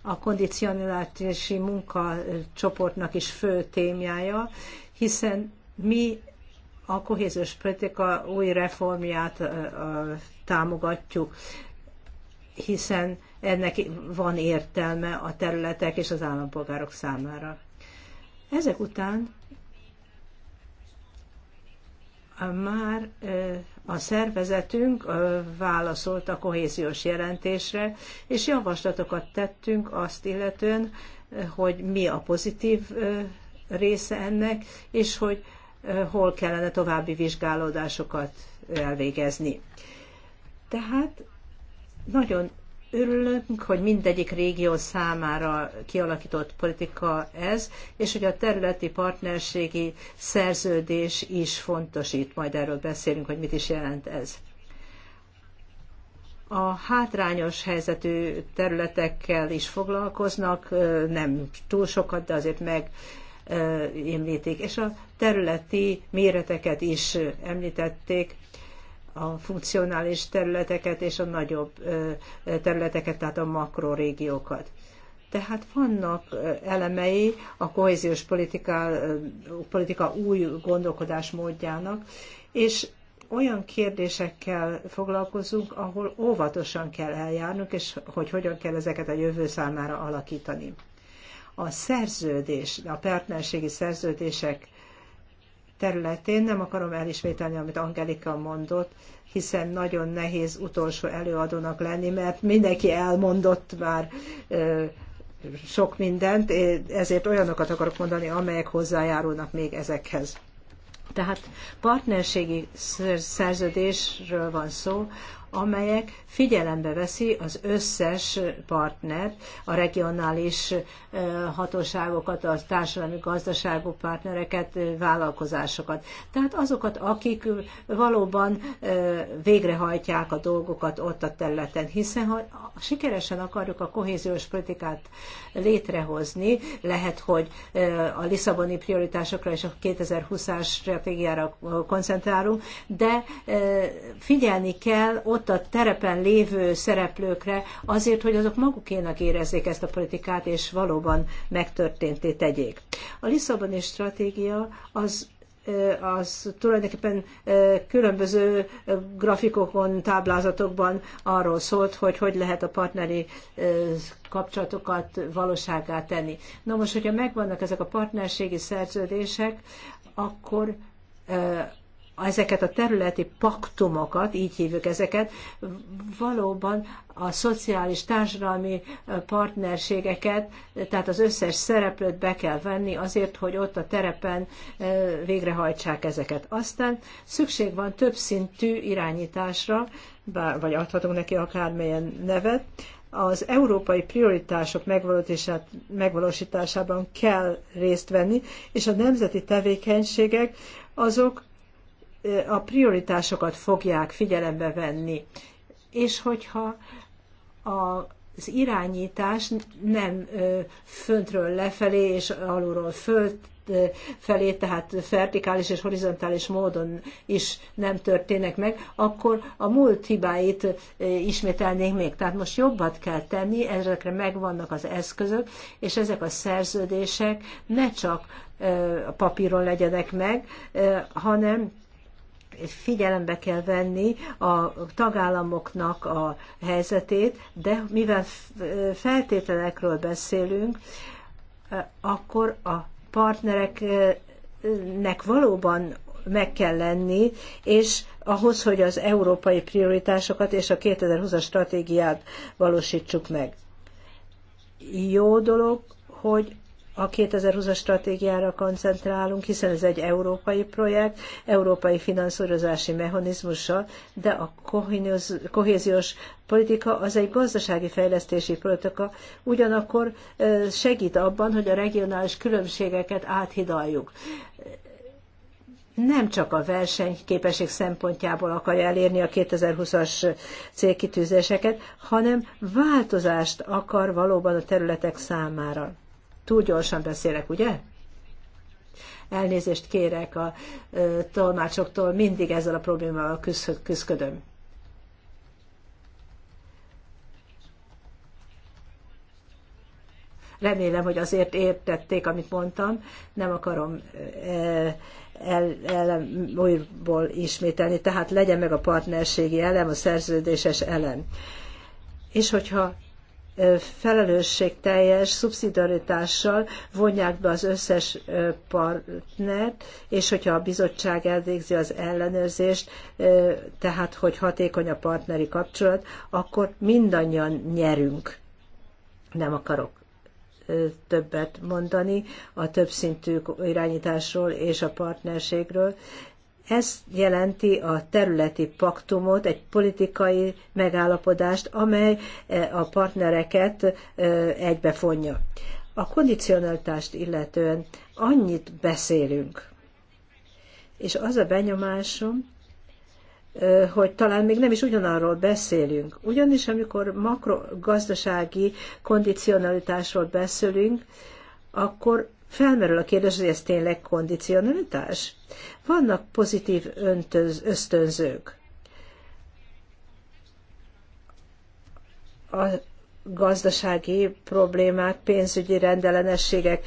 a kondicionálási munkacsoportnak is fő témája, hiszen mi a kohéziós politika új reformját támogatjuk, hiszen ennek van értelme a területek és az állampolgárok számára. Ezek után már a szervezetünk válaszolt a kohéziós jelentésre, és javaslatokat tettünk azt illetően, hogy mi a pozitív része ennek, és hogy hol kellene további vizsgálódásokat elvégezni. Tehát nagyon örülünk, hogy mindegyik régió számára kialakított politika ez, és hogy a területi partnerségi szerződés is fontos itt, majd erről beszélünk, hogy mit is jelent ez. A hátrányos helyzetű területekkel is foglalkoznak, nem túl sokat, de azért meg említik, és a területi méreteket is említették, a funkcionális területeket és a nagyobb területeket, tehát a makrorégiókat. Tehát vannak elemei a kohéziós politika, politika új gondolkodásmódjának, és olyan kérdésekkel foglalkozunk, ahol óvatosan kell eljárnunk, és hogy hogyan kell ezeket a jövő számára alakítani. A szerződés, a partnerségi szerződések területén. Nem akarom elismételni, amit Angelika mondott, hiszen nagyon nehéz utolsó előadónak lenni, mert mindenki elmondott már sok mindent, ezért olyanokat akarok mondani, amelyek hozzájárulnak még ezekhez. Tehát partnerségi szerződésről van szó, amelyek figyelembe veszi az összes partner, a regionális eh, hatóságokat, a társadalmi gazdaságú partnereket, eh, vállalkozásokat. Tehát azokat, akik eh, valóban végrehajtják a dolgokat ott a területen, hiszen ha sikeresen akarjuk a kohéziós politikát létrehozni, lehet, hogy a Lisszaboni prioritásokra és a 2020-as stratégiára koncentrálunk, de figyelni kell a terepen lévő szereplőkre, azért, hogy azok magukénak érezzék ezt a politikát, és valóban megtörténté tegyék. A Lisszaboni stratégia az az tulajdonképpen különböző grafikokon, táblázatokban arról szólt, hogy hogy lehet a partneri kapcsolatokat valóságá tenni. Na most, hogyha megvannak ezek a partnerségi szerződések, akkor ezeket a területi paktumokat, így hívjuk ezeket, valóban a szociális, társadalmi partnerségeket, tehát az összes szereplőt be kell venni azért, hogy ott a terepen végrehajtsák ezeket. Aztán szükség van többszintű irányításra, bár, vagy adhatunk neki akármilyen nevet, az európai prioritások megvalósításában kell részt venni, és a nemzeti tevékenységek azok a prioritásokat fogják figyelembe venni. És hogyha a az irányítás nem föntről lefelé és alulról föl felé, tehát vertikális és horizontális módon is nem történnek meg, akkor a múlt hibáit ismételnék még. Tehát most jobbat kell tenni, ezekre megvannak az eszközök, és ezek a szerződések ne csak a papíron legyenek meg, hanem figyelembe kell venni a tagállamoknak a helyzetét, de mivel feltételekről beszélünk, akkor a partnereknek valóban meg kell lenni, és ahhoz, hogy az európai prioritásokat és a 2020-as stratégiát valósítsuk meg. Jó dolog, hogy a 2020-as stratégiára koncentrálunk, hiszen ez egy európai projekt, európai finanszírozási mechanizmussal, de a kohéziós politika az egy gazdasági fejlesztési politika, ugyanakkor segít abban, hogy a regionális különbségeket áthidaljuk nem csak a versenyképesség szempontjából akarja elérni a 2020-as célkitűzéseket, hanem változást akar valóban a területek számára. Túl gyorsan beszélek, ugye? Elnézést kérek a tolmácsoktól, mindig ezzel a problémával küzdködöm. remélem, hogy azért értették, amit mondtam. Nem akarom el, el, újból ismételni, tehát legyen meg a partnerségi elem, a szerződéses elem. És hogyha felelősségteljes szubszidaritással vonják be az összes partnert, és hogyha a bizottság elvégzi az ellenőrzést, tehát hogy hatékony a partneri kapcsolat, akkor mindannyian nyerünk. Nem akarok többet mondani a többszintű irányításról és a partnerségről, ez jelenti a területi paktumot, egy politikai megállapodást, amely e, a partnereket e, egybefonja. A kondicionáltást illetően annyit beszélünk, és az a benyomásom, e, hogy talán még nem is ugyanarról beszélünk. Ugyanis, amikor makrogazdasági kondicionalitásról beszélünk, akkor felmerül a kérdés, hogy ez tényleg kondicionalitás? Vannak pozitív öntöz, ösztönzők. A gazdasági problémák, pénzügyi rendellenességek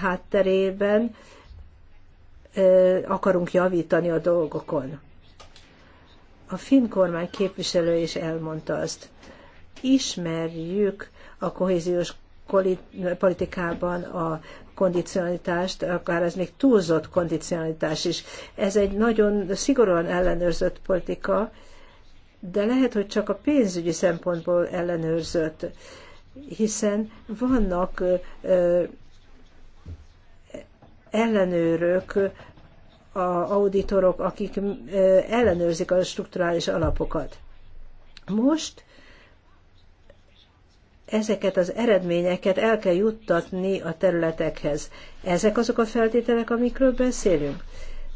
hátterében akarunk javítani a dolgokon. A finn kormány képviselő is elmondta azt. Ismerjük a kohéziós politikában a kondicionalitást, akár ez még túlzott kondicionalitás is. Ez egy nagyon szigorúan ellenőrzött politika, de lehet, hogy csak a pénzügyi szempontból ellenőrzött, hiszen vannak ellenőrök, a auditorok, akik ellenőrzik a strukturális alapokat. Most ezeket az eredményeket el kell juttatni a területekhez. Ezek azok a feltételek, amikről beszélünk.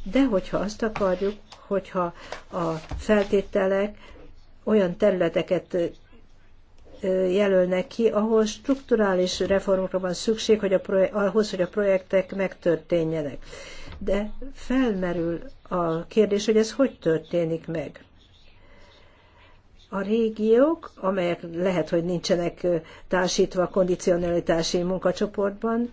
De hogyha azt akarjuk, hogyha a feltételek olyan területeket jelölnek ki, ahol strukturális reformokra van szükség, hogy a projek- ahhoz, hogy a projektek megtörténjenek. De felmerül a kérdés, hogy ez hogy történik meg a régiók, amelyek lehet, hogy nincsenek társítva a kondicionalitási munkacsoportban,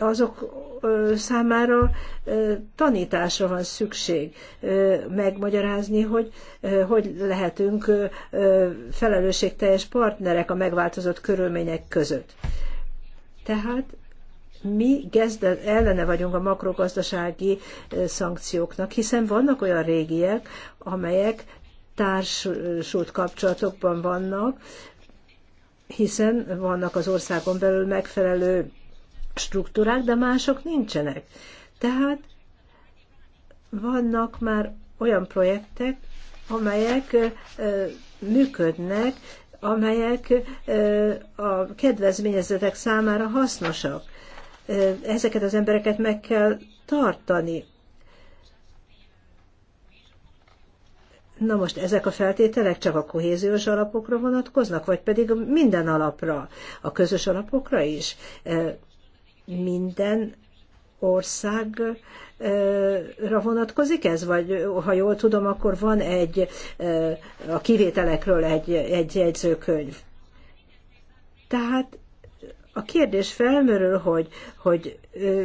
azok számára tanításra van szükség megmagyarázni, hogy hogy lehetünk felelősségteljes partnerek a megváltozott körülmények között. Tehát mi gezde, ellene vagyunk a makrogazdasági szankcióknak, hiszen vannak olyan régiek, amelyek társult kapcsolatokban vannak, hiszen vannak az országon belül megfelelő struktúrák, de mások nincsenek. Tehát vannak már olyan projektek, amelyek működnek, amelyek a kedvezményezetek számára hasznosak ezeket az embereket meg kell tartani. Na most ezek a feltételek csak a kohéziós alapokra vonatkoznak, vagy pedig minden alapra, a közös alapokra is? Minden országra vonatkozik ez, vagy ha jól tudom, akkor van egy a kivételekről egy, egy jegyzőkönyv. Tehát a kérdés felmerül, hogy, hogy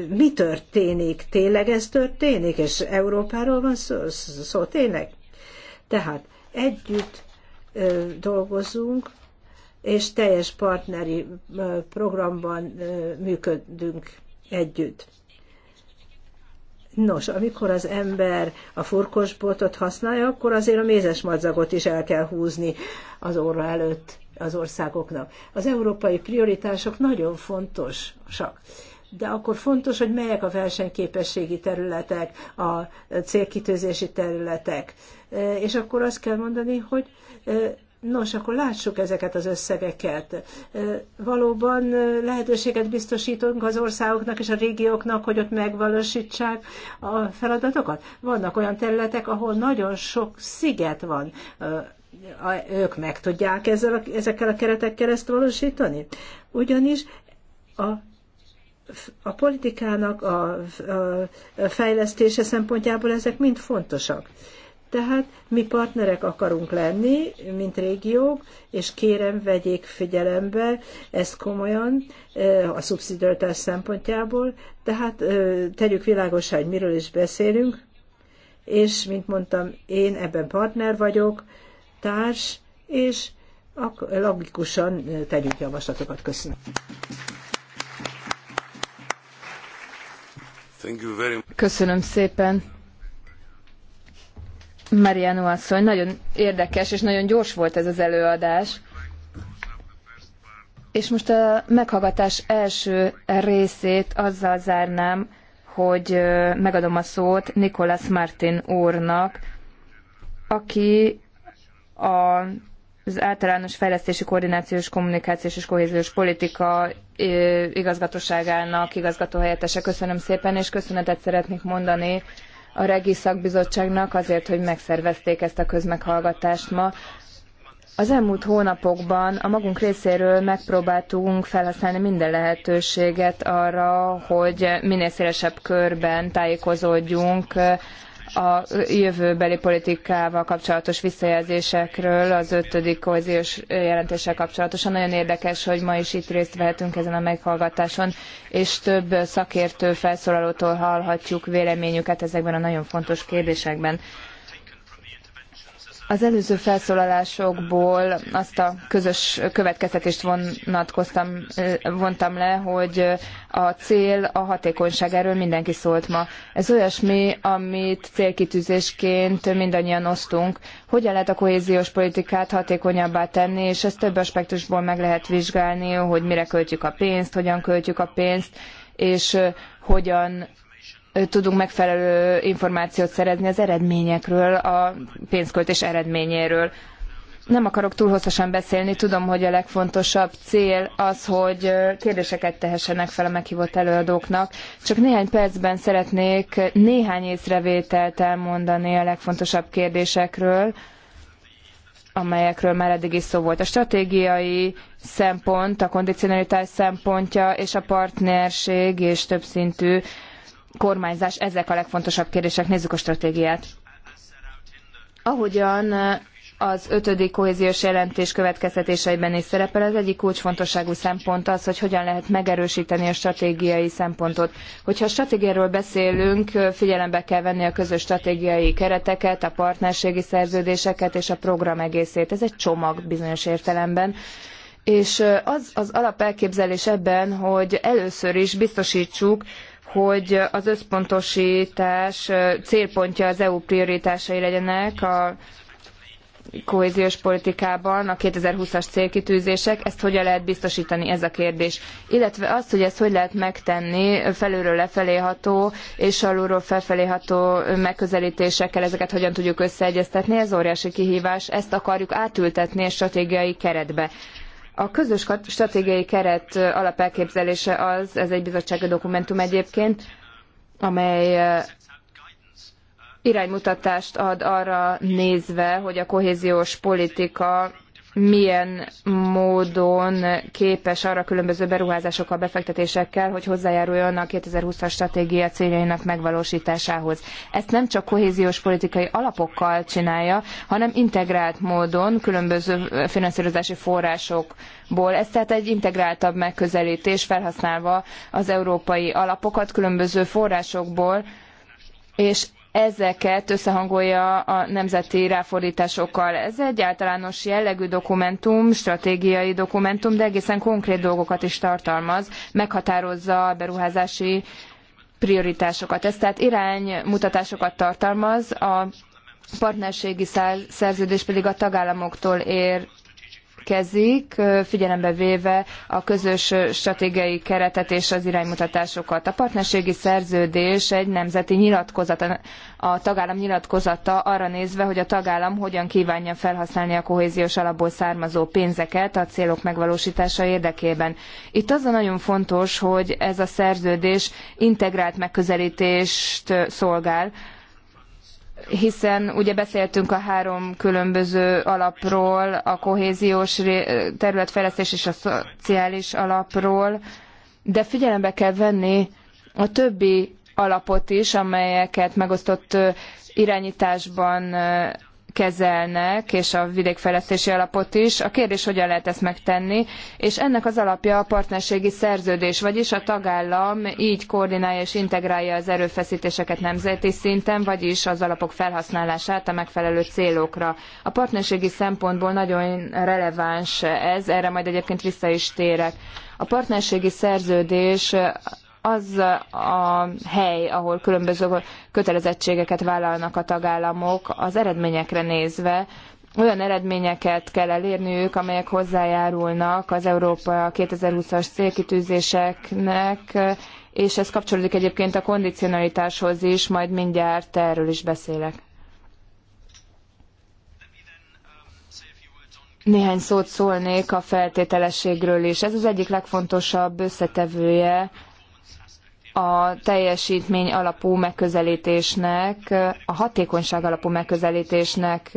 mi történik, tényleg ez történik, és Európáról van szó, szó tényleg? Tehát együtt dolgozunk, és teljes partneri programban működünk együtt. Nos, amikor az ember a furkosbotot használja, akkor azért a mézes madzagot is el kell húzni az orra előtt az országoknak. Az európai prioritások nagyon fontosak. De akkor fontos, hogy melyek a versenyképességi területek, a célkitűzési területek. És akkor azt kell mondani, hogy Nos, akkor lássuk ezeket az összegeket. Valóban lehetőséget biztosítunk az országoknak és a régióknak, hogy ott megvalósítsák a feladatokat. Vannak olyan területek, ahol nagyon sok sziget van. Ők meg tudják ezzel a, ezekkel a keretekkel ezt valósítani? Ugyanis a a politikának a, a fejlesztése szempontjából ezek mind fontosak. Tehát mi partnerek akarunk lenni, mint régiók, és kérem, vegyék figyelembe ezt komolyan a szubszidiaritás szempontjából, tehát tegyük világosá, hogy miről is beszélünk, és, mint mondtam, én ebben partner vagyok, társ, és logikusan tegyük javaslatokat. Köszönöm. Köszönöm szépen. Mariano asszony, nagyon érdekes és nagyon gyors volt ez az előadás. És most a meghallgatás első részét azzal zárnám, hogy megadom a szót Nikolas Martin úrnak, aki a, az általános fejlesztési koordinációs kommunikációs és kohéziós politika igazgatóságának igazgatóhelyettese. Köszönöm szépen, és köszönetet szeretnék mondani a Regi Szakbizottságnak azért, hogy megszervezték ezt a közmeghallgatást ma. Az elmúlt hónapokban a magunk részéről megpróbáltunk felhasználni minden lehetőséget arra, hogy minél szélesebb körben tájékozódjunk a jövőbeli politikával kapcsolatos visszajelzésekről, az ötödik kohéziós jelentéssel kapcsolatosan. Nagyon érdekes, hogy ma is itt részt vehetünk ezen a meghallgatáson, és több szakértő felszólalótól hallhatjuk véleményüket ezekben a nagyon fontos kérdésekben. Az előző felszólalásokból azt a közös következtetést vonatkoztam, vontam le, hogy a cél a hatékonyság, erről mindenki szólt ma. Ez olyasmi, amit célkitűzésként mindannyian osztunk. Hogyan lehet a kohéziós politikát hatékonyabbá tenni, és ezt több aspektusból meg lehet vizsgálni, hogy mire költjük a pénzt, hogyan költjük a pénzt, és hogyan tudunk megfelelő információt szerezni az eredményekről, a pénzköltés eredményéről. Nem akarok túl hosszasan beszélni, tudom, hogy a legfontosabb cél az, hogy kérdéseket tehessenek fel a meghívott előadóknak. Csak néhány percben szeretnék néhány észrevételt elmondani a legfontosabb kérdésekről, amelyekről már eddig is szó volt. A stratégiai szempont, a kondicionalitás szempontja és a partnerség és többszintű kormányzás, ezek a legfontosabb kérdések. Nézzük a stratégiát. Ahogyan az ötödik kohéziós jelentés következtetéseiben is szerepel. Az egyik kulcsfontosságú szempont az, hogy hogyan lehet megerősíteni a stratégiai szempontot. Hogyha a stratégiáról beszélünk, figyelembe kell venni a közös stratégiai kereteket, a partnerségi szerződéseket és a program egészét. Ez egy csomag bizonyos értelemben. És az az alapelképzelés ebben, hogy először is biztosítsuk, hogy az összpontosítás célpontja az EU prioritásai legyenek a kohéziós politikában a 2020-as célkitűzések, ezt hogyan lehet biztosítani, ez a kérdés. Illetve azt, hogy ezt hogy lehet megtenni felülről lefelé ható és alulról felfelé ható megközelítésekkel, ezeket hogyan tudjuk összeegyeztetni, ez óriási kihívás, ezt akarjuk átültetni a stratégiai keretbe. A közös stratégiai keret alapelképzelése az, ez egy bizottsági dokumentum egyébként, amely iránymutatást ad arra nézve, hogy a kohéziós politika milyen módon képes arra különböző beruházásokkal, befektetésekkel, hogy hozzájáruljon a 2020-as stratégia céljainak megvalósításához. Ezt nem csak kohéziós politikai alapokkal csinálja, hanem integrált módon különböző finanszírozási forrásokból. Ez tehát egy integráltabb megközelítés, felhasználva az európai alapokat különböző forrásokból, és ezeket összehangolja a nemzeti ráfordításokkal. Ez egy általános jellegű dokumentum, stratégiai dokumentum, de egészen konkrét dolgokat is tartalmaz, meghatározza a beruházási prioritásokat. Ez tehát iránymutatásokat tartalmaz, a partnerségi szerződés pedig a tagállamoktól ér kezik, figyelembe véve a közös stratégiai keretet és az iránymutatásokat. A partnerségi szerződés egy nemzeti nyilatkozat, a tagállam nyilatkozata arra nézve, hogy a tagállam hogyan kívánja felhasználni a kohéziós alapból származó pénzeket a célok megvalósítása érdekében. Itt az a nagyon fontos, hogy ez a szerződés integrált megközelítést szolgál, hiszen ugye beszéltünk a három különböző alapról, a kohéziós területfejlesztés és a szociális alapról, de figyelembe kell venni a többi alapot is, amelyeket megosztott irányításban kezelnek, és a vidékfejlesztési alapot is. A kérdés, hogyan lehet ezt megtenni, és ennek az alapja a partnerségi szerződés, vagyis a tagállam így koordinálja és integrálja az erőfeszítéseket nemzeti szinten, vagyis az alapok felhasználását a megfelelő célokra. A partnerségi szempontból nagyon releváns ez, erre majd egyébként vissza is térek. A partnerségi szerződés az a hely, ahol különböző kötelezettségeket vállalnak a tagállamok, az eredményekre nézve, olyan eredményeket kell elérniük, amelyek hozzájárulnak az Európa 2020-as célkitűzéseknek, és ez kapcsolódik egyébként a kondicionalitáshoz is, majd mindjárt erről is beszélek. Néhány szót szólnék a feltételességről is. Ez az egyik legfontosabb összetevője a teljesítmény alapú megközelítésnek, a hatékonyság alapú megközelítésnek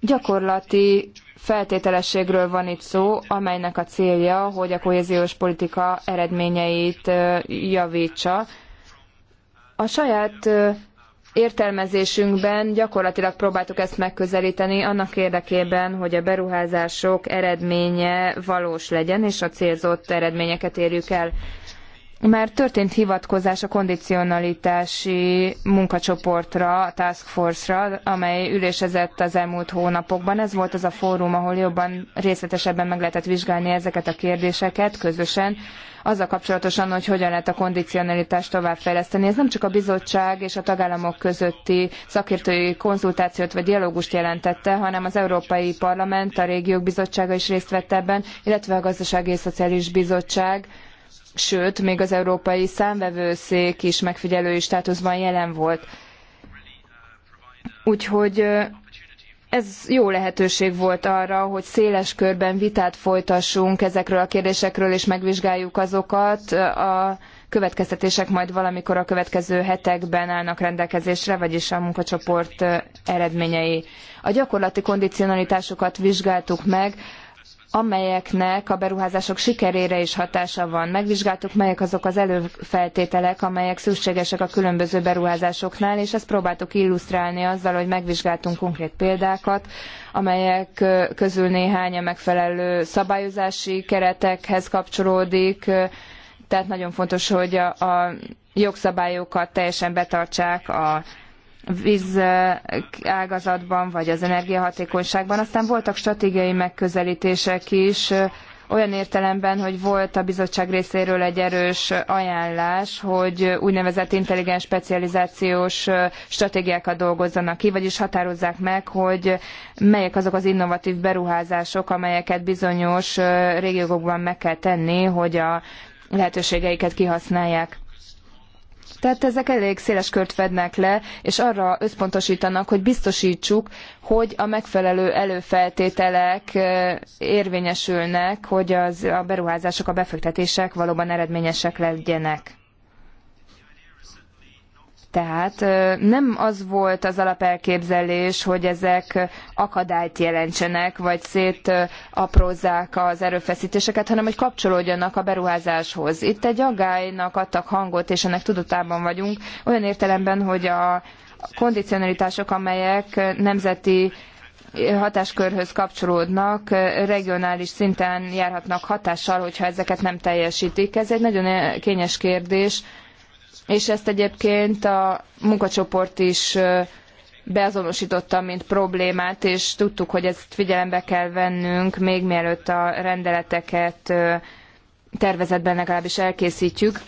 gyakorlati feltételességről van itt szó, amelynek a célja, hogy a kohéziós politika eredményeit javítsa. A saját értelmezésünkben gyakorlatilag próbáltuk ezt megközelíteni annak érdekében, hogy a beruházások eredménye valós legyen, és a célzott eredményeket érjük el. Már történt hivatkozás a kondicionalitási munkacsoportra, a Task Force-ra, amely ülésezett az elmúlt hónapokban. Ez volt az a fórum, ahol jobban részletesebben meg lehetett vizsgálni ezeket a kérdéseket közösen, Az a kapcsolatosan, hogy hogyan lehet a kondicionalitást továbbfejleszteni. Ez nem csak a bizottság és a tagállamok közötti szakértői konzultációt vagy dialógust jelentette, hanem az Európai Parlament, a Régiók Bizottsága is részt vett ebben, illetve a Gazdasági és Szociális Bizottság, sőt, még az Európai Számvevőszék is megfigyelői státuszban jelen volt. Úgyhogy ez jó lehetőség volt arra, hogy széles körben vitát folytassunk ezekről a kérdésekről, és megvizsgáljuk azokat. A következtetések majd valamikor a következő hetekben állnak rendelkezésre, vagyis a munkacsoport eredményei. A gyakorlati kondicionalitásokat vizsgáltuk meg, amelyeknek a beruházások sikerére is hatása van. Megvizsgáltuk, melyek azok az előfeltételek, amelyek szükségesek a különböző beruházásoknál, és ezt próbáltuk illusztrálni azzal, hogy megvizsgáltunk konkrét példákat, amelyek közül néhány a megfelelő szabályozási keretekhez kapcsolódik, tehát nagyon fontos, hogy a, a jogszabályokat teljesen betartsák a vízágazatban vagy az energiahatékonyságban. Aztán voltak stratégiai megközelítések is, olyan értelemben, hogy volt a bizottság részéről egy erős ajánlás, hogy úgynevezett intelligens specializációs stratégiákat dolgozzanak ki, vagyis határozzák meg, hogy melyek azok az innovatív beruházások, amelyeket bizonyos régiókban meg kell tenni, hogy a lehetőségeiket kihasználják. Tehát ezek elég széles kört fednek le, és arra összpontosítanak, hogy biztosítsuk, hogy a megfelelő előfeltételek érvényesülnek, hogy az, a beruházások, a befektetések valóban eredményesek legyenek. Tehát nem az volt az alapelképzelés, hogy ezek akadályt jelentsenek, vagy szétaprózzák az erőfeszítéseket, hanem hogy kapcsolódjanak a beruházáshoz. Itt egy aggálynak adtak hangot, és ennek tudatában vagyunk, olyan értelemben, hogy a kondicionalitások, amelyek nemzeti hatáskörhöz kapcsolódnak, regionális szinten járhatnak hatással, hogyha ezeket nem teljesítik. Ez egy nagyon kényes kérdés, és ezt egyébként a munkacsoport is beazonosította, mint problémát, és tudtuk, hogy ezt figyelembe kell vennünk, még mielőtt a rendeleteket tervezetben legalábbis elkészítjük.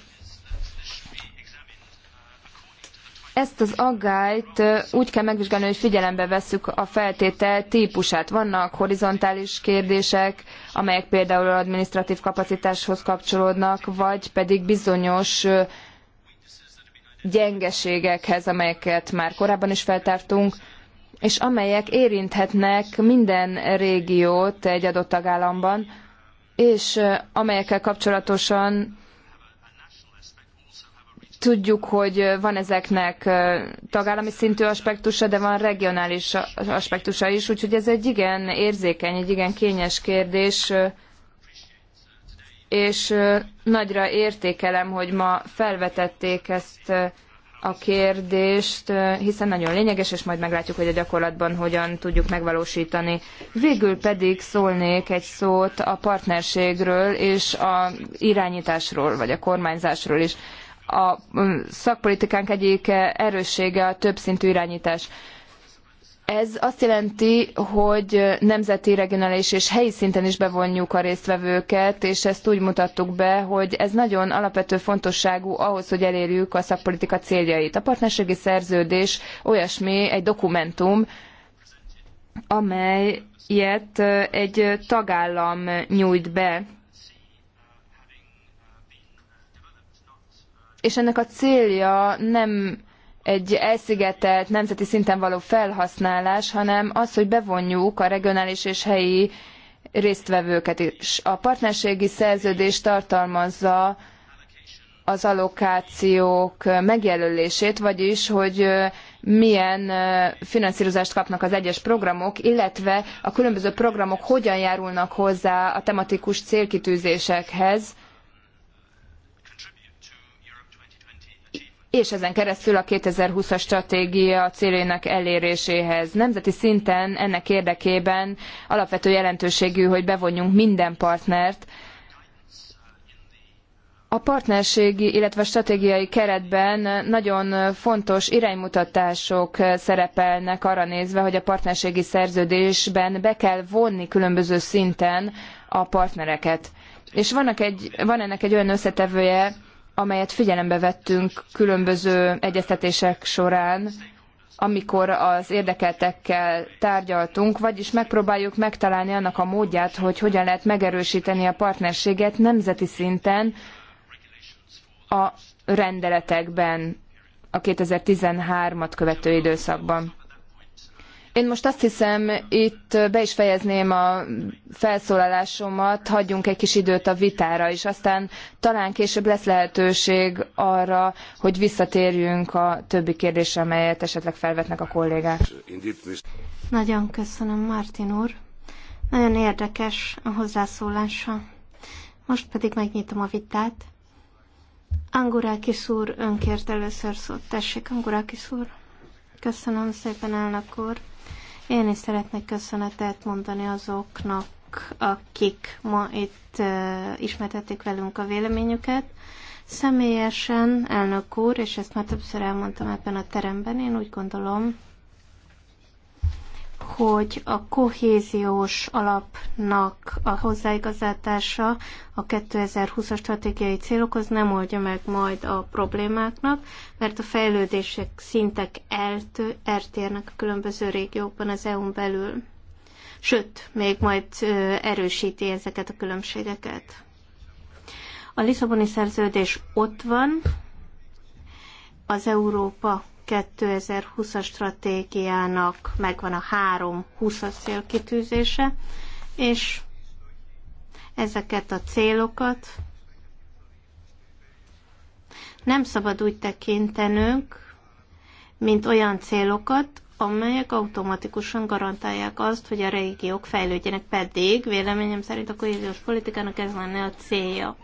Ezt az aggályt úgy kell megvizsgálni, hogy figyelembe vesszük a feltétel típusát. Vannak horizontális kérdések, amelyek például adminisztratív kapacitáshoz kapcsolódnak, vagy pedig bizonyos gyengeségekhez, amelyeket már korábban is feltártunk, és amelyek érinthetnek minden régiót egy adott tagállamban, és amelyekkel kapcsolatosan tudjuk, hogy van ezeknek tagállami szintű aspektusa, de van regionális aspektusa is, úgyhogy ez egy igen érzékeny, egy igen kényes kérdés és nagyra értékelem, hogy ma felvetették ezt a kérdést, hiszen nagyon lényeges, és majd meglátjuk, hogy a gyakorlatban hogyan tudjuk megvalósítani. Végül pedig szólnék egy szót a partnerségről és a irányításról, vagy a kormányzásról is. A mm, szakpolitikánk egyik erőssége a többszintű irányítás ez azt jelenti, hogy nemzeti, regionális és helyi szinten is bevonjuk a résztvevőket, és ezt úgy mutattuk be, hogy ez nagyon alapvető fontosságú ahhoz, hogy elérjük a szakpolitika céljait. A partnerségi szerződés olyasmi, egy dokumentum, amelyet egy tagállam nyújt be. És ennek a célja nem egy elszigetelt nemzeti szinten való felhasználás, hanem az, hogy bevonjuk a regionális és helyi résztvevőket is. A partnerségi szerződés tartalmazza az allokációk megjelölését, vagyis, hogy milyen finanszírozást kapnak az egyes programok, illetve a különböző programok hogyan járulnak hozzá a tematikus célkitűzésekhez, és ezen keresztül a 2020-as stratégia céljainak eléréséhez. Nemzeti szinten ennek érdekében alapvető jelentőségű, hogy bevonjunk minden partnert, a partnerségi, illetve stratégiai keretben nagyon fontos iránymutatások szerepelnek arra nézve, hogy a partnerségi szerződésben be kell vonni különböző szinten a partnereket. És vannak egy, van ennek egy olyan összetevője, amelyet figyelembe vettünk különböző egyeztetések során, amikor az érdekeltekkel tárgyaltunk, vagyis megpróbáljuk megtalálni annak a módját, hogy hogyan lehet megerősíteni a partnerséget nemzeti szinten a rendeletekben a 2013-at követő időszakban. Én most azt hiszem, itt be is fejezném a felszólalásomat, hagyjunk egy kis időt a vitára, és aztán talán később lesz lehetőség arra, hogy visszatérjünk a többi kérdésre, amelyet esetleg felvetnek a kollégák. Nagyon köszönöm, Martin úr. Nagyon érdekes a hozzászólása. Most pedig megnyitom a vitát. Angurákis úr önkért először szót. Tessék, Angurákis úr. Köszönöm szépen, elnök úr. Én is szeretnék köszönetet mondani azoknak, akik ma itt ismertették velünk a véleményüket. Személyesen, elnök úr, és ezt már többször elmondtam ebben a teremben, én úgy gondolom, hogy a kohéziós alapnak a hozzáigazítása a 2020-as stratégiai célokhoz nem oldja meg majd a problémáknak, mert a fejlődések szintek eltő, eltérnek a különböző régiókban az EU-n belül. Sőt, még majd erősíti ezeket a különbségeket. A Lisszaboni szerződés ott van, az Európa 2020-as stratégiának megvan a három 20-as célkitűzése, és ezeket a célokat nem szabad úgy tekintenünk, mint olyan célokat, amelyek automatikusan garantálják azt, hogy a régiók fejlődjenek, pedig véleményem szerint a kohéziós politikának ez lenne a célja.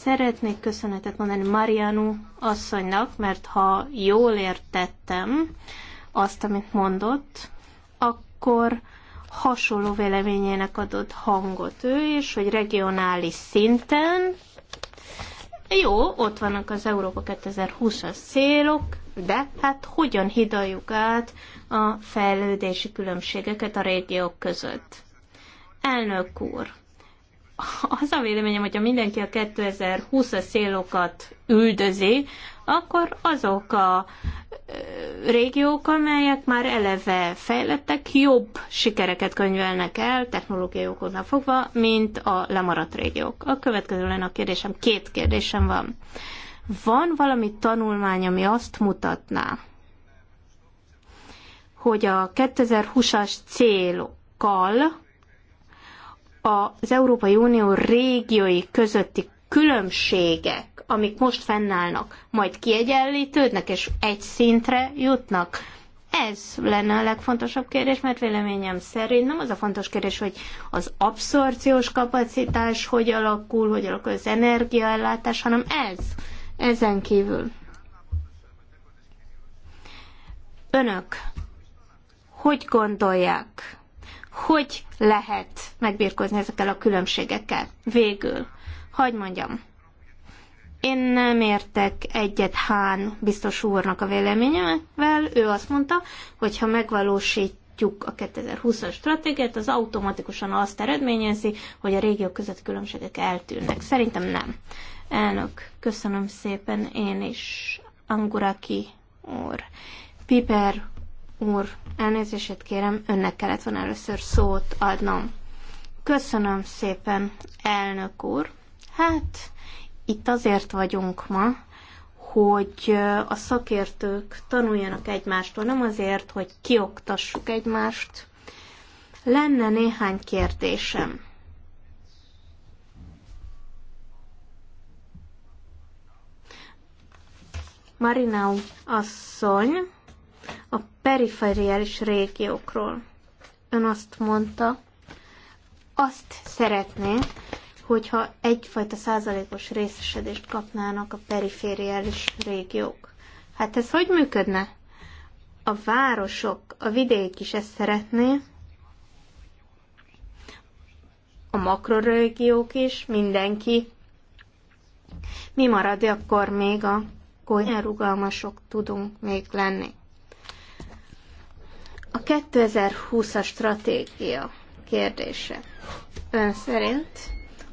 Szeretnék köszönetet mondani Marianu asszonynak, mert ha jól értettem azt, amit mondott, akkor hasonló véleményének adott hangot ő is, hogy regionális szinten jó, ott vannak az Európa 2020-as célok, de hát hogyan hidaljuk át a fejlődési különbségeket a régiók között? Elnök úr, az a véleményem, hogyha mindenki a 2020-as célokat üldözi, akkor azok a régiók, amelyek már eleve fejlettek, jobb sikereket könyvelnek el technológiai okoknál fogva, mint a lemaradt régiók. A következő lenne a kérdésem, két kérdésem van. Van valami tanulmány, ami azt mutatná, hogy a 2020-as célokkal az Európai Unió régiói közötti különbségek, amik most fennállnak, majd kiegyenlítődnek és egy szintre jutnak? Ez lenne a legfontosabb kérdés, mert véleményem szerint nem az a fontos kérdés, hogy az abszorciós kapacitás hogy alakul, hogy alakul az energiaellátás, hanem ez, ezen kívül. Önök hogy gondolják, hogy lehet megbírkozni ezekkel a különbségekkel? Végül, hagyd mondjam, én nem értek egyet Hán biztos úrnak a véleményevel. Ő azt mondta, hogy ha megvalósítjuk a 2020-as stratégiát, az automatikusan azt eredményezi, hogy a régiók között különbségek eltűnnek. Szerintem nem. Elnök, köszönöm szépen én is. Anguraki úr. Piper úr, elnézését kérem, önnek kellett volna először szót adnom. Köszönöm szépen, elnök úr. Hát, itt azért vagyunk ma, hogy a szakértők tanuljanak egymástól, nem azért, hogy kioktassuk egymást. Lenne néhány kérdésem. Marinau asszony, a perifériális régiókról. Ön azt mondta, azt szeretné, hogyha egyfajta százalékos részesedést kapnának a perifériális régiók. Hát ez hogy működne? A városok, a vidék is ezt szeretné, a makrorégiók is, mindenki. Mi marad akkor még a hogy rugalmasok tudunk még lenni? A 2020-as stratégia kérdése. Ön szerint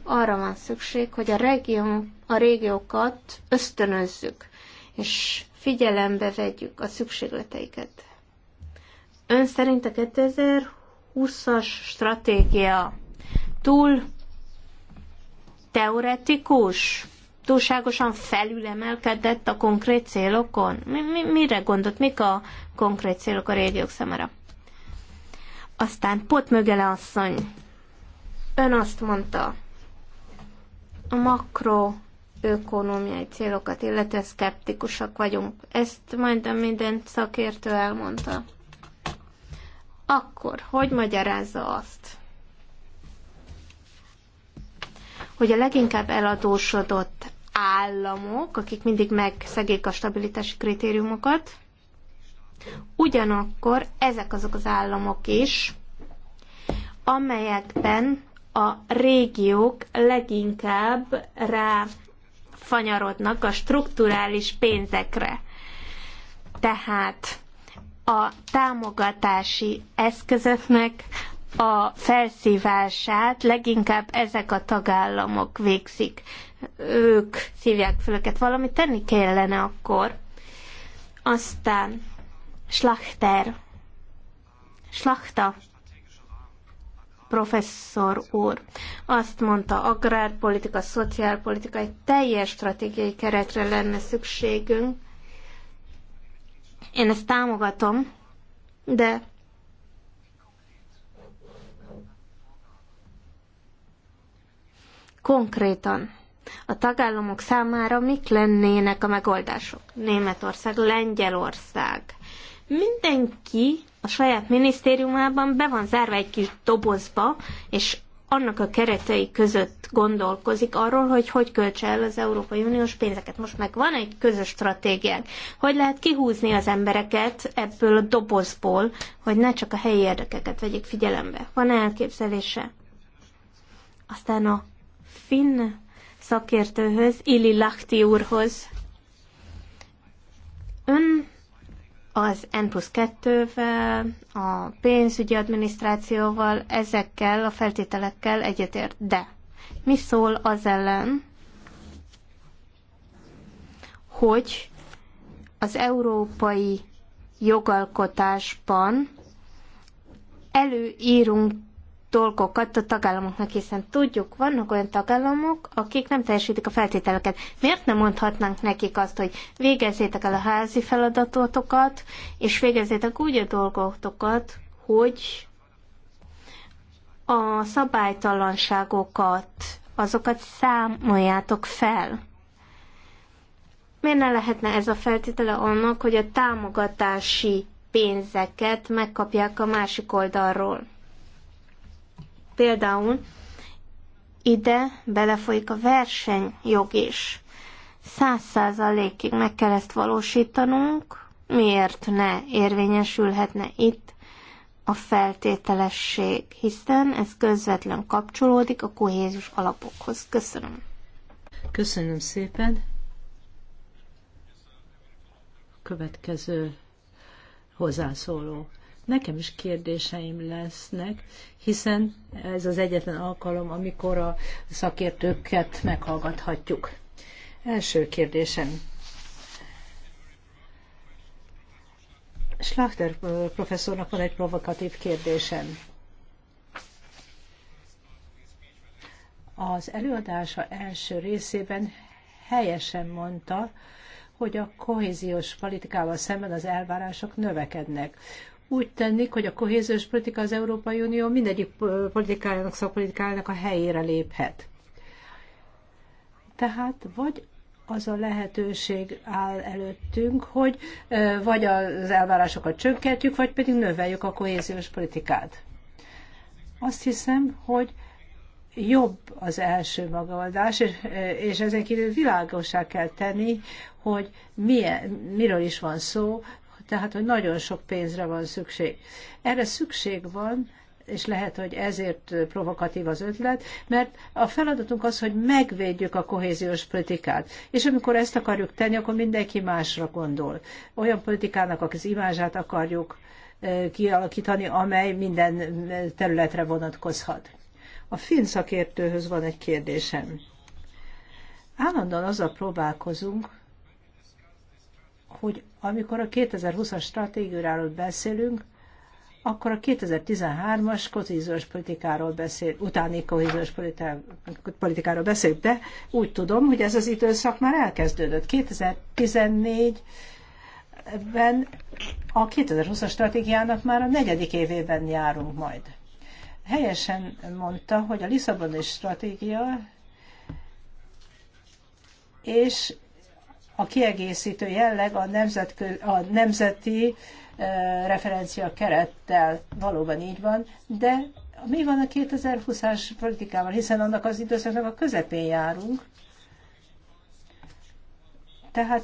arra van szükség, hogy a, régió, a régiókat ösztönözzük, és figyelembe vegyük a szükségleteiket. Ön szerint a 2020-as stratégia túl teoretikus? túlságosan felülemelkedett a konkrét célokon? Mi, mi, mire gondolt? Mik a konkrét célok a régiók számára? Aztán Potmögele asszony. Ön azt mondta, a makro ökonomiai célokat, illetve szkeptikusak vagyunk. Ezt majdnem minden szakértő elmondta. Akkor, hogy magyarázza azt, hogy a leginkább eladósodott államok, akik mindig megszegik a stabilitási kritériumokat, ugyanakkor ezek azok az államok is, amelyekben a régiók leginkább ráfanyarodnak a strukturális pénzekre. Tehát a támogatási eszközöknek, a felszívását leginkább ezek a tagállamok végzik. Ők szívják fel őket. Valamit tenni kellene akkor. Aztán Schlachter, Schlachta professzor úr azt mondta, agrárpolitika, szociálpolitika, egy teljes stratégiai keretre lenne szükségünk. Én ezt támogatom, de konkrétan a tagállamok számára mik lennének a megoldások? Németország, Lengyelország. Mindenki a saját minisztériumában be van zárva egy kis dobozba, és annak a keretei között gondolkozik arról, hogy hogy költse el az Európai Uniós pénzeket. Most meg van egy közös stratégiák, hogy lehet kihúzni az embereket ebből a dobozból, hogy ne csak a helyi érdekeket vegyék figyelembe. Van -e elképzelése? Aztán a finn szakértőhöz, Illi Lachti úrhoz. Ön az N plusz 2-vel, a pénzügyi adminisztrációval, ezekkel a feltételekkel egyetért. De mi szól az ellen, hogy az európai jogalkotásban előírunk dolgokat a tagállamoknak, hiszen tudjuk, vannak olyan tagállamok, akik nem teljesítik a feltételeket. Miért nem mondhatnánk nekik azt, hogy végezzétek el a házi feladatotokat, és végezzétek úgy a dolgotokat, hogy a szabálytalanságokat, azokat számoljátok fel. Miért ne lehetne ez a feltétele annak, hogy a támogatási pénzeket megkapják a másik oldalról? Például ide belefolyik a versenyjog is. Száz százalékig meg kell ezt valósítanunk, miért ne érvényesülhetne itt a feltételesség, hiszen ez közvetlen kapcsolódik a kohézus alapokhoz. Köszönöm. Köszönöm szépen. Következő hozzászóló. Nekem is kérdéseim lesznek, hiszen ez az egyetlen alkalom, amikor a szakértőket meghallgathatjuk. Első kérdésem. Schlachter professzornak van egy provokatív kérdésem. Az előadása első részében helyesen mondta, hogy a kohéziós politikával szemben az elvárások növekednek úgy tennék, hogy a kohéziós politika az Európai Unió mindegyik politikájának, szakpolitikájának a helyére léphet. Tehát vagy az a lehetőség áll előttünk, hogy vagy az elvárásokat csökkentjük, vagy pedig növeljük a kohéziós politikát. Azt hiszem, hogy jobb az első megoldás, és, és ezen kívül világosá kell tenni, hogy milyen, miről is van szó, tehát hogy nagyon sok pénzre van szükség. Erre szükség van, és lehet, hogy ezért provokatív az ötlet, mert a feladatunk az, hogy megvédjük a kohéziós politikát. És amikor ezt akarjuk tenni, akkor mindenki másra gondol. Olyan politikának az imázsát akarjuk kialakítani, amely minden területre vonatkozhat. A finn szakértőhöz van egy kérdésem. Állandóan azzal próbálkozunk, hogy amikor a 2020-as stratégiáról beszélünk, akkor a 2013-as kohéziós politikáról beszél, utáni kohéziós politikáról beszél, de úgy tudom, hogy ez az időszak már elkezdődött. 2014-ben a 2020-as stratégiának már a negyedik évében járunk majd. Helyesen mondta, hogy a Lisszaboni stratégia és a kiegészítő jelleg a, nemzetkö, a nemzeti eh, referencia kerettel valóban így van, de mi van a 2020-as politikával, hiszen annak az időszaknak a közepén járunk. Tehát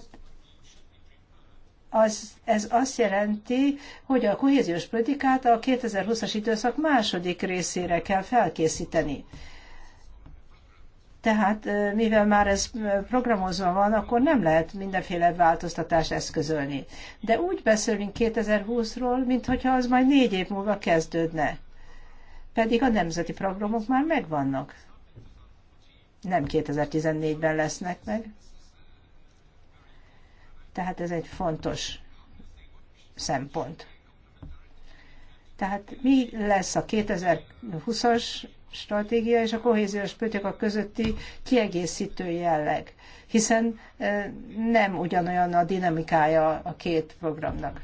az, ez azt jelenti, hogy a kohéziós politikát a 2020-as időszak második részére kell felkészíteni. Tehát mivel már ez programozva van, akkor nem lehet mindenféle változtatást eszközölni. De úgy beszélünk 2020-ról, mintha az majd négy év múlva kezdődne. Pedig a nemzeti programok már megvannak. Nem 2014-ben lesznek meg. Tehát ez egy fontos szempont. Tehát mi lesz a 2020-as stratégia és a kohéziós politika közötti kiegészítő jelleg, hiszen e, nem ugyanolyan a dinamikája a két programnak.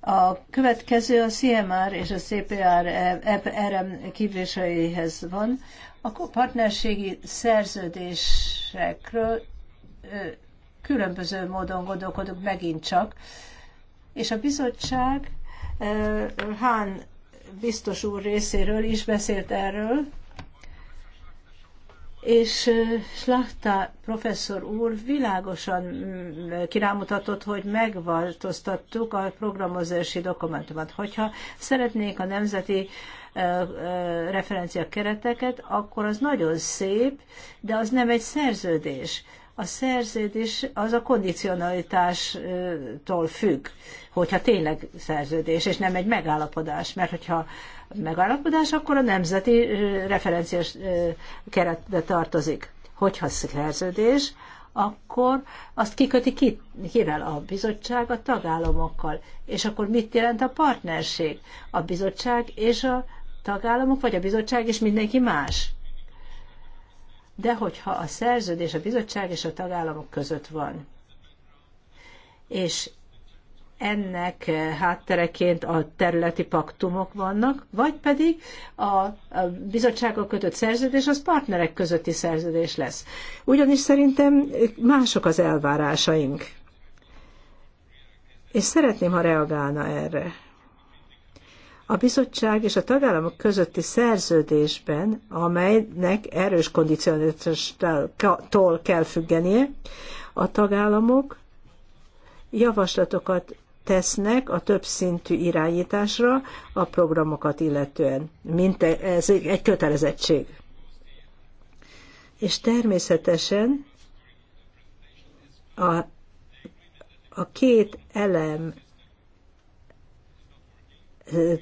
A következő a CMR és a CPR e RM képviselőihez van. A partnerségi szerződésekről e, különböző módon gondolkodunk megint csak, és a bizottság Hán biztos úr részéről is beszélt erről, és Slachta professzor úr világosan mm, kirámutatott, hogy megváltoztattuk a programozási dokumentumot. Hogyha szeretnék a nemzeti referencia kereteket, akkor az nagyon szép, de az nem egy szerződés. A szerződés az a kondicionalitástól függ, hogyha tényleg szerződés, és nem egy megállapodás, mert hogyha megállapodás, akkor a nemzeti referenciás keretbe tartozik. Hogyha szerződés, akkor azt kiköti ki, kivel a bizottság a tagállamokkal. És akkor mit jelent a partnerség? A bizottság és a tagállamok, vagy a bizottság és mindenki más? de hogyha a szerződés a bizottság és a tagállamok között van, és ennek háttereként a területi paktumok vannak, vagy pedig a bizottságok kötött szerződés az partnerek közötti szerződés lesz. Ugyanis szerintem mások az elvárásaink. És szeretném, ha reagálna erre. A bizottság és a tagállamok közötti szerződésben, amelynek erős kondicionalitástól kell függenie, a tagállamok javaslatokat tesznek a többszintű irányításra a programokat illetően, mint ez egy kötelezettség. És természetesen a, a két elem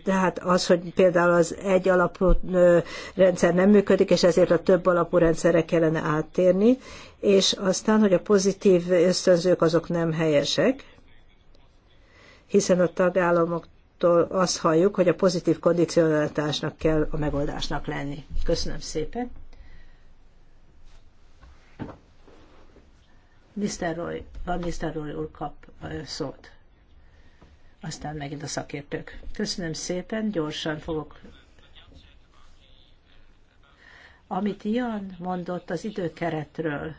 tehát az, hogy például az egy alapú rendszer nem működik, és ezért a több alapú rendszerre kellene áttérni, és aztán, hogy a pozitív ösztönzők azok nem helyesek, hiszen a tagállamoktól azt halljuk, hogy a pozitív kondicionálatásnak kell a megoldásnak lenni. Köszönöm szépen. Mr. Roy, van Mr. Roy úr kap szót aztán megint a szakértők. Köszönöm szépen, gyorsan fogok. Amit Jan mondott az időkeretről,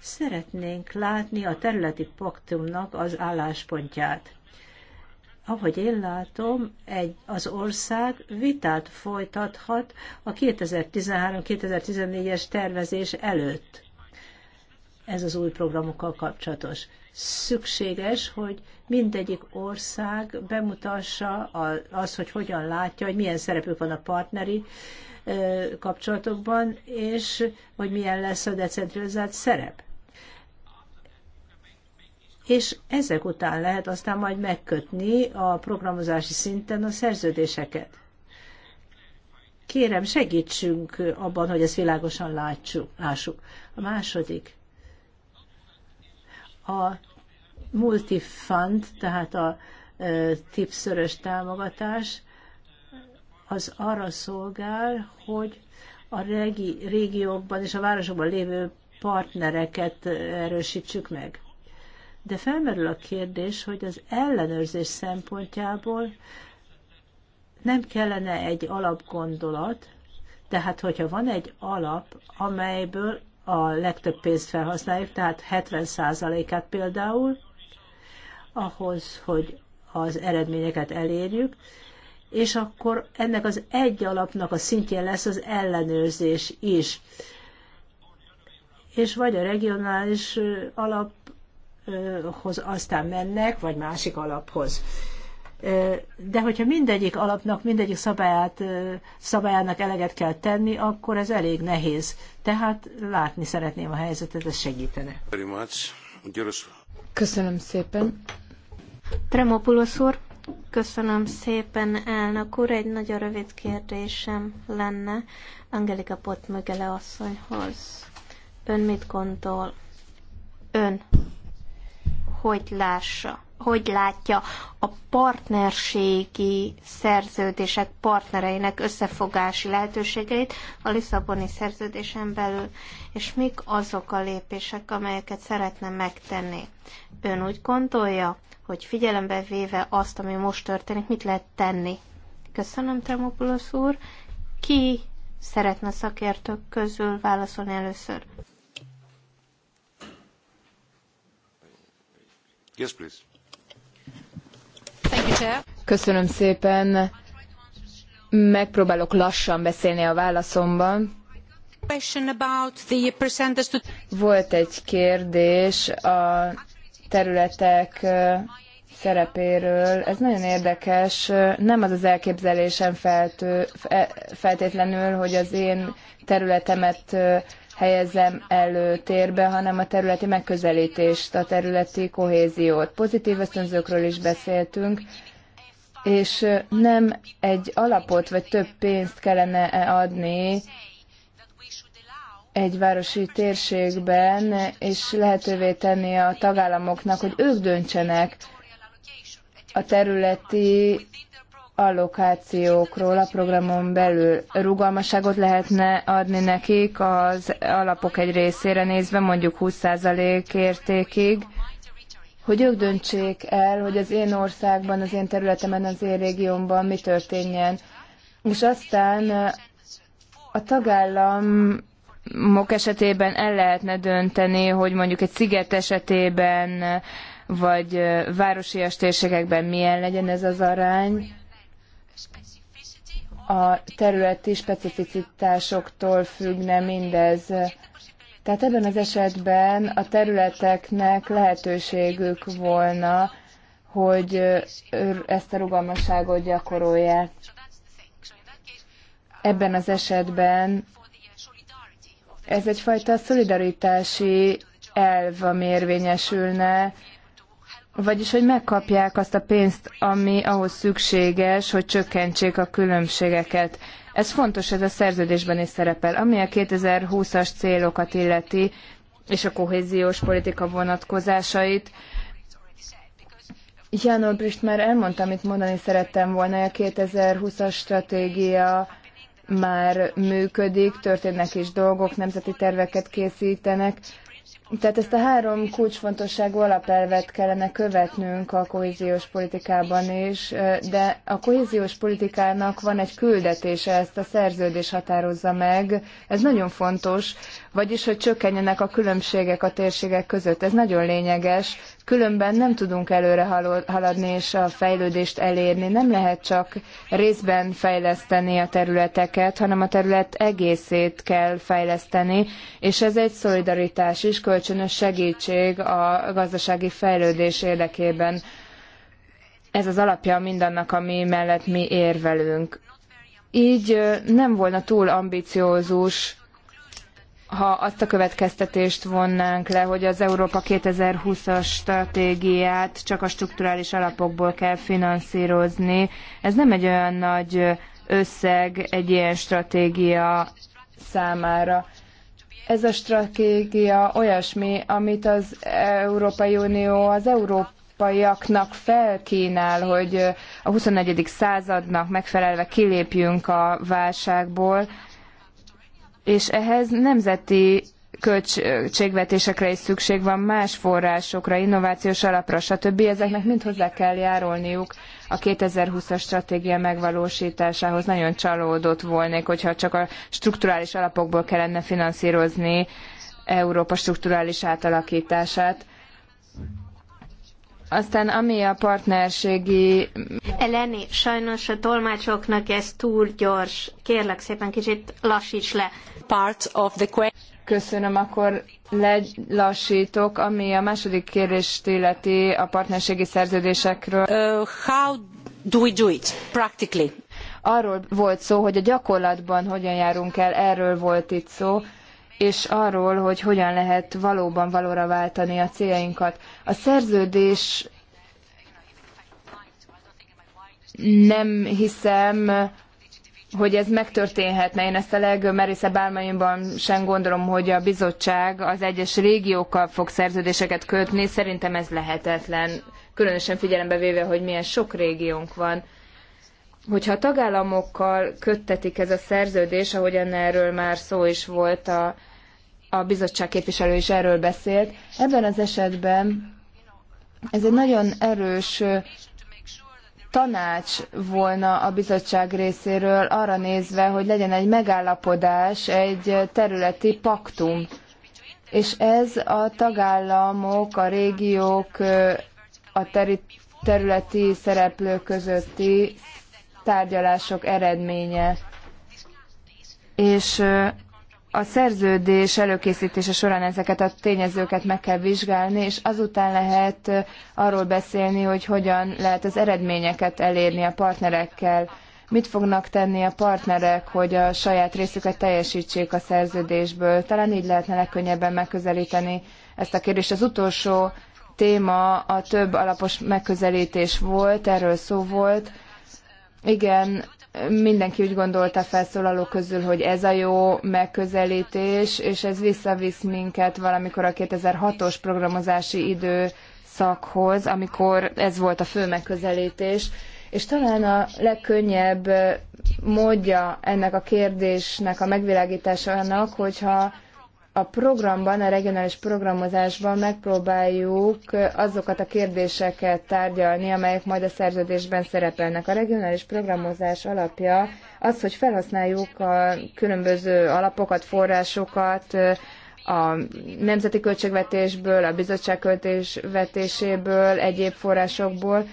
szeretnénk látni a területi paktumnak az álláspontját. Ahogy én látom, egy, az ország vitát folytathat a 2013-2014-es tervezés előtt ez az új programokkal kapcsolatos. Szükséges, hogy mindegyik ország bemutassa az, hogy hogyan látja, hogy milyen szerepük van a partneri kapcsolatokban, és hogy milyen lesz a decentralizált szerep. És ezek után lehet aztán majd megkötni a programozási szinten a szerződéseket. Kérem, segítsünk abban, hogy ezt világosan látsuk, lássuk. A második a multifund, tehát a tipszörös támogatás, az arra szolgál, hogy a regi, régiókban és a városokban lévő partnereket erősítsük meg. De felmerül a kérdés, hogy az ellenőrzés szempontjából nem kellene egy alapgondolat, tehát hogyha van egy alap, amelyből a legtöbb pénzt felhasználjuk, tehát 70%-át például, ahhoz, hogy az eredményeket elérjük, és akkor ennek az egy alapnak a szintjén lesz az ellenőrzés is. És vagy a regionális alaphoz aztán mennek, vagy másik alaphoz. De hogyha mindegyik alapnak, mindegyik szabályát, szabályának eleget kell tenni, akkor ez elég nehéz. Tehát látni szeretném a helyzetet, ez segítene. Köszönöm szépen. Tremopulos úr, köszönöm szépen, elnök úr. Egy nagyon rövid kérdésem lenne Angelika Potmögele asszonyhoz. Ön mit gondol? Ön hogy lássa hogy látja a partnerségi szerződések partnereinek összefogási lehetőségeit a Lisszaboni szerződésen belül, és mik azok a lépések, amelyeket szeretne megtenni. Ön úgy gondolja, hogy figyelembe véve azt, ami most történik, mit lehet tenni? Köszönöm, Tremopulos úr. Ki szeretne szakértők közül válaszolni először? Yes, please. Köszönöm szépen. Megpróbálok lassan beszélni a válaszomban. Volt egy kérdés a területek szerepéről. Ez nagyon érdekes. Nem az az elképzelésem feltő, feltétlenül, hogy az én területemet helyezem előtérbe, hanem a területi megközelítést, a területi kohéziót. Pozitív ösztönzőkről is beszéltünk, és nem egy alapot vagy több pénzt kellene -e adni egy városi térségben, és lehetővé tenni a tagállamoknak, hogy ők döntsenek a területi allokációkról a programon belül rugalmaságot lehetne adni nekik az alapok egy részére nézve, mondjuk 20% értékig, hogy ők döntsék el, hogy az én országban, az én területemen, az én régiómban mi történjen. És aztán a tagállamok esetében el lehetne dönteni, hogy mondjuk egy sziget esetében, vagy városi térségekben milyen legyen ez az arány a területi specificitásoktól függne mindez. Tehát ebben az esetben a területeknek lehetőségük volna, hogy ezt a rugalmasságot gyakorolják. Ebben az esetben ez egyfajta szolidaritási elv, ami érvényesülne vagyis, hogy megkapják azt a pénzt, ami ahhoz szükséges, hogy csökkentsék a különbségeket. Ez fontos, ez a szerződésben is szerepel. Ami a 2020-as célokat illeti, és a kohéziós politika vonatkozásait, Jan Olbricht már elmondta, amit mondani szerettem volna, a 2020-as stratégia már működik, történnek is dolgok, nemzeti terveket készítenek, tehát ezt a három kulcsfontosságú alapelvet kellene követnünk a kohéziós politikában is, de a kohéziós politikának van egy küldetése, ezt a szerződés határozza meg. Ez nagyon fontos, vagyis hogy csökkenjenek a különbségek a térségek között. Ez nagyon lényeges, különben nem tudunk előre haladni és a fejlődést elérni. Nem lehet csak részben fejleszteni a területeket, hanem a terület egészét kell fejleszteni, és ez egy szolidaritás is, kölcsönös segítség a gazdasági fejlődés érdekében. Ez az alapja mindannak, ami mellett mi érvelünk. Így nem volna túl ambiciózus ha azt a következtetést vonnánk le, hogy az Európa 2020-as stratégiát csak a strukturális alapokból kell finanszírozni, ez nem egy olyan nagy összeg egy ilyen stratégia számára. Ez a stratégia olyasmi, amit az Európai Unió az európaiaknak felkínál, hogy a 21. századnak megfelelve kilépjünk a válságból, és ehhez nemzeti költségvetésekre is szükség van, más forrásokra, innovációs alapra, stb. Ezeknek mind hozzá kell járulniuk a 2020-as stratégia megvalósításához. Nagyon csalódott volnék, hogyha csak a strukturális alapokból kellene finanszírozni Európa strukturális átalakítását. Aztán ami a partnerségi... Eleni, sajnos a tolmácsoknak ez túl gyors. Kérlek szépen kicsit lassíts le. Part of the question. Köszönöm, akkor lelassítok, ami a második kérdést illeti a partnerségi szerződésekről. Uh, how do we do it practically? Arról volt szó, hogy a gyakorlatban hogyan járunk el, erről volt itt szó és arról, hogy hogyan lehet valóban valóra váltani a céljainkat. A szerződés nem hiszem, hogy ez megtörténhetne. Én ezt a legmerészebb álmaimban sem gondolom, hogy a bizottság az egyes régiókkal fog szerződéseket kötni. Szerintem ez lehetetlen, különösen figyelembe véve, hogy milyen sok régiónk van. Hogyha a tagállamokkal köttetik ez a szerződés, ahogyan erről már szó is volt a a bizottság képviselő is erről beszélt. Ebben az esetben ez egy nagyon erős tanács volna a bizottság részéről arra nézve, hogy legyen egy megállapodás, egy területi paktum. És ez a tagállamok, a régiók, a területi szereplők közötti tárgyalások eredménye. És a szerződés előkészítése során ezeket a tényezőket meg kell vizsgálni, és azután lehet arról beszélni, hogy hogyan lehet az eredményeket elérni a partnerekkel, mit fognak tenni a partnerek, hogy a saját részüket teljesítsék a szerződésből. Talán így lehetne legkönnyebben megközelíteni ezt a kérdést. Az utolsó téma a több alapos megközelítés volt, erről szó volt. Igen, mindenki úgy gondolta felszólalók közül, hogy ez a jó megközelítés, és ez visszavisz minket valamikor a 2006-os programozási időszakhoz, amikor ez volt a fő megközelítés. És talán a legkönnyebb módja ennek a kérdésnek a annak, hogyha a programban, a regionális programozásban megpróbáljuk azokat a kérdéseket tárgyalni, amelyek majd a szerződésben szerepelnek. A regionális programozás alapja az, hogy felhasználjuk a különböző alapokat, forrásokat, a nemzeti költségvetésből, a bizottság költségvetéséből, egyéb forrásokból,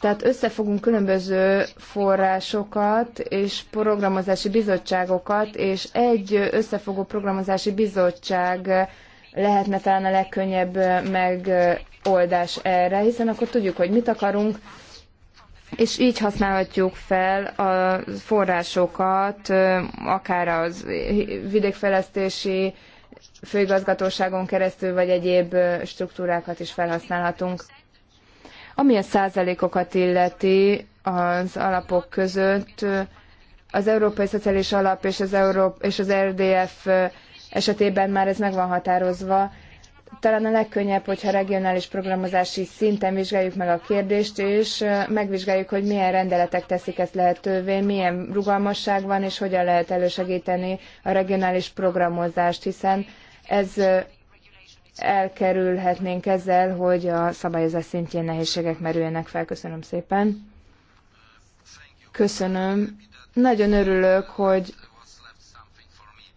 tehát összefogunk különböző forrásokat és programozási bizottságokat, és egy összefogó programozási bizottság lehetne talán a legkönnyebb megoldás erre, hiszen akkor tudjuk, hogy mit akarunk, és így használhatjuk fel a forrásokat, akár az vidékfejlesztési főigazgatóságon keresztül, vagy egyéb struktúrákat is felhasználhatunk. Ami a százalékokat illeti az alapok között, az Európai Szociális Alap és az, Európ- és az RDF esetében már ez meg van határozva. Talán a legkönnyebb, hogyha regionális programozási szinten vizsgáljuk meg a kérdést, és megvizsgáljuk, hogy milyen rendeletek teszik ezt lehetővé, milyen rugalmasság van, és hogyan lehet elősegíteni a regionális programozást, hiszen ez elkerülhetnénk ezzel, hogy a szabályozás szintjén nehézségek merüljenek fel. Köszönöm szépen. Köszönöm. Nagyon örülök, hogy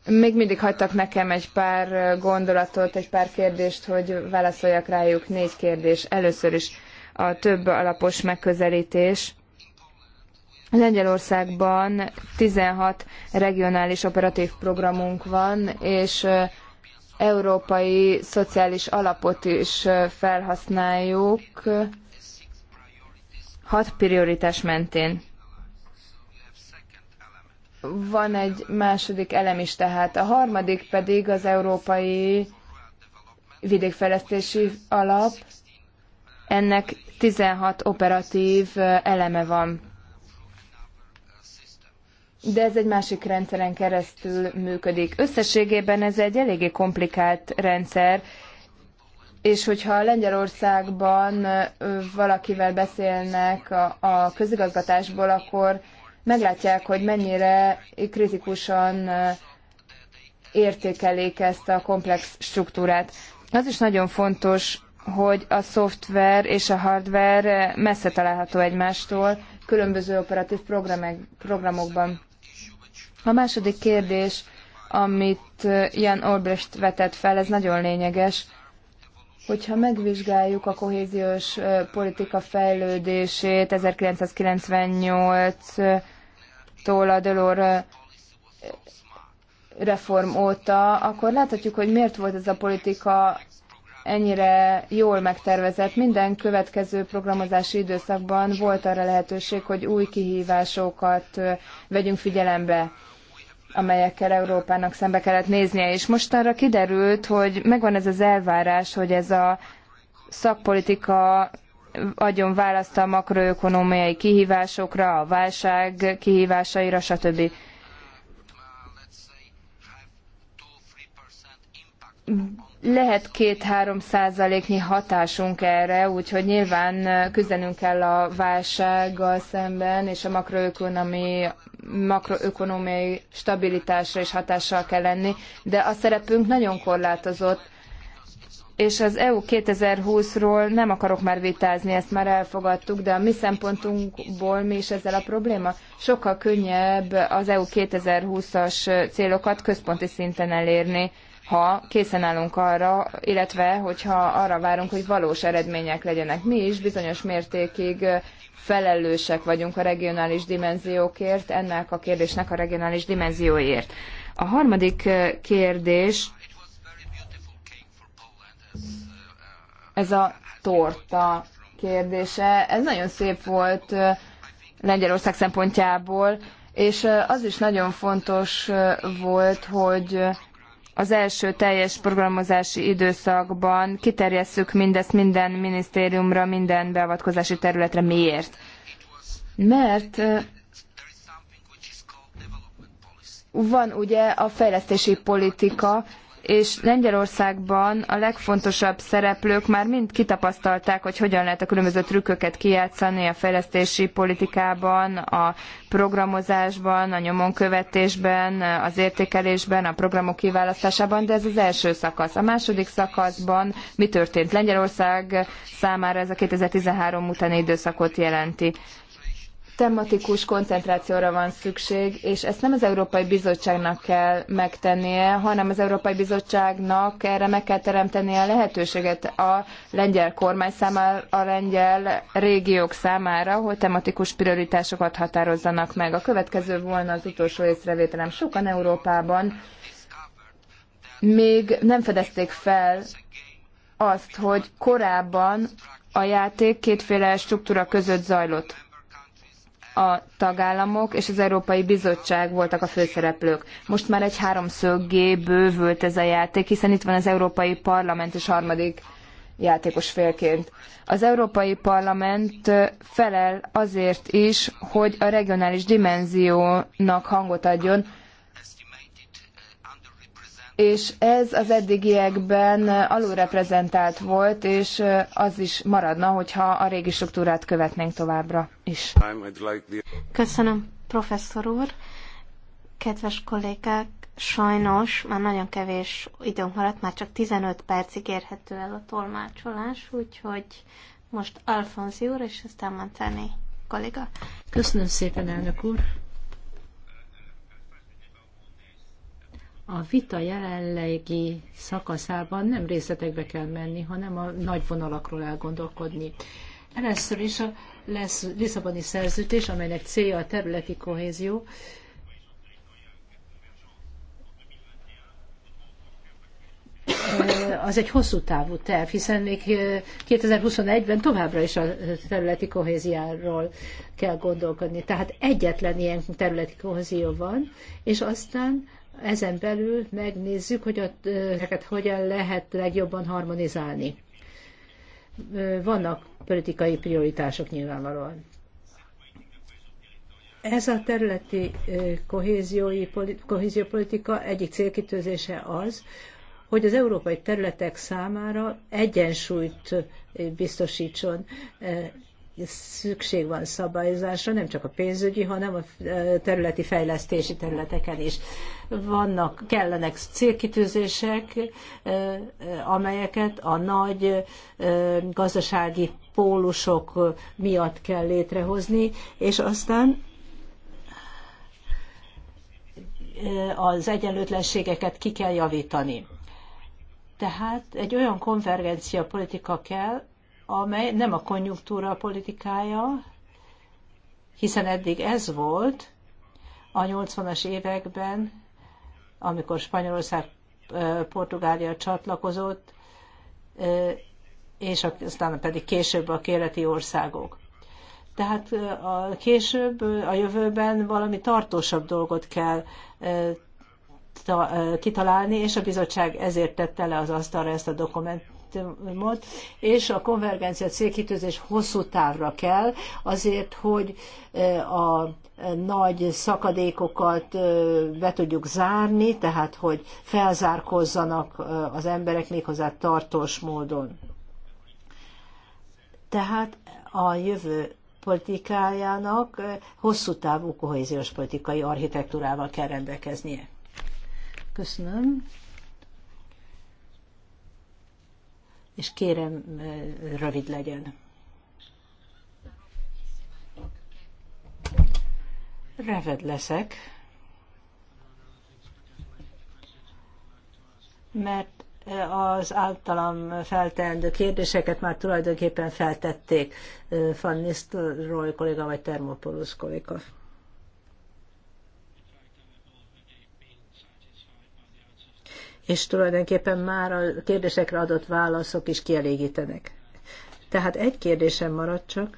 még mindig hagytak nekem egy pár gondolatot, egy pár kérdést, hogy válaszoljak rájuk. Négy kérdés. Először is a több alapos megközelítés. Lengyelországban 16 regionális operatív programunk van, és európai szociális alapot is felhasználjuk hat prioritás mentén. Van egy második elem is tehát. A harmadik pedig az európai vidékfejlesztési alap. Ennek 16 operatív eleme van de ez egy másik rendszeren keresztül működik. Összességében ez egy eléggé komplikált rendszer, és hogyha Lengyelországban valakivel beszélnek a, a közigazgatásból, akkor meglátják, hogy mennyire kritikusan értékelik ezt a komplex struktúrát. Az is nagyon fontos, hogy a szoftver és a hardware messze található egymástól különböző operatív programokban. A második kérdés, amit eh, Jan Olbrecht vetett fel, ez nagyon lényeges. Hogyha megvizsgáljuk a kohéziós eh, politika fejlődését 1998-tól a Delors eh, reform óta, akkor láthatjuk, hogy miért volt ez a politika ennyire jól megtervezett. Minden következő programozási időszakban volt arra lehetőség, hogy új kihívásokat vegyünk figyelembe amelyekkel Európának szembe kellett néznie, és mostanra kiderült, hogy megvan ez az elvárás, hogy ez a szakpolitika adjon választ a makroökonómiai kihívásokra, a válság kihívásaira, stb lehet két-három százaléknyi hatásunk erre, úgyhogy nyilván küzdenünk kell a válsággal szemben, és a makroökonomi, makroökonomiai stabilitásra is hatással kell lenni, de a szerepünk nagyon korlátozott, és az EU 2020-ról nem akarok már vitázni, ezt már elfogadtuk, de a mi szempontunkból mi is ezzel a probléma? Sokkal könnyebb az EU 2020-as célokat központi szinten elérni ha készen állunk arra, illetve hogyha arra várunk, hogy valós eredmények legyenek. Mi is bizonyos mértékig felelősek vagyunk a regionális dimenziókért, ennek a kérdésnek a regionális dimenzióért. A harmadik kérdés, ez a torta kérdése, ez nagyon szép volt Lengyelország szempontjából, és az is nagyon fontos volt, hogy az első teljes programozási időszakban kiterjesszük mindezt minden minisztériumra, minden beavatkozási területre. Miért? Mert van ugye a fejlesztési politika, és Lengyelországban a legfontosabb szereplők már mind kitapasztalták, hogy hogyan lehet a különböző trükköket kijátszani a fejlesztési politikában, a programozásban, a nyomonkövetésben, az értékelésben, a programok kiválasztásában, de ez az első szakasz. A második szakaszban mi történt? Lengyelország számára ez a 2013 utáni időszakot jelenti tematikus koncentrációra van szükség, és ezt nem az Európai Bizottságnak kell megtennie, hanem az Európai Bizottságnak erre meg kell teremtenie a lehetőséget a lengyel kormány számára, a lengyel régiók számára, hogy tematikus prioritásokat határozzanak meg. A következő volna az utolsó észrevételem. Sokan Európában még nem fedezték fel azt, hogy korábban a játék kétféle struktúra között zajlott a tagállamok és az Európai Bizottság voltak a főszereplők. Most már egy háromszöggé bővült ez a játék, hiszen itt van az Európai Parlament és harmadik játékos félként. Az Európai Parlament felel azért is, hogy a regionális dimenziónak hangot adjon, és ez az eddigiekben alulreprezentált volt, és az is maradna, hogyha a régi struktúrát követnénk továbbra is. Köszönöm, professzor úr. Kedves kollégák, sajnos már nagyon kevés időnk maradt, már csak 15 percig érhető el a tolmácsolás, úgyhogy most Alfonzi úr, és aztán Mantani kolléga. Köszönöm szépen, elnök úr. A vita jelenlegi szakaszában nem részletekbe kell menni, hanem a nagy vonalakról elgondolkodni. Először is a lesz Lisszaboni szerződés, amelynek célja a területi kohézió, az egy hosszú távú terv, hiszen még 2021-ben továbbra is a területi kohéziáról kell gondolkodni. Tehát egyetlen ilyen területi kohézió van, és aztán ezen belül megnézzük, hogy a tereket hogyan lehet legjobban harmonizálni. Vannak politikai prioritások nyilvánvalóan. Ez a területi kohéziópolitika egyik célkitőzése az, hogy az európai területek számára egyensúlyt biztosítson. Szükség van szabályozásra, nem csak a pénzügyi, hanem a területi fejlesztési területeken is vannak, kellenek célkitűzések, amelyeket a nagy gazdasági pólusok miatt kell létrehozni, és aztán az egyenlőtlenségeket ki kell javítani. Tehát egy olyan konvergencia politika kell, amely nem a konjunktúra politikája, hiszen eddig ez volt a 80-as években, amikor Spanyolország Portugália csatlakozott, és aztán pedig később a kéleti országok. Tehát a később, a jövőben valami tartósabb dolgot kell kitalálni, és a bizottság ezért tette le az asztalra ezt a dokumentumot mandátumot, és a konvergencia célkitűzés hosszú távra kell, azért, hogy a nagy szakadékokat be tudjuk zárni, tehát hogy felzárkozzanak az emberek méghozzá tartós módon. Tehát a jövő politikájának hosszú távú kohéziós politikai architektúrával kell rendelkeznie. Köszönöm. és kérem, rövid legyen. Rövid leszek, mert az általam feltendő kérdéseket már tulajdonképpen feltették Van Nistelrooy kolléga vagy Termopolusz kolléga. és tulajdonképpen már a kérdésekre adott válaszok is kielégítenek. Tehát egy kérdésem maradt csak.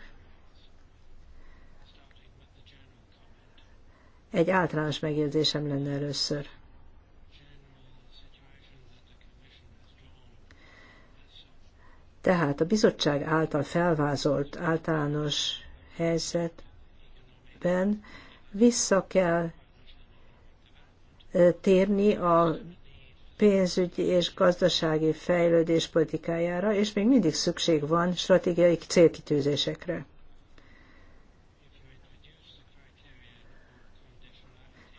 Egy általános megjegyzésem lenne először. Tehát a bizottság által felvázolt általános helyzetben vissza kell térni a pénzügyi és gazdasági fejlődés politikájára, és még mindig szükség van stratégiai célkitűzésekre.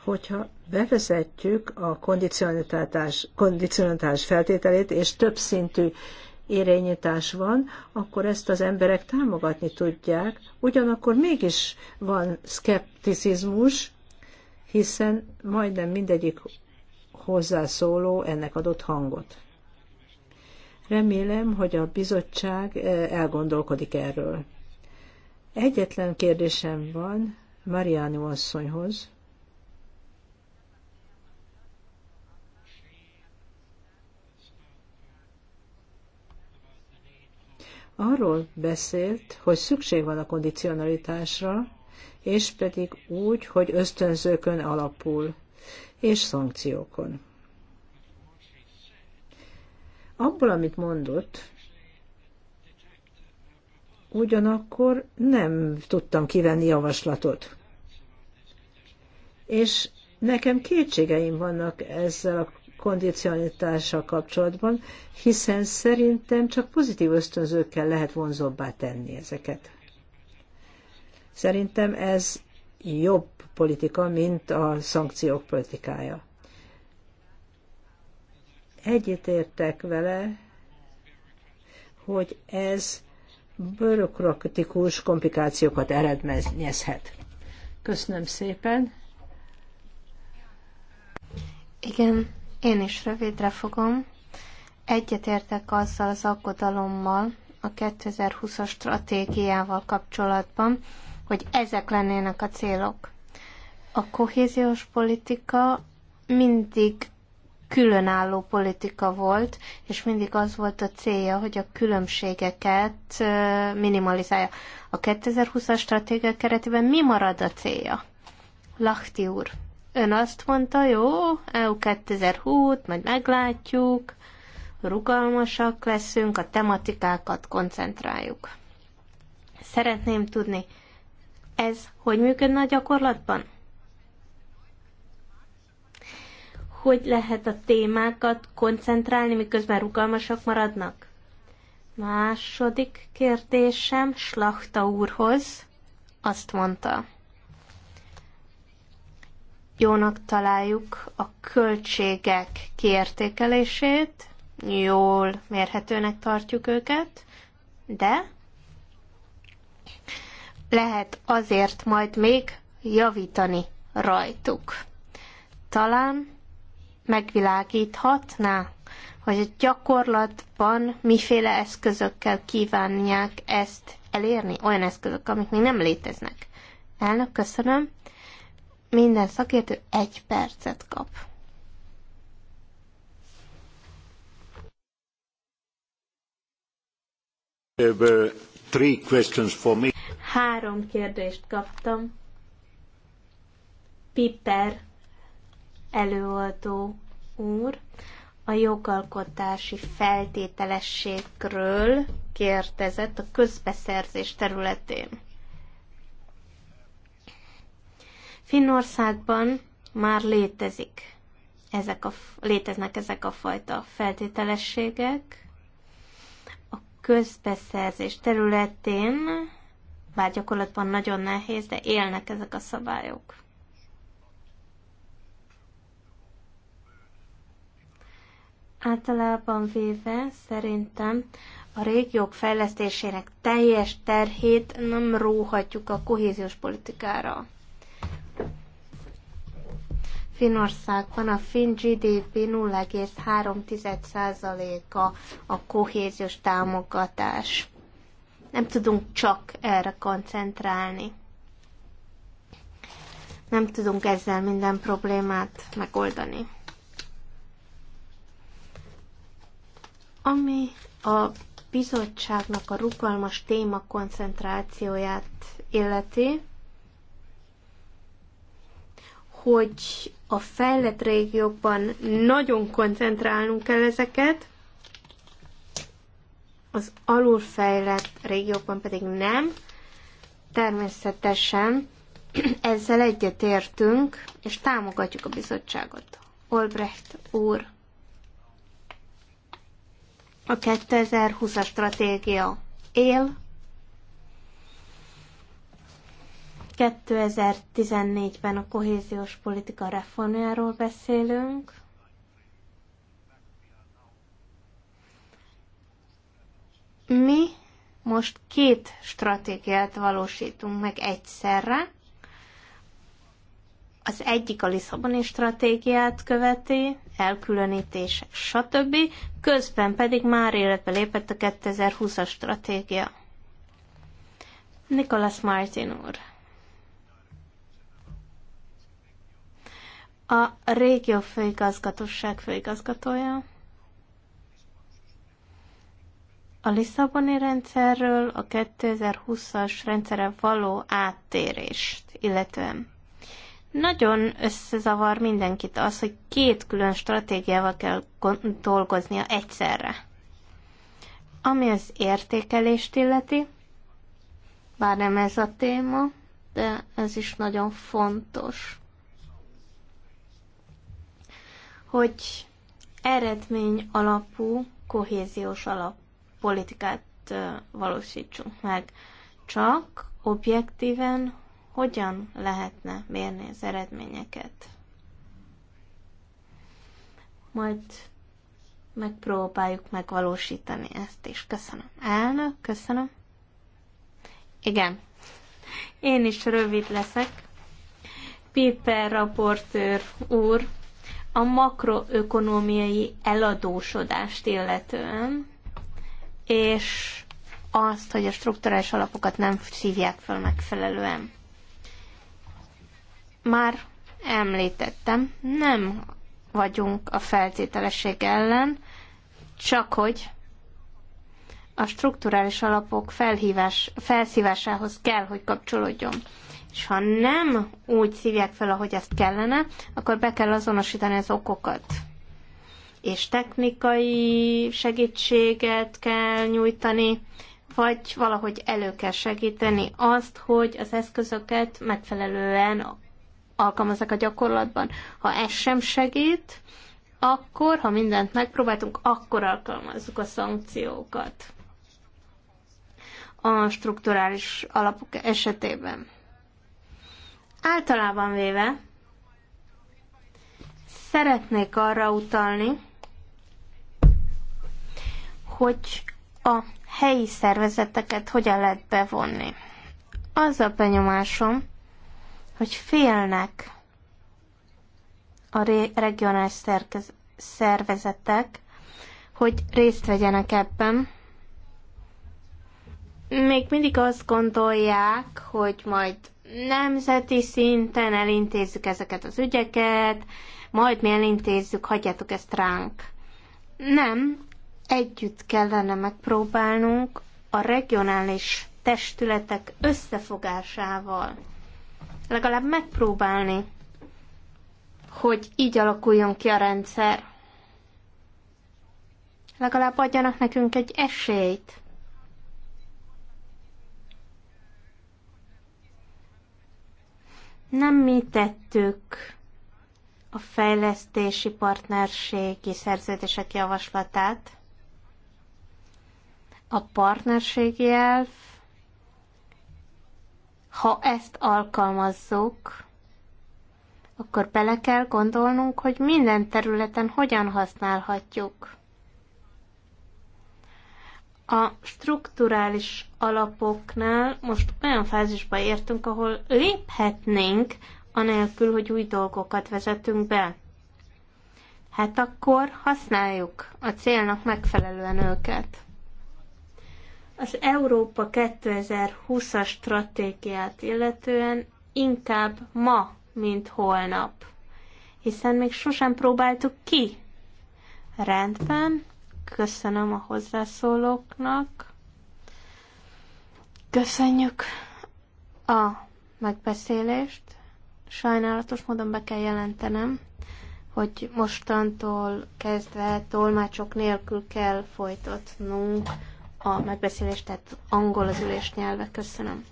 Hogyha bevezetjük a kondicionalitás, kondicionalitás feltételét, és több szintű érényítás van, akkor ezt az emberek támogatni tudják, ugyanakkor mégis van szkepticizmus, hiszen majdnem mindegyik hozzászóló ennek adott hangot. Remélem, hogy a bizottság eh, elgondolkodik erről. Egyetlen kérdésem van Mariani asszonyhoz. Arról beszélt, hogy szükség van a kondicionalitásra, és pedig úgy, hogy ösztönzőkön alapul és szankciókon. Abból, amit mondott, ugyanakkor nem tudtam kivenni javaslatot. És nekem kétségeim vannak ezzel a kondicionitással kapcsolatban, hiszen szerintem csak pozitív ösztönzőkkel lehet vonzóbbá tenni ezeket. Szerintem ez jobb politika, mint a szankciók politikája. Egyetértek vele, hogy ez bürokratikus komplikációkat eredményezhet. Köszönöm szépen. Igen, én is rövidre fogom. Egyetértek azzal az aggodalommal a 2020-as stratégiával kapcsolatban, hogy ezek lennének a célok. A kohéziós politika mindig különálló politika volt, és mindig az volt a célja, hogy a különbségeket minimalizálja. A 2020-as stratégia keretében mi marad a célja? Lachti úr, ön azt mondta, jó, EU 2020, majd meglátjuk, rugalmasak leszünk, a tematikákat koncentráljuk. Szeretném tudni, ez hogy működne a gyakorlatban? Hogy lehet a témákat koncentrálni, miközben rugalmasak maradnak? Második kérdésem Slachta úrhoz azt mondta. Jónak találjuk a költségek kiértékelését, jól mérhetőnek tartjuk őket, de lehet azért majd még javítani rajtuk. Talán megvilágíthatná, hogy a gyakorlatban miféle eszközökkel kívánják ezt elérni, olyan eszközök, amik még nem léteznek. Elnök, köszönöm. Minden szakértő egy percet kap. Uh, three questions for me. Három kérdést kaptam. Piper előadó úr a jogalkotási feltételességről kérdezett a közbeszerzés területén. Finnországban már létezik ezek a, léteznek ezek a fajta feltételességek. A közbeszerzés területén bár gyakorlatban nagyon nehéz, de élnek ezek a szabályok. Általában véve szerintem a régiók fejlesztésének teljes terhét nem róhatjuk a kohéziós politikára. Finországban a finn GDP 0,3%-a a kohéziós támogatás. Nem tudunk csak erre koncentrálni. Nem tudunk ezzel minden problémát megoldani. Ami a bizottságnak a rugalmas téma koncentrációját illeti, hogy a fejlett régiókban nagyon koncentrálnunk kell ezeket, az alulfejlett régiókban pedig nem. Természetesen <clears throat> ezzel egyetértünk, és támogatjuk a bizottságot. Olbrecht úr, a 2020-as stratégia él, 2014-ben a kohéziós politika reformjáról beszélünk, Mi most két stratégiát valósítunk meg egyszerre. Az egyik a Lisszaboni stratégiát követi, elkülönítések, stb. Közben pedig már életbe lépett a 2020-as stratégia. Nicholas Martin úr. A régió főigazgatóság főigazgatója. a Lisszaboni rendszerről a 2020-as rendszerre való áttérést, illetően nagyon összezavar mindenkit az, hogy két külön stratégiával kell dolgoznia egyszerre. Ami az értékelést illeti, bár nem ez a téma, de ez is nagyon fontos, hogy eredmény alapú, kohéziós alap politikát valósítsunk meg. Csak objektíven hogyan lehetne mérni az eredményeket. Majd megpróbáljuk megvalósítani ezt is. Köszönöm. Elnök, köszönöm. Igen. Én is rövid leszek. Piper raportőr úr, a makroökonomiai eladósodást illetően és azt, hogy a strukturális alapokat nem szívják fel megfelelően. Már említettem, nem vagyunk a feltételesség ellen, csak hogy a strukturális alapok felhívás, felszívásához kell, hogy kapcsolódjon. És ha nem úgy szívják fel, ahogy ezt kellene, akkor be kell azonosítani az okokat és technikai segítséget kell nyújtani, vagy valahogy elő kell segíteni azt, hogy az eszközöket megfelelően alkalmazzák a gyakorlatban. Ha ez sem segít, akkor, ha mindent megpróbáltunk, akkor alkalmazzuk a szankciókat a strukturális alapok esetében. Általában véve szeretnék arra utalni, hogy a helyi szervezeteket hogyan lehet bevonni. Az a benyomásom, hogy félnek a regionális szervezetek, hogy részt vegyenek ebben. Még mindig azt gondolják, hogy majd nemzeti szinten elintézzük ezeket az ügyeket, majd mi elintézzük, hagyjátok ezt ránk. Nem, együtt kellene megpróbálnunk a regionális testületek összefogásával legalább megpróbálni, hogy így alakuljon ki a rendszer. Legalább adjanak nekünk egy esélyt. Nem mi tettük a fejlesztési partnerségi szerződések javaslatát, a partnerségi elv, ha ezt alkalmazzuk, akkor bele kell gondolnunk, hogy minden területen hogyan használhatjuk. A strukturális alapoknál most olyan fázisba értünk, ahol léphetnénk, anélkül, hogy új dolgokat vezetünk be. Hát akkor használjuk a célnak megfelelően őket. Az Európa 2020-as stratégiát illetően inkább ma, mint holnap, hiszen még sosem próbáltuk ki. Rendben, köszönöm a hozzászólóknak. Köszönjük a megbeszélést. Sajnálatos módon be kell jelentenem, hogy mostantól kezdve tolmácsok nélkül kell folytatnunk a megbeszélést, tehát angol az ülés nyelve. Köszönöm.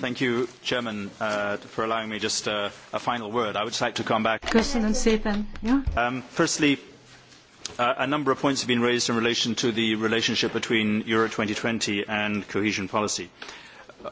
Thank you, Chairman, uh, for allowing me just a, uh, a final word. I would just like to come back. Köszönöm szépen. Yeah. Um, firstly, uh, a number of points have been raised in relation to the relationship between Euro 2020 and cohesion policy.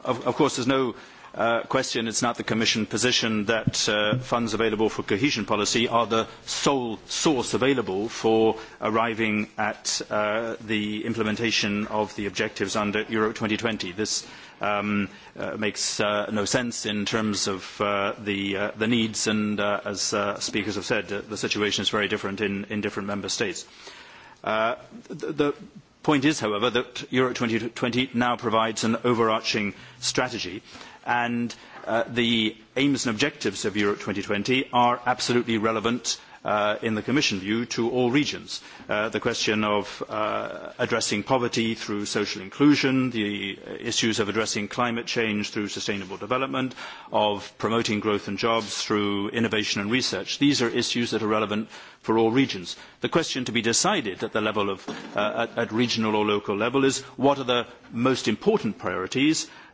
Of, of course, there's no Uh, question it is not the Commission position that uh, funds available for cohesion policy are the sole source available for arriving at uh, the implementation of the objectives under Europe 2020. This um, uh, makes uh, no sense in terms of uh, the, uh, the needs and, uh, as uh, speakers have said, uh, the situation is very different in, in different member states. Uh, the, the point is, however, that Europe 2020 now provides an overarching strategy and uh, the aims and objectives of Europe 2020 are absolutely relevant uh, in the Commission view to all regions. Uh, the question of uh, addressing poverty through social inclusion, the issues of addressing climate change through sustainable development, of promoting growth and jobs through innovation and research. These are issues that are relevant for all regions. The question to be decided at the level of, uh, at, at regional or local level is what are the most important priorities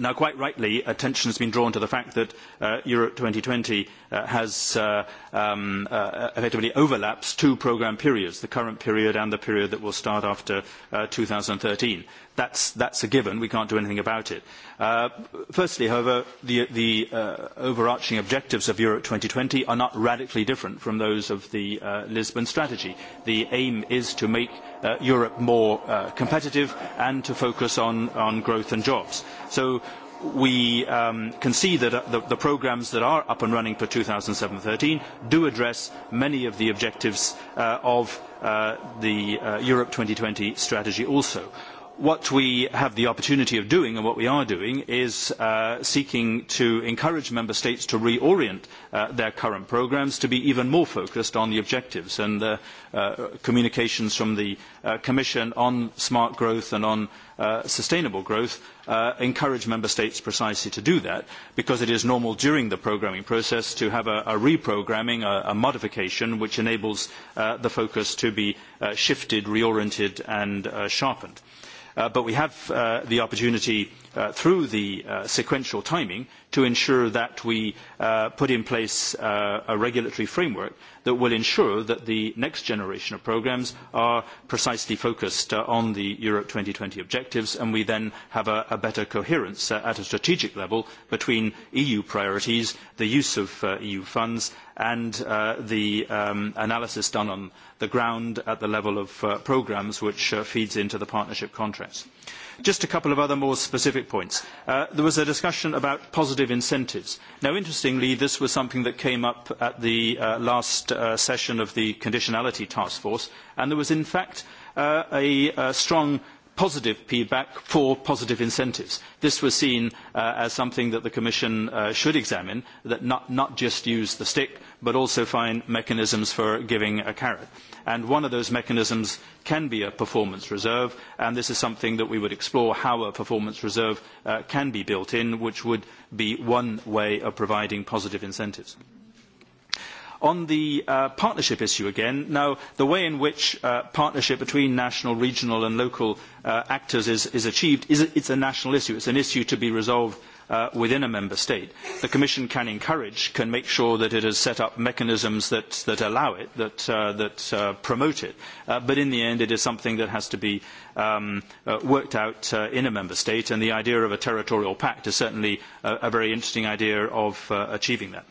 Now, quite rightly, attention has been drawn to the fact that uh, Europe 2020 uh, has uh, um, uh, effectively overlaps two programme periods, the current period and the period that will start after uh, 2013 That's, that's a given. We can't do anything about it. Uh, firstly, however, the, the uh, overarching objectives of Europe 2020 are not radically different from those of the uh, Lisbon strategy. The aim is to make uh, Europe more uh, competitive and to focus on, on growth and jobs. So we um, can see that uh, the, the programmes that are up and running for 2007-13 do address many of the objectives uh, of uh, the uh, Europe 2020 strategy also what we have the opportunity of doing and what we are doing is uh, seeking to encourage member states to reorient uh, their current programs to be even more focused on the objectives and the uh, communications from the uh, commission on smart growth and on uh, sustainable growth uh, encourage member states precisely to do that because it is normal during the programming process to have a, a reprogramming, a, a, modification which enables the focus to be shifted, reoriented and sharpened. Uh, but we have uh, the opportunity uh, through the sequential timing to ensure that we put in place a regulatory framework that will ensure that the next generation of programmes are precisely focused on the Europe 2020 objectives and we then have a, a better coherence at a strategic level between EU priorities, the use of EU funds and uh, the um, analysis done on the ground at the level of uh, programmes, which uh, feeds into the partnership contracts. Just a couple of other more specific points. Uh, there was a discussion about positive incentives. Now, interestingly, this was something that came up at the uh, last uh, session of the conditionality task force, and there was, in fact, uh, a, a strong positive feedback for positive incentives. This was seen uh, as something that the Commission uh, should examine, that not, not just use the stick, but also find mechanisms for giving a carrot. And one of those mechanisms can be a performance reserve, and this is something that we would explore, how a performance reserve uh, can be built in, which would be one way of providing positive incentives. On the uh, partnership issue again, now the way in which uh, partnership between national, regional and local uh, actors is, is achieved, is a, it's a national issue. It's an issue to be resolved Uh, within a member state. The Commission can encourage, can make sure that it has set up mechanisms that, that allow it, that, uh, that uh, promote it. Uh, but in the end, it is something that has to be um, uh, worked out uh, in a member state, and the idea of a territorial pact is certainly a, a very interesting idea of achieving that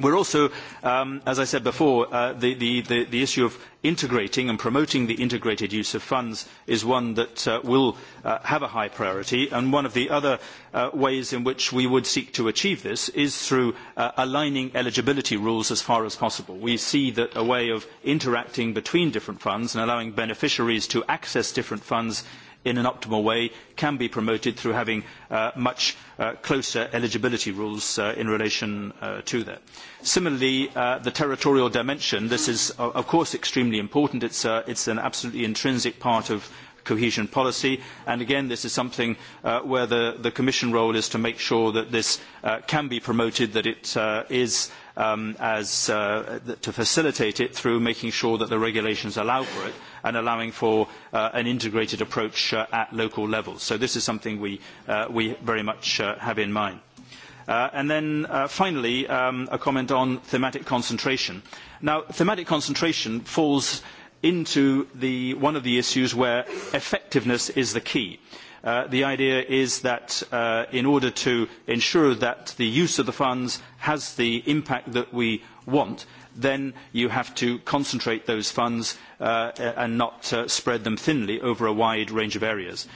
we are also, um, as I said before, uh, the, issue of integrating and promoting the integrated use of funds is one that uh, will uh, have a high priority. And one of the other ways in which we would seek to achieve this is through aligning eligibility rules as far as possible. We see that a way of interacting between different funds and allowing beneficiaries to access different funds in an optimal way can be promoted through having uh, much uh, closer eligibility rules uh, in relation uh, to that. Similarly, uh, the territorial dimension, this is of course extremely important. It's, uh, it's an absolutely intrinsic part of cohesion policy. And again, this is something uh, where the, the, Commission role is to make sure that this uh, can be promoted, that it uh, is um, as, uh, to facilitate it through making sure that the regulations allow for it and allowing for uh, an integrated approach uh, at local level. So this is something we, uh, we very much uh, have in mind. Uh, and then uh, finally, um, a comment on thematic concentration. Now, thematic concentration falls into the, one of the issues where effectiveness is the key. Uh, the idea is that uh, in order to ensure that the use of the funds has the impact that we want, then you have to concentrate those funds uh, and not uh, spread them thinly over a wide range of areas.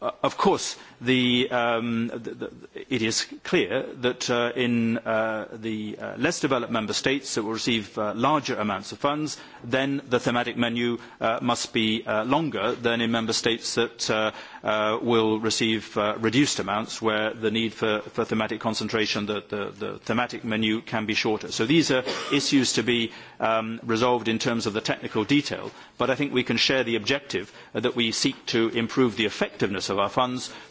Uh, of course, the, um, the, the, it is clear that uh, in uh, the uh, less developed member states that will receive uh, larger amounts of funds, then the thematic menu uh, must be uh, longer than in member states that uh, uh, will receive uh, reduced amounts where the need for, for thematic concentration, the, the, the thematic menu can be shorter. So these are issues to be um, resolved in terms of the technical detail, but I think we can share the objective uh, that we seek to improve the effectiveness of our funds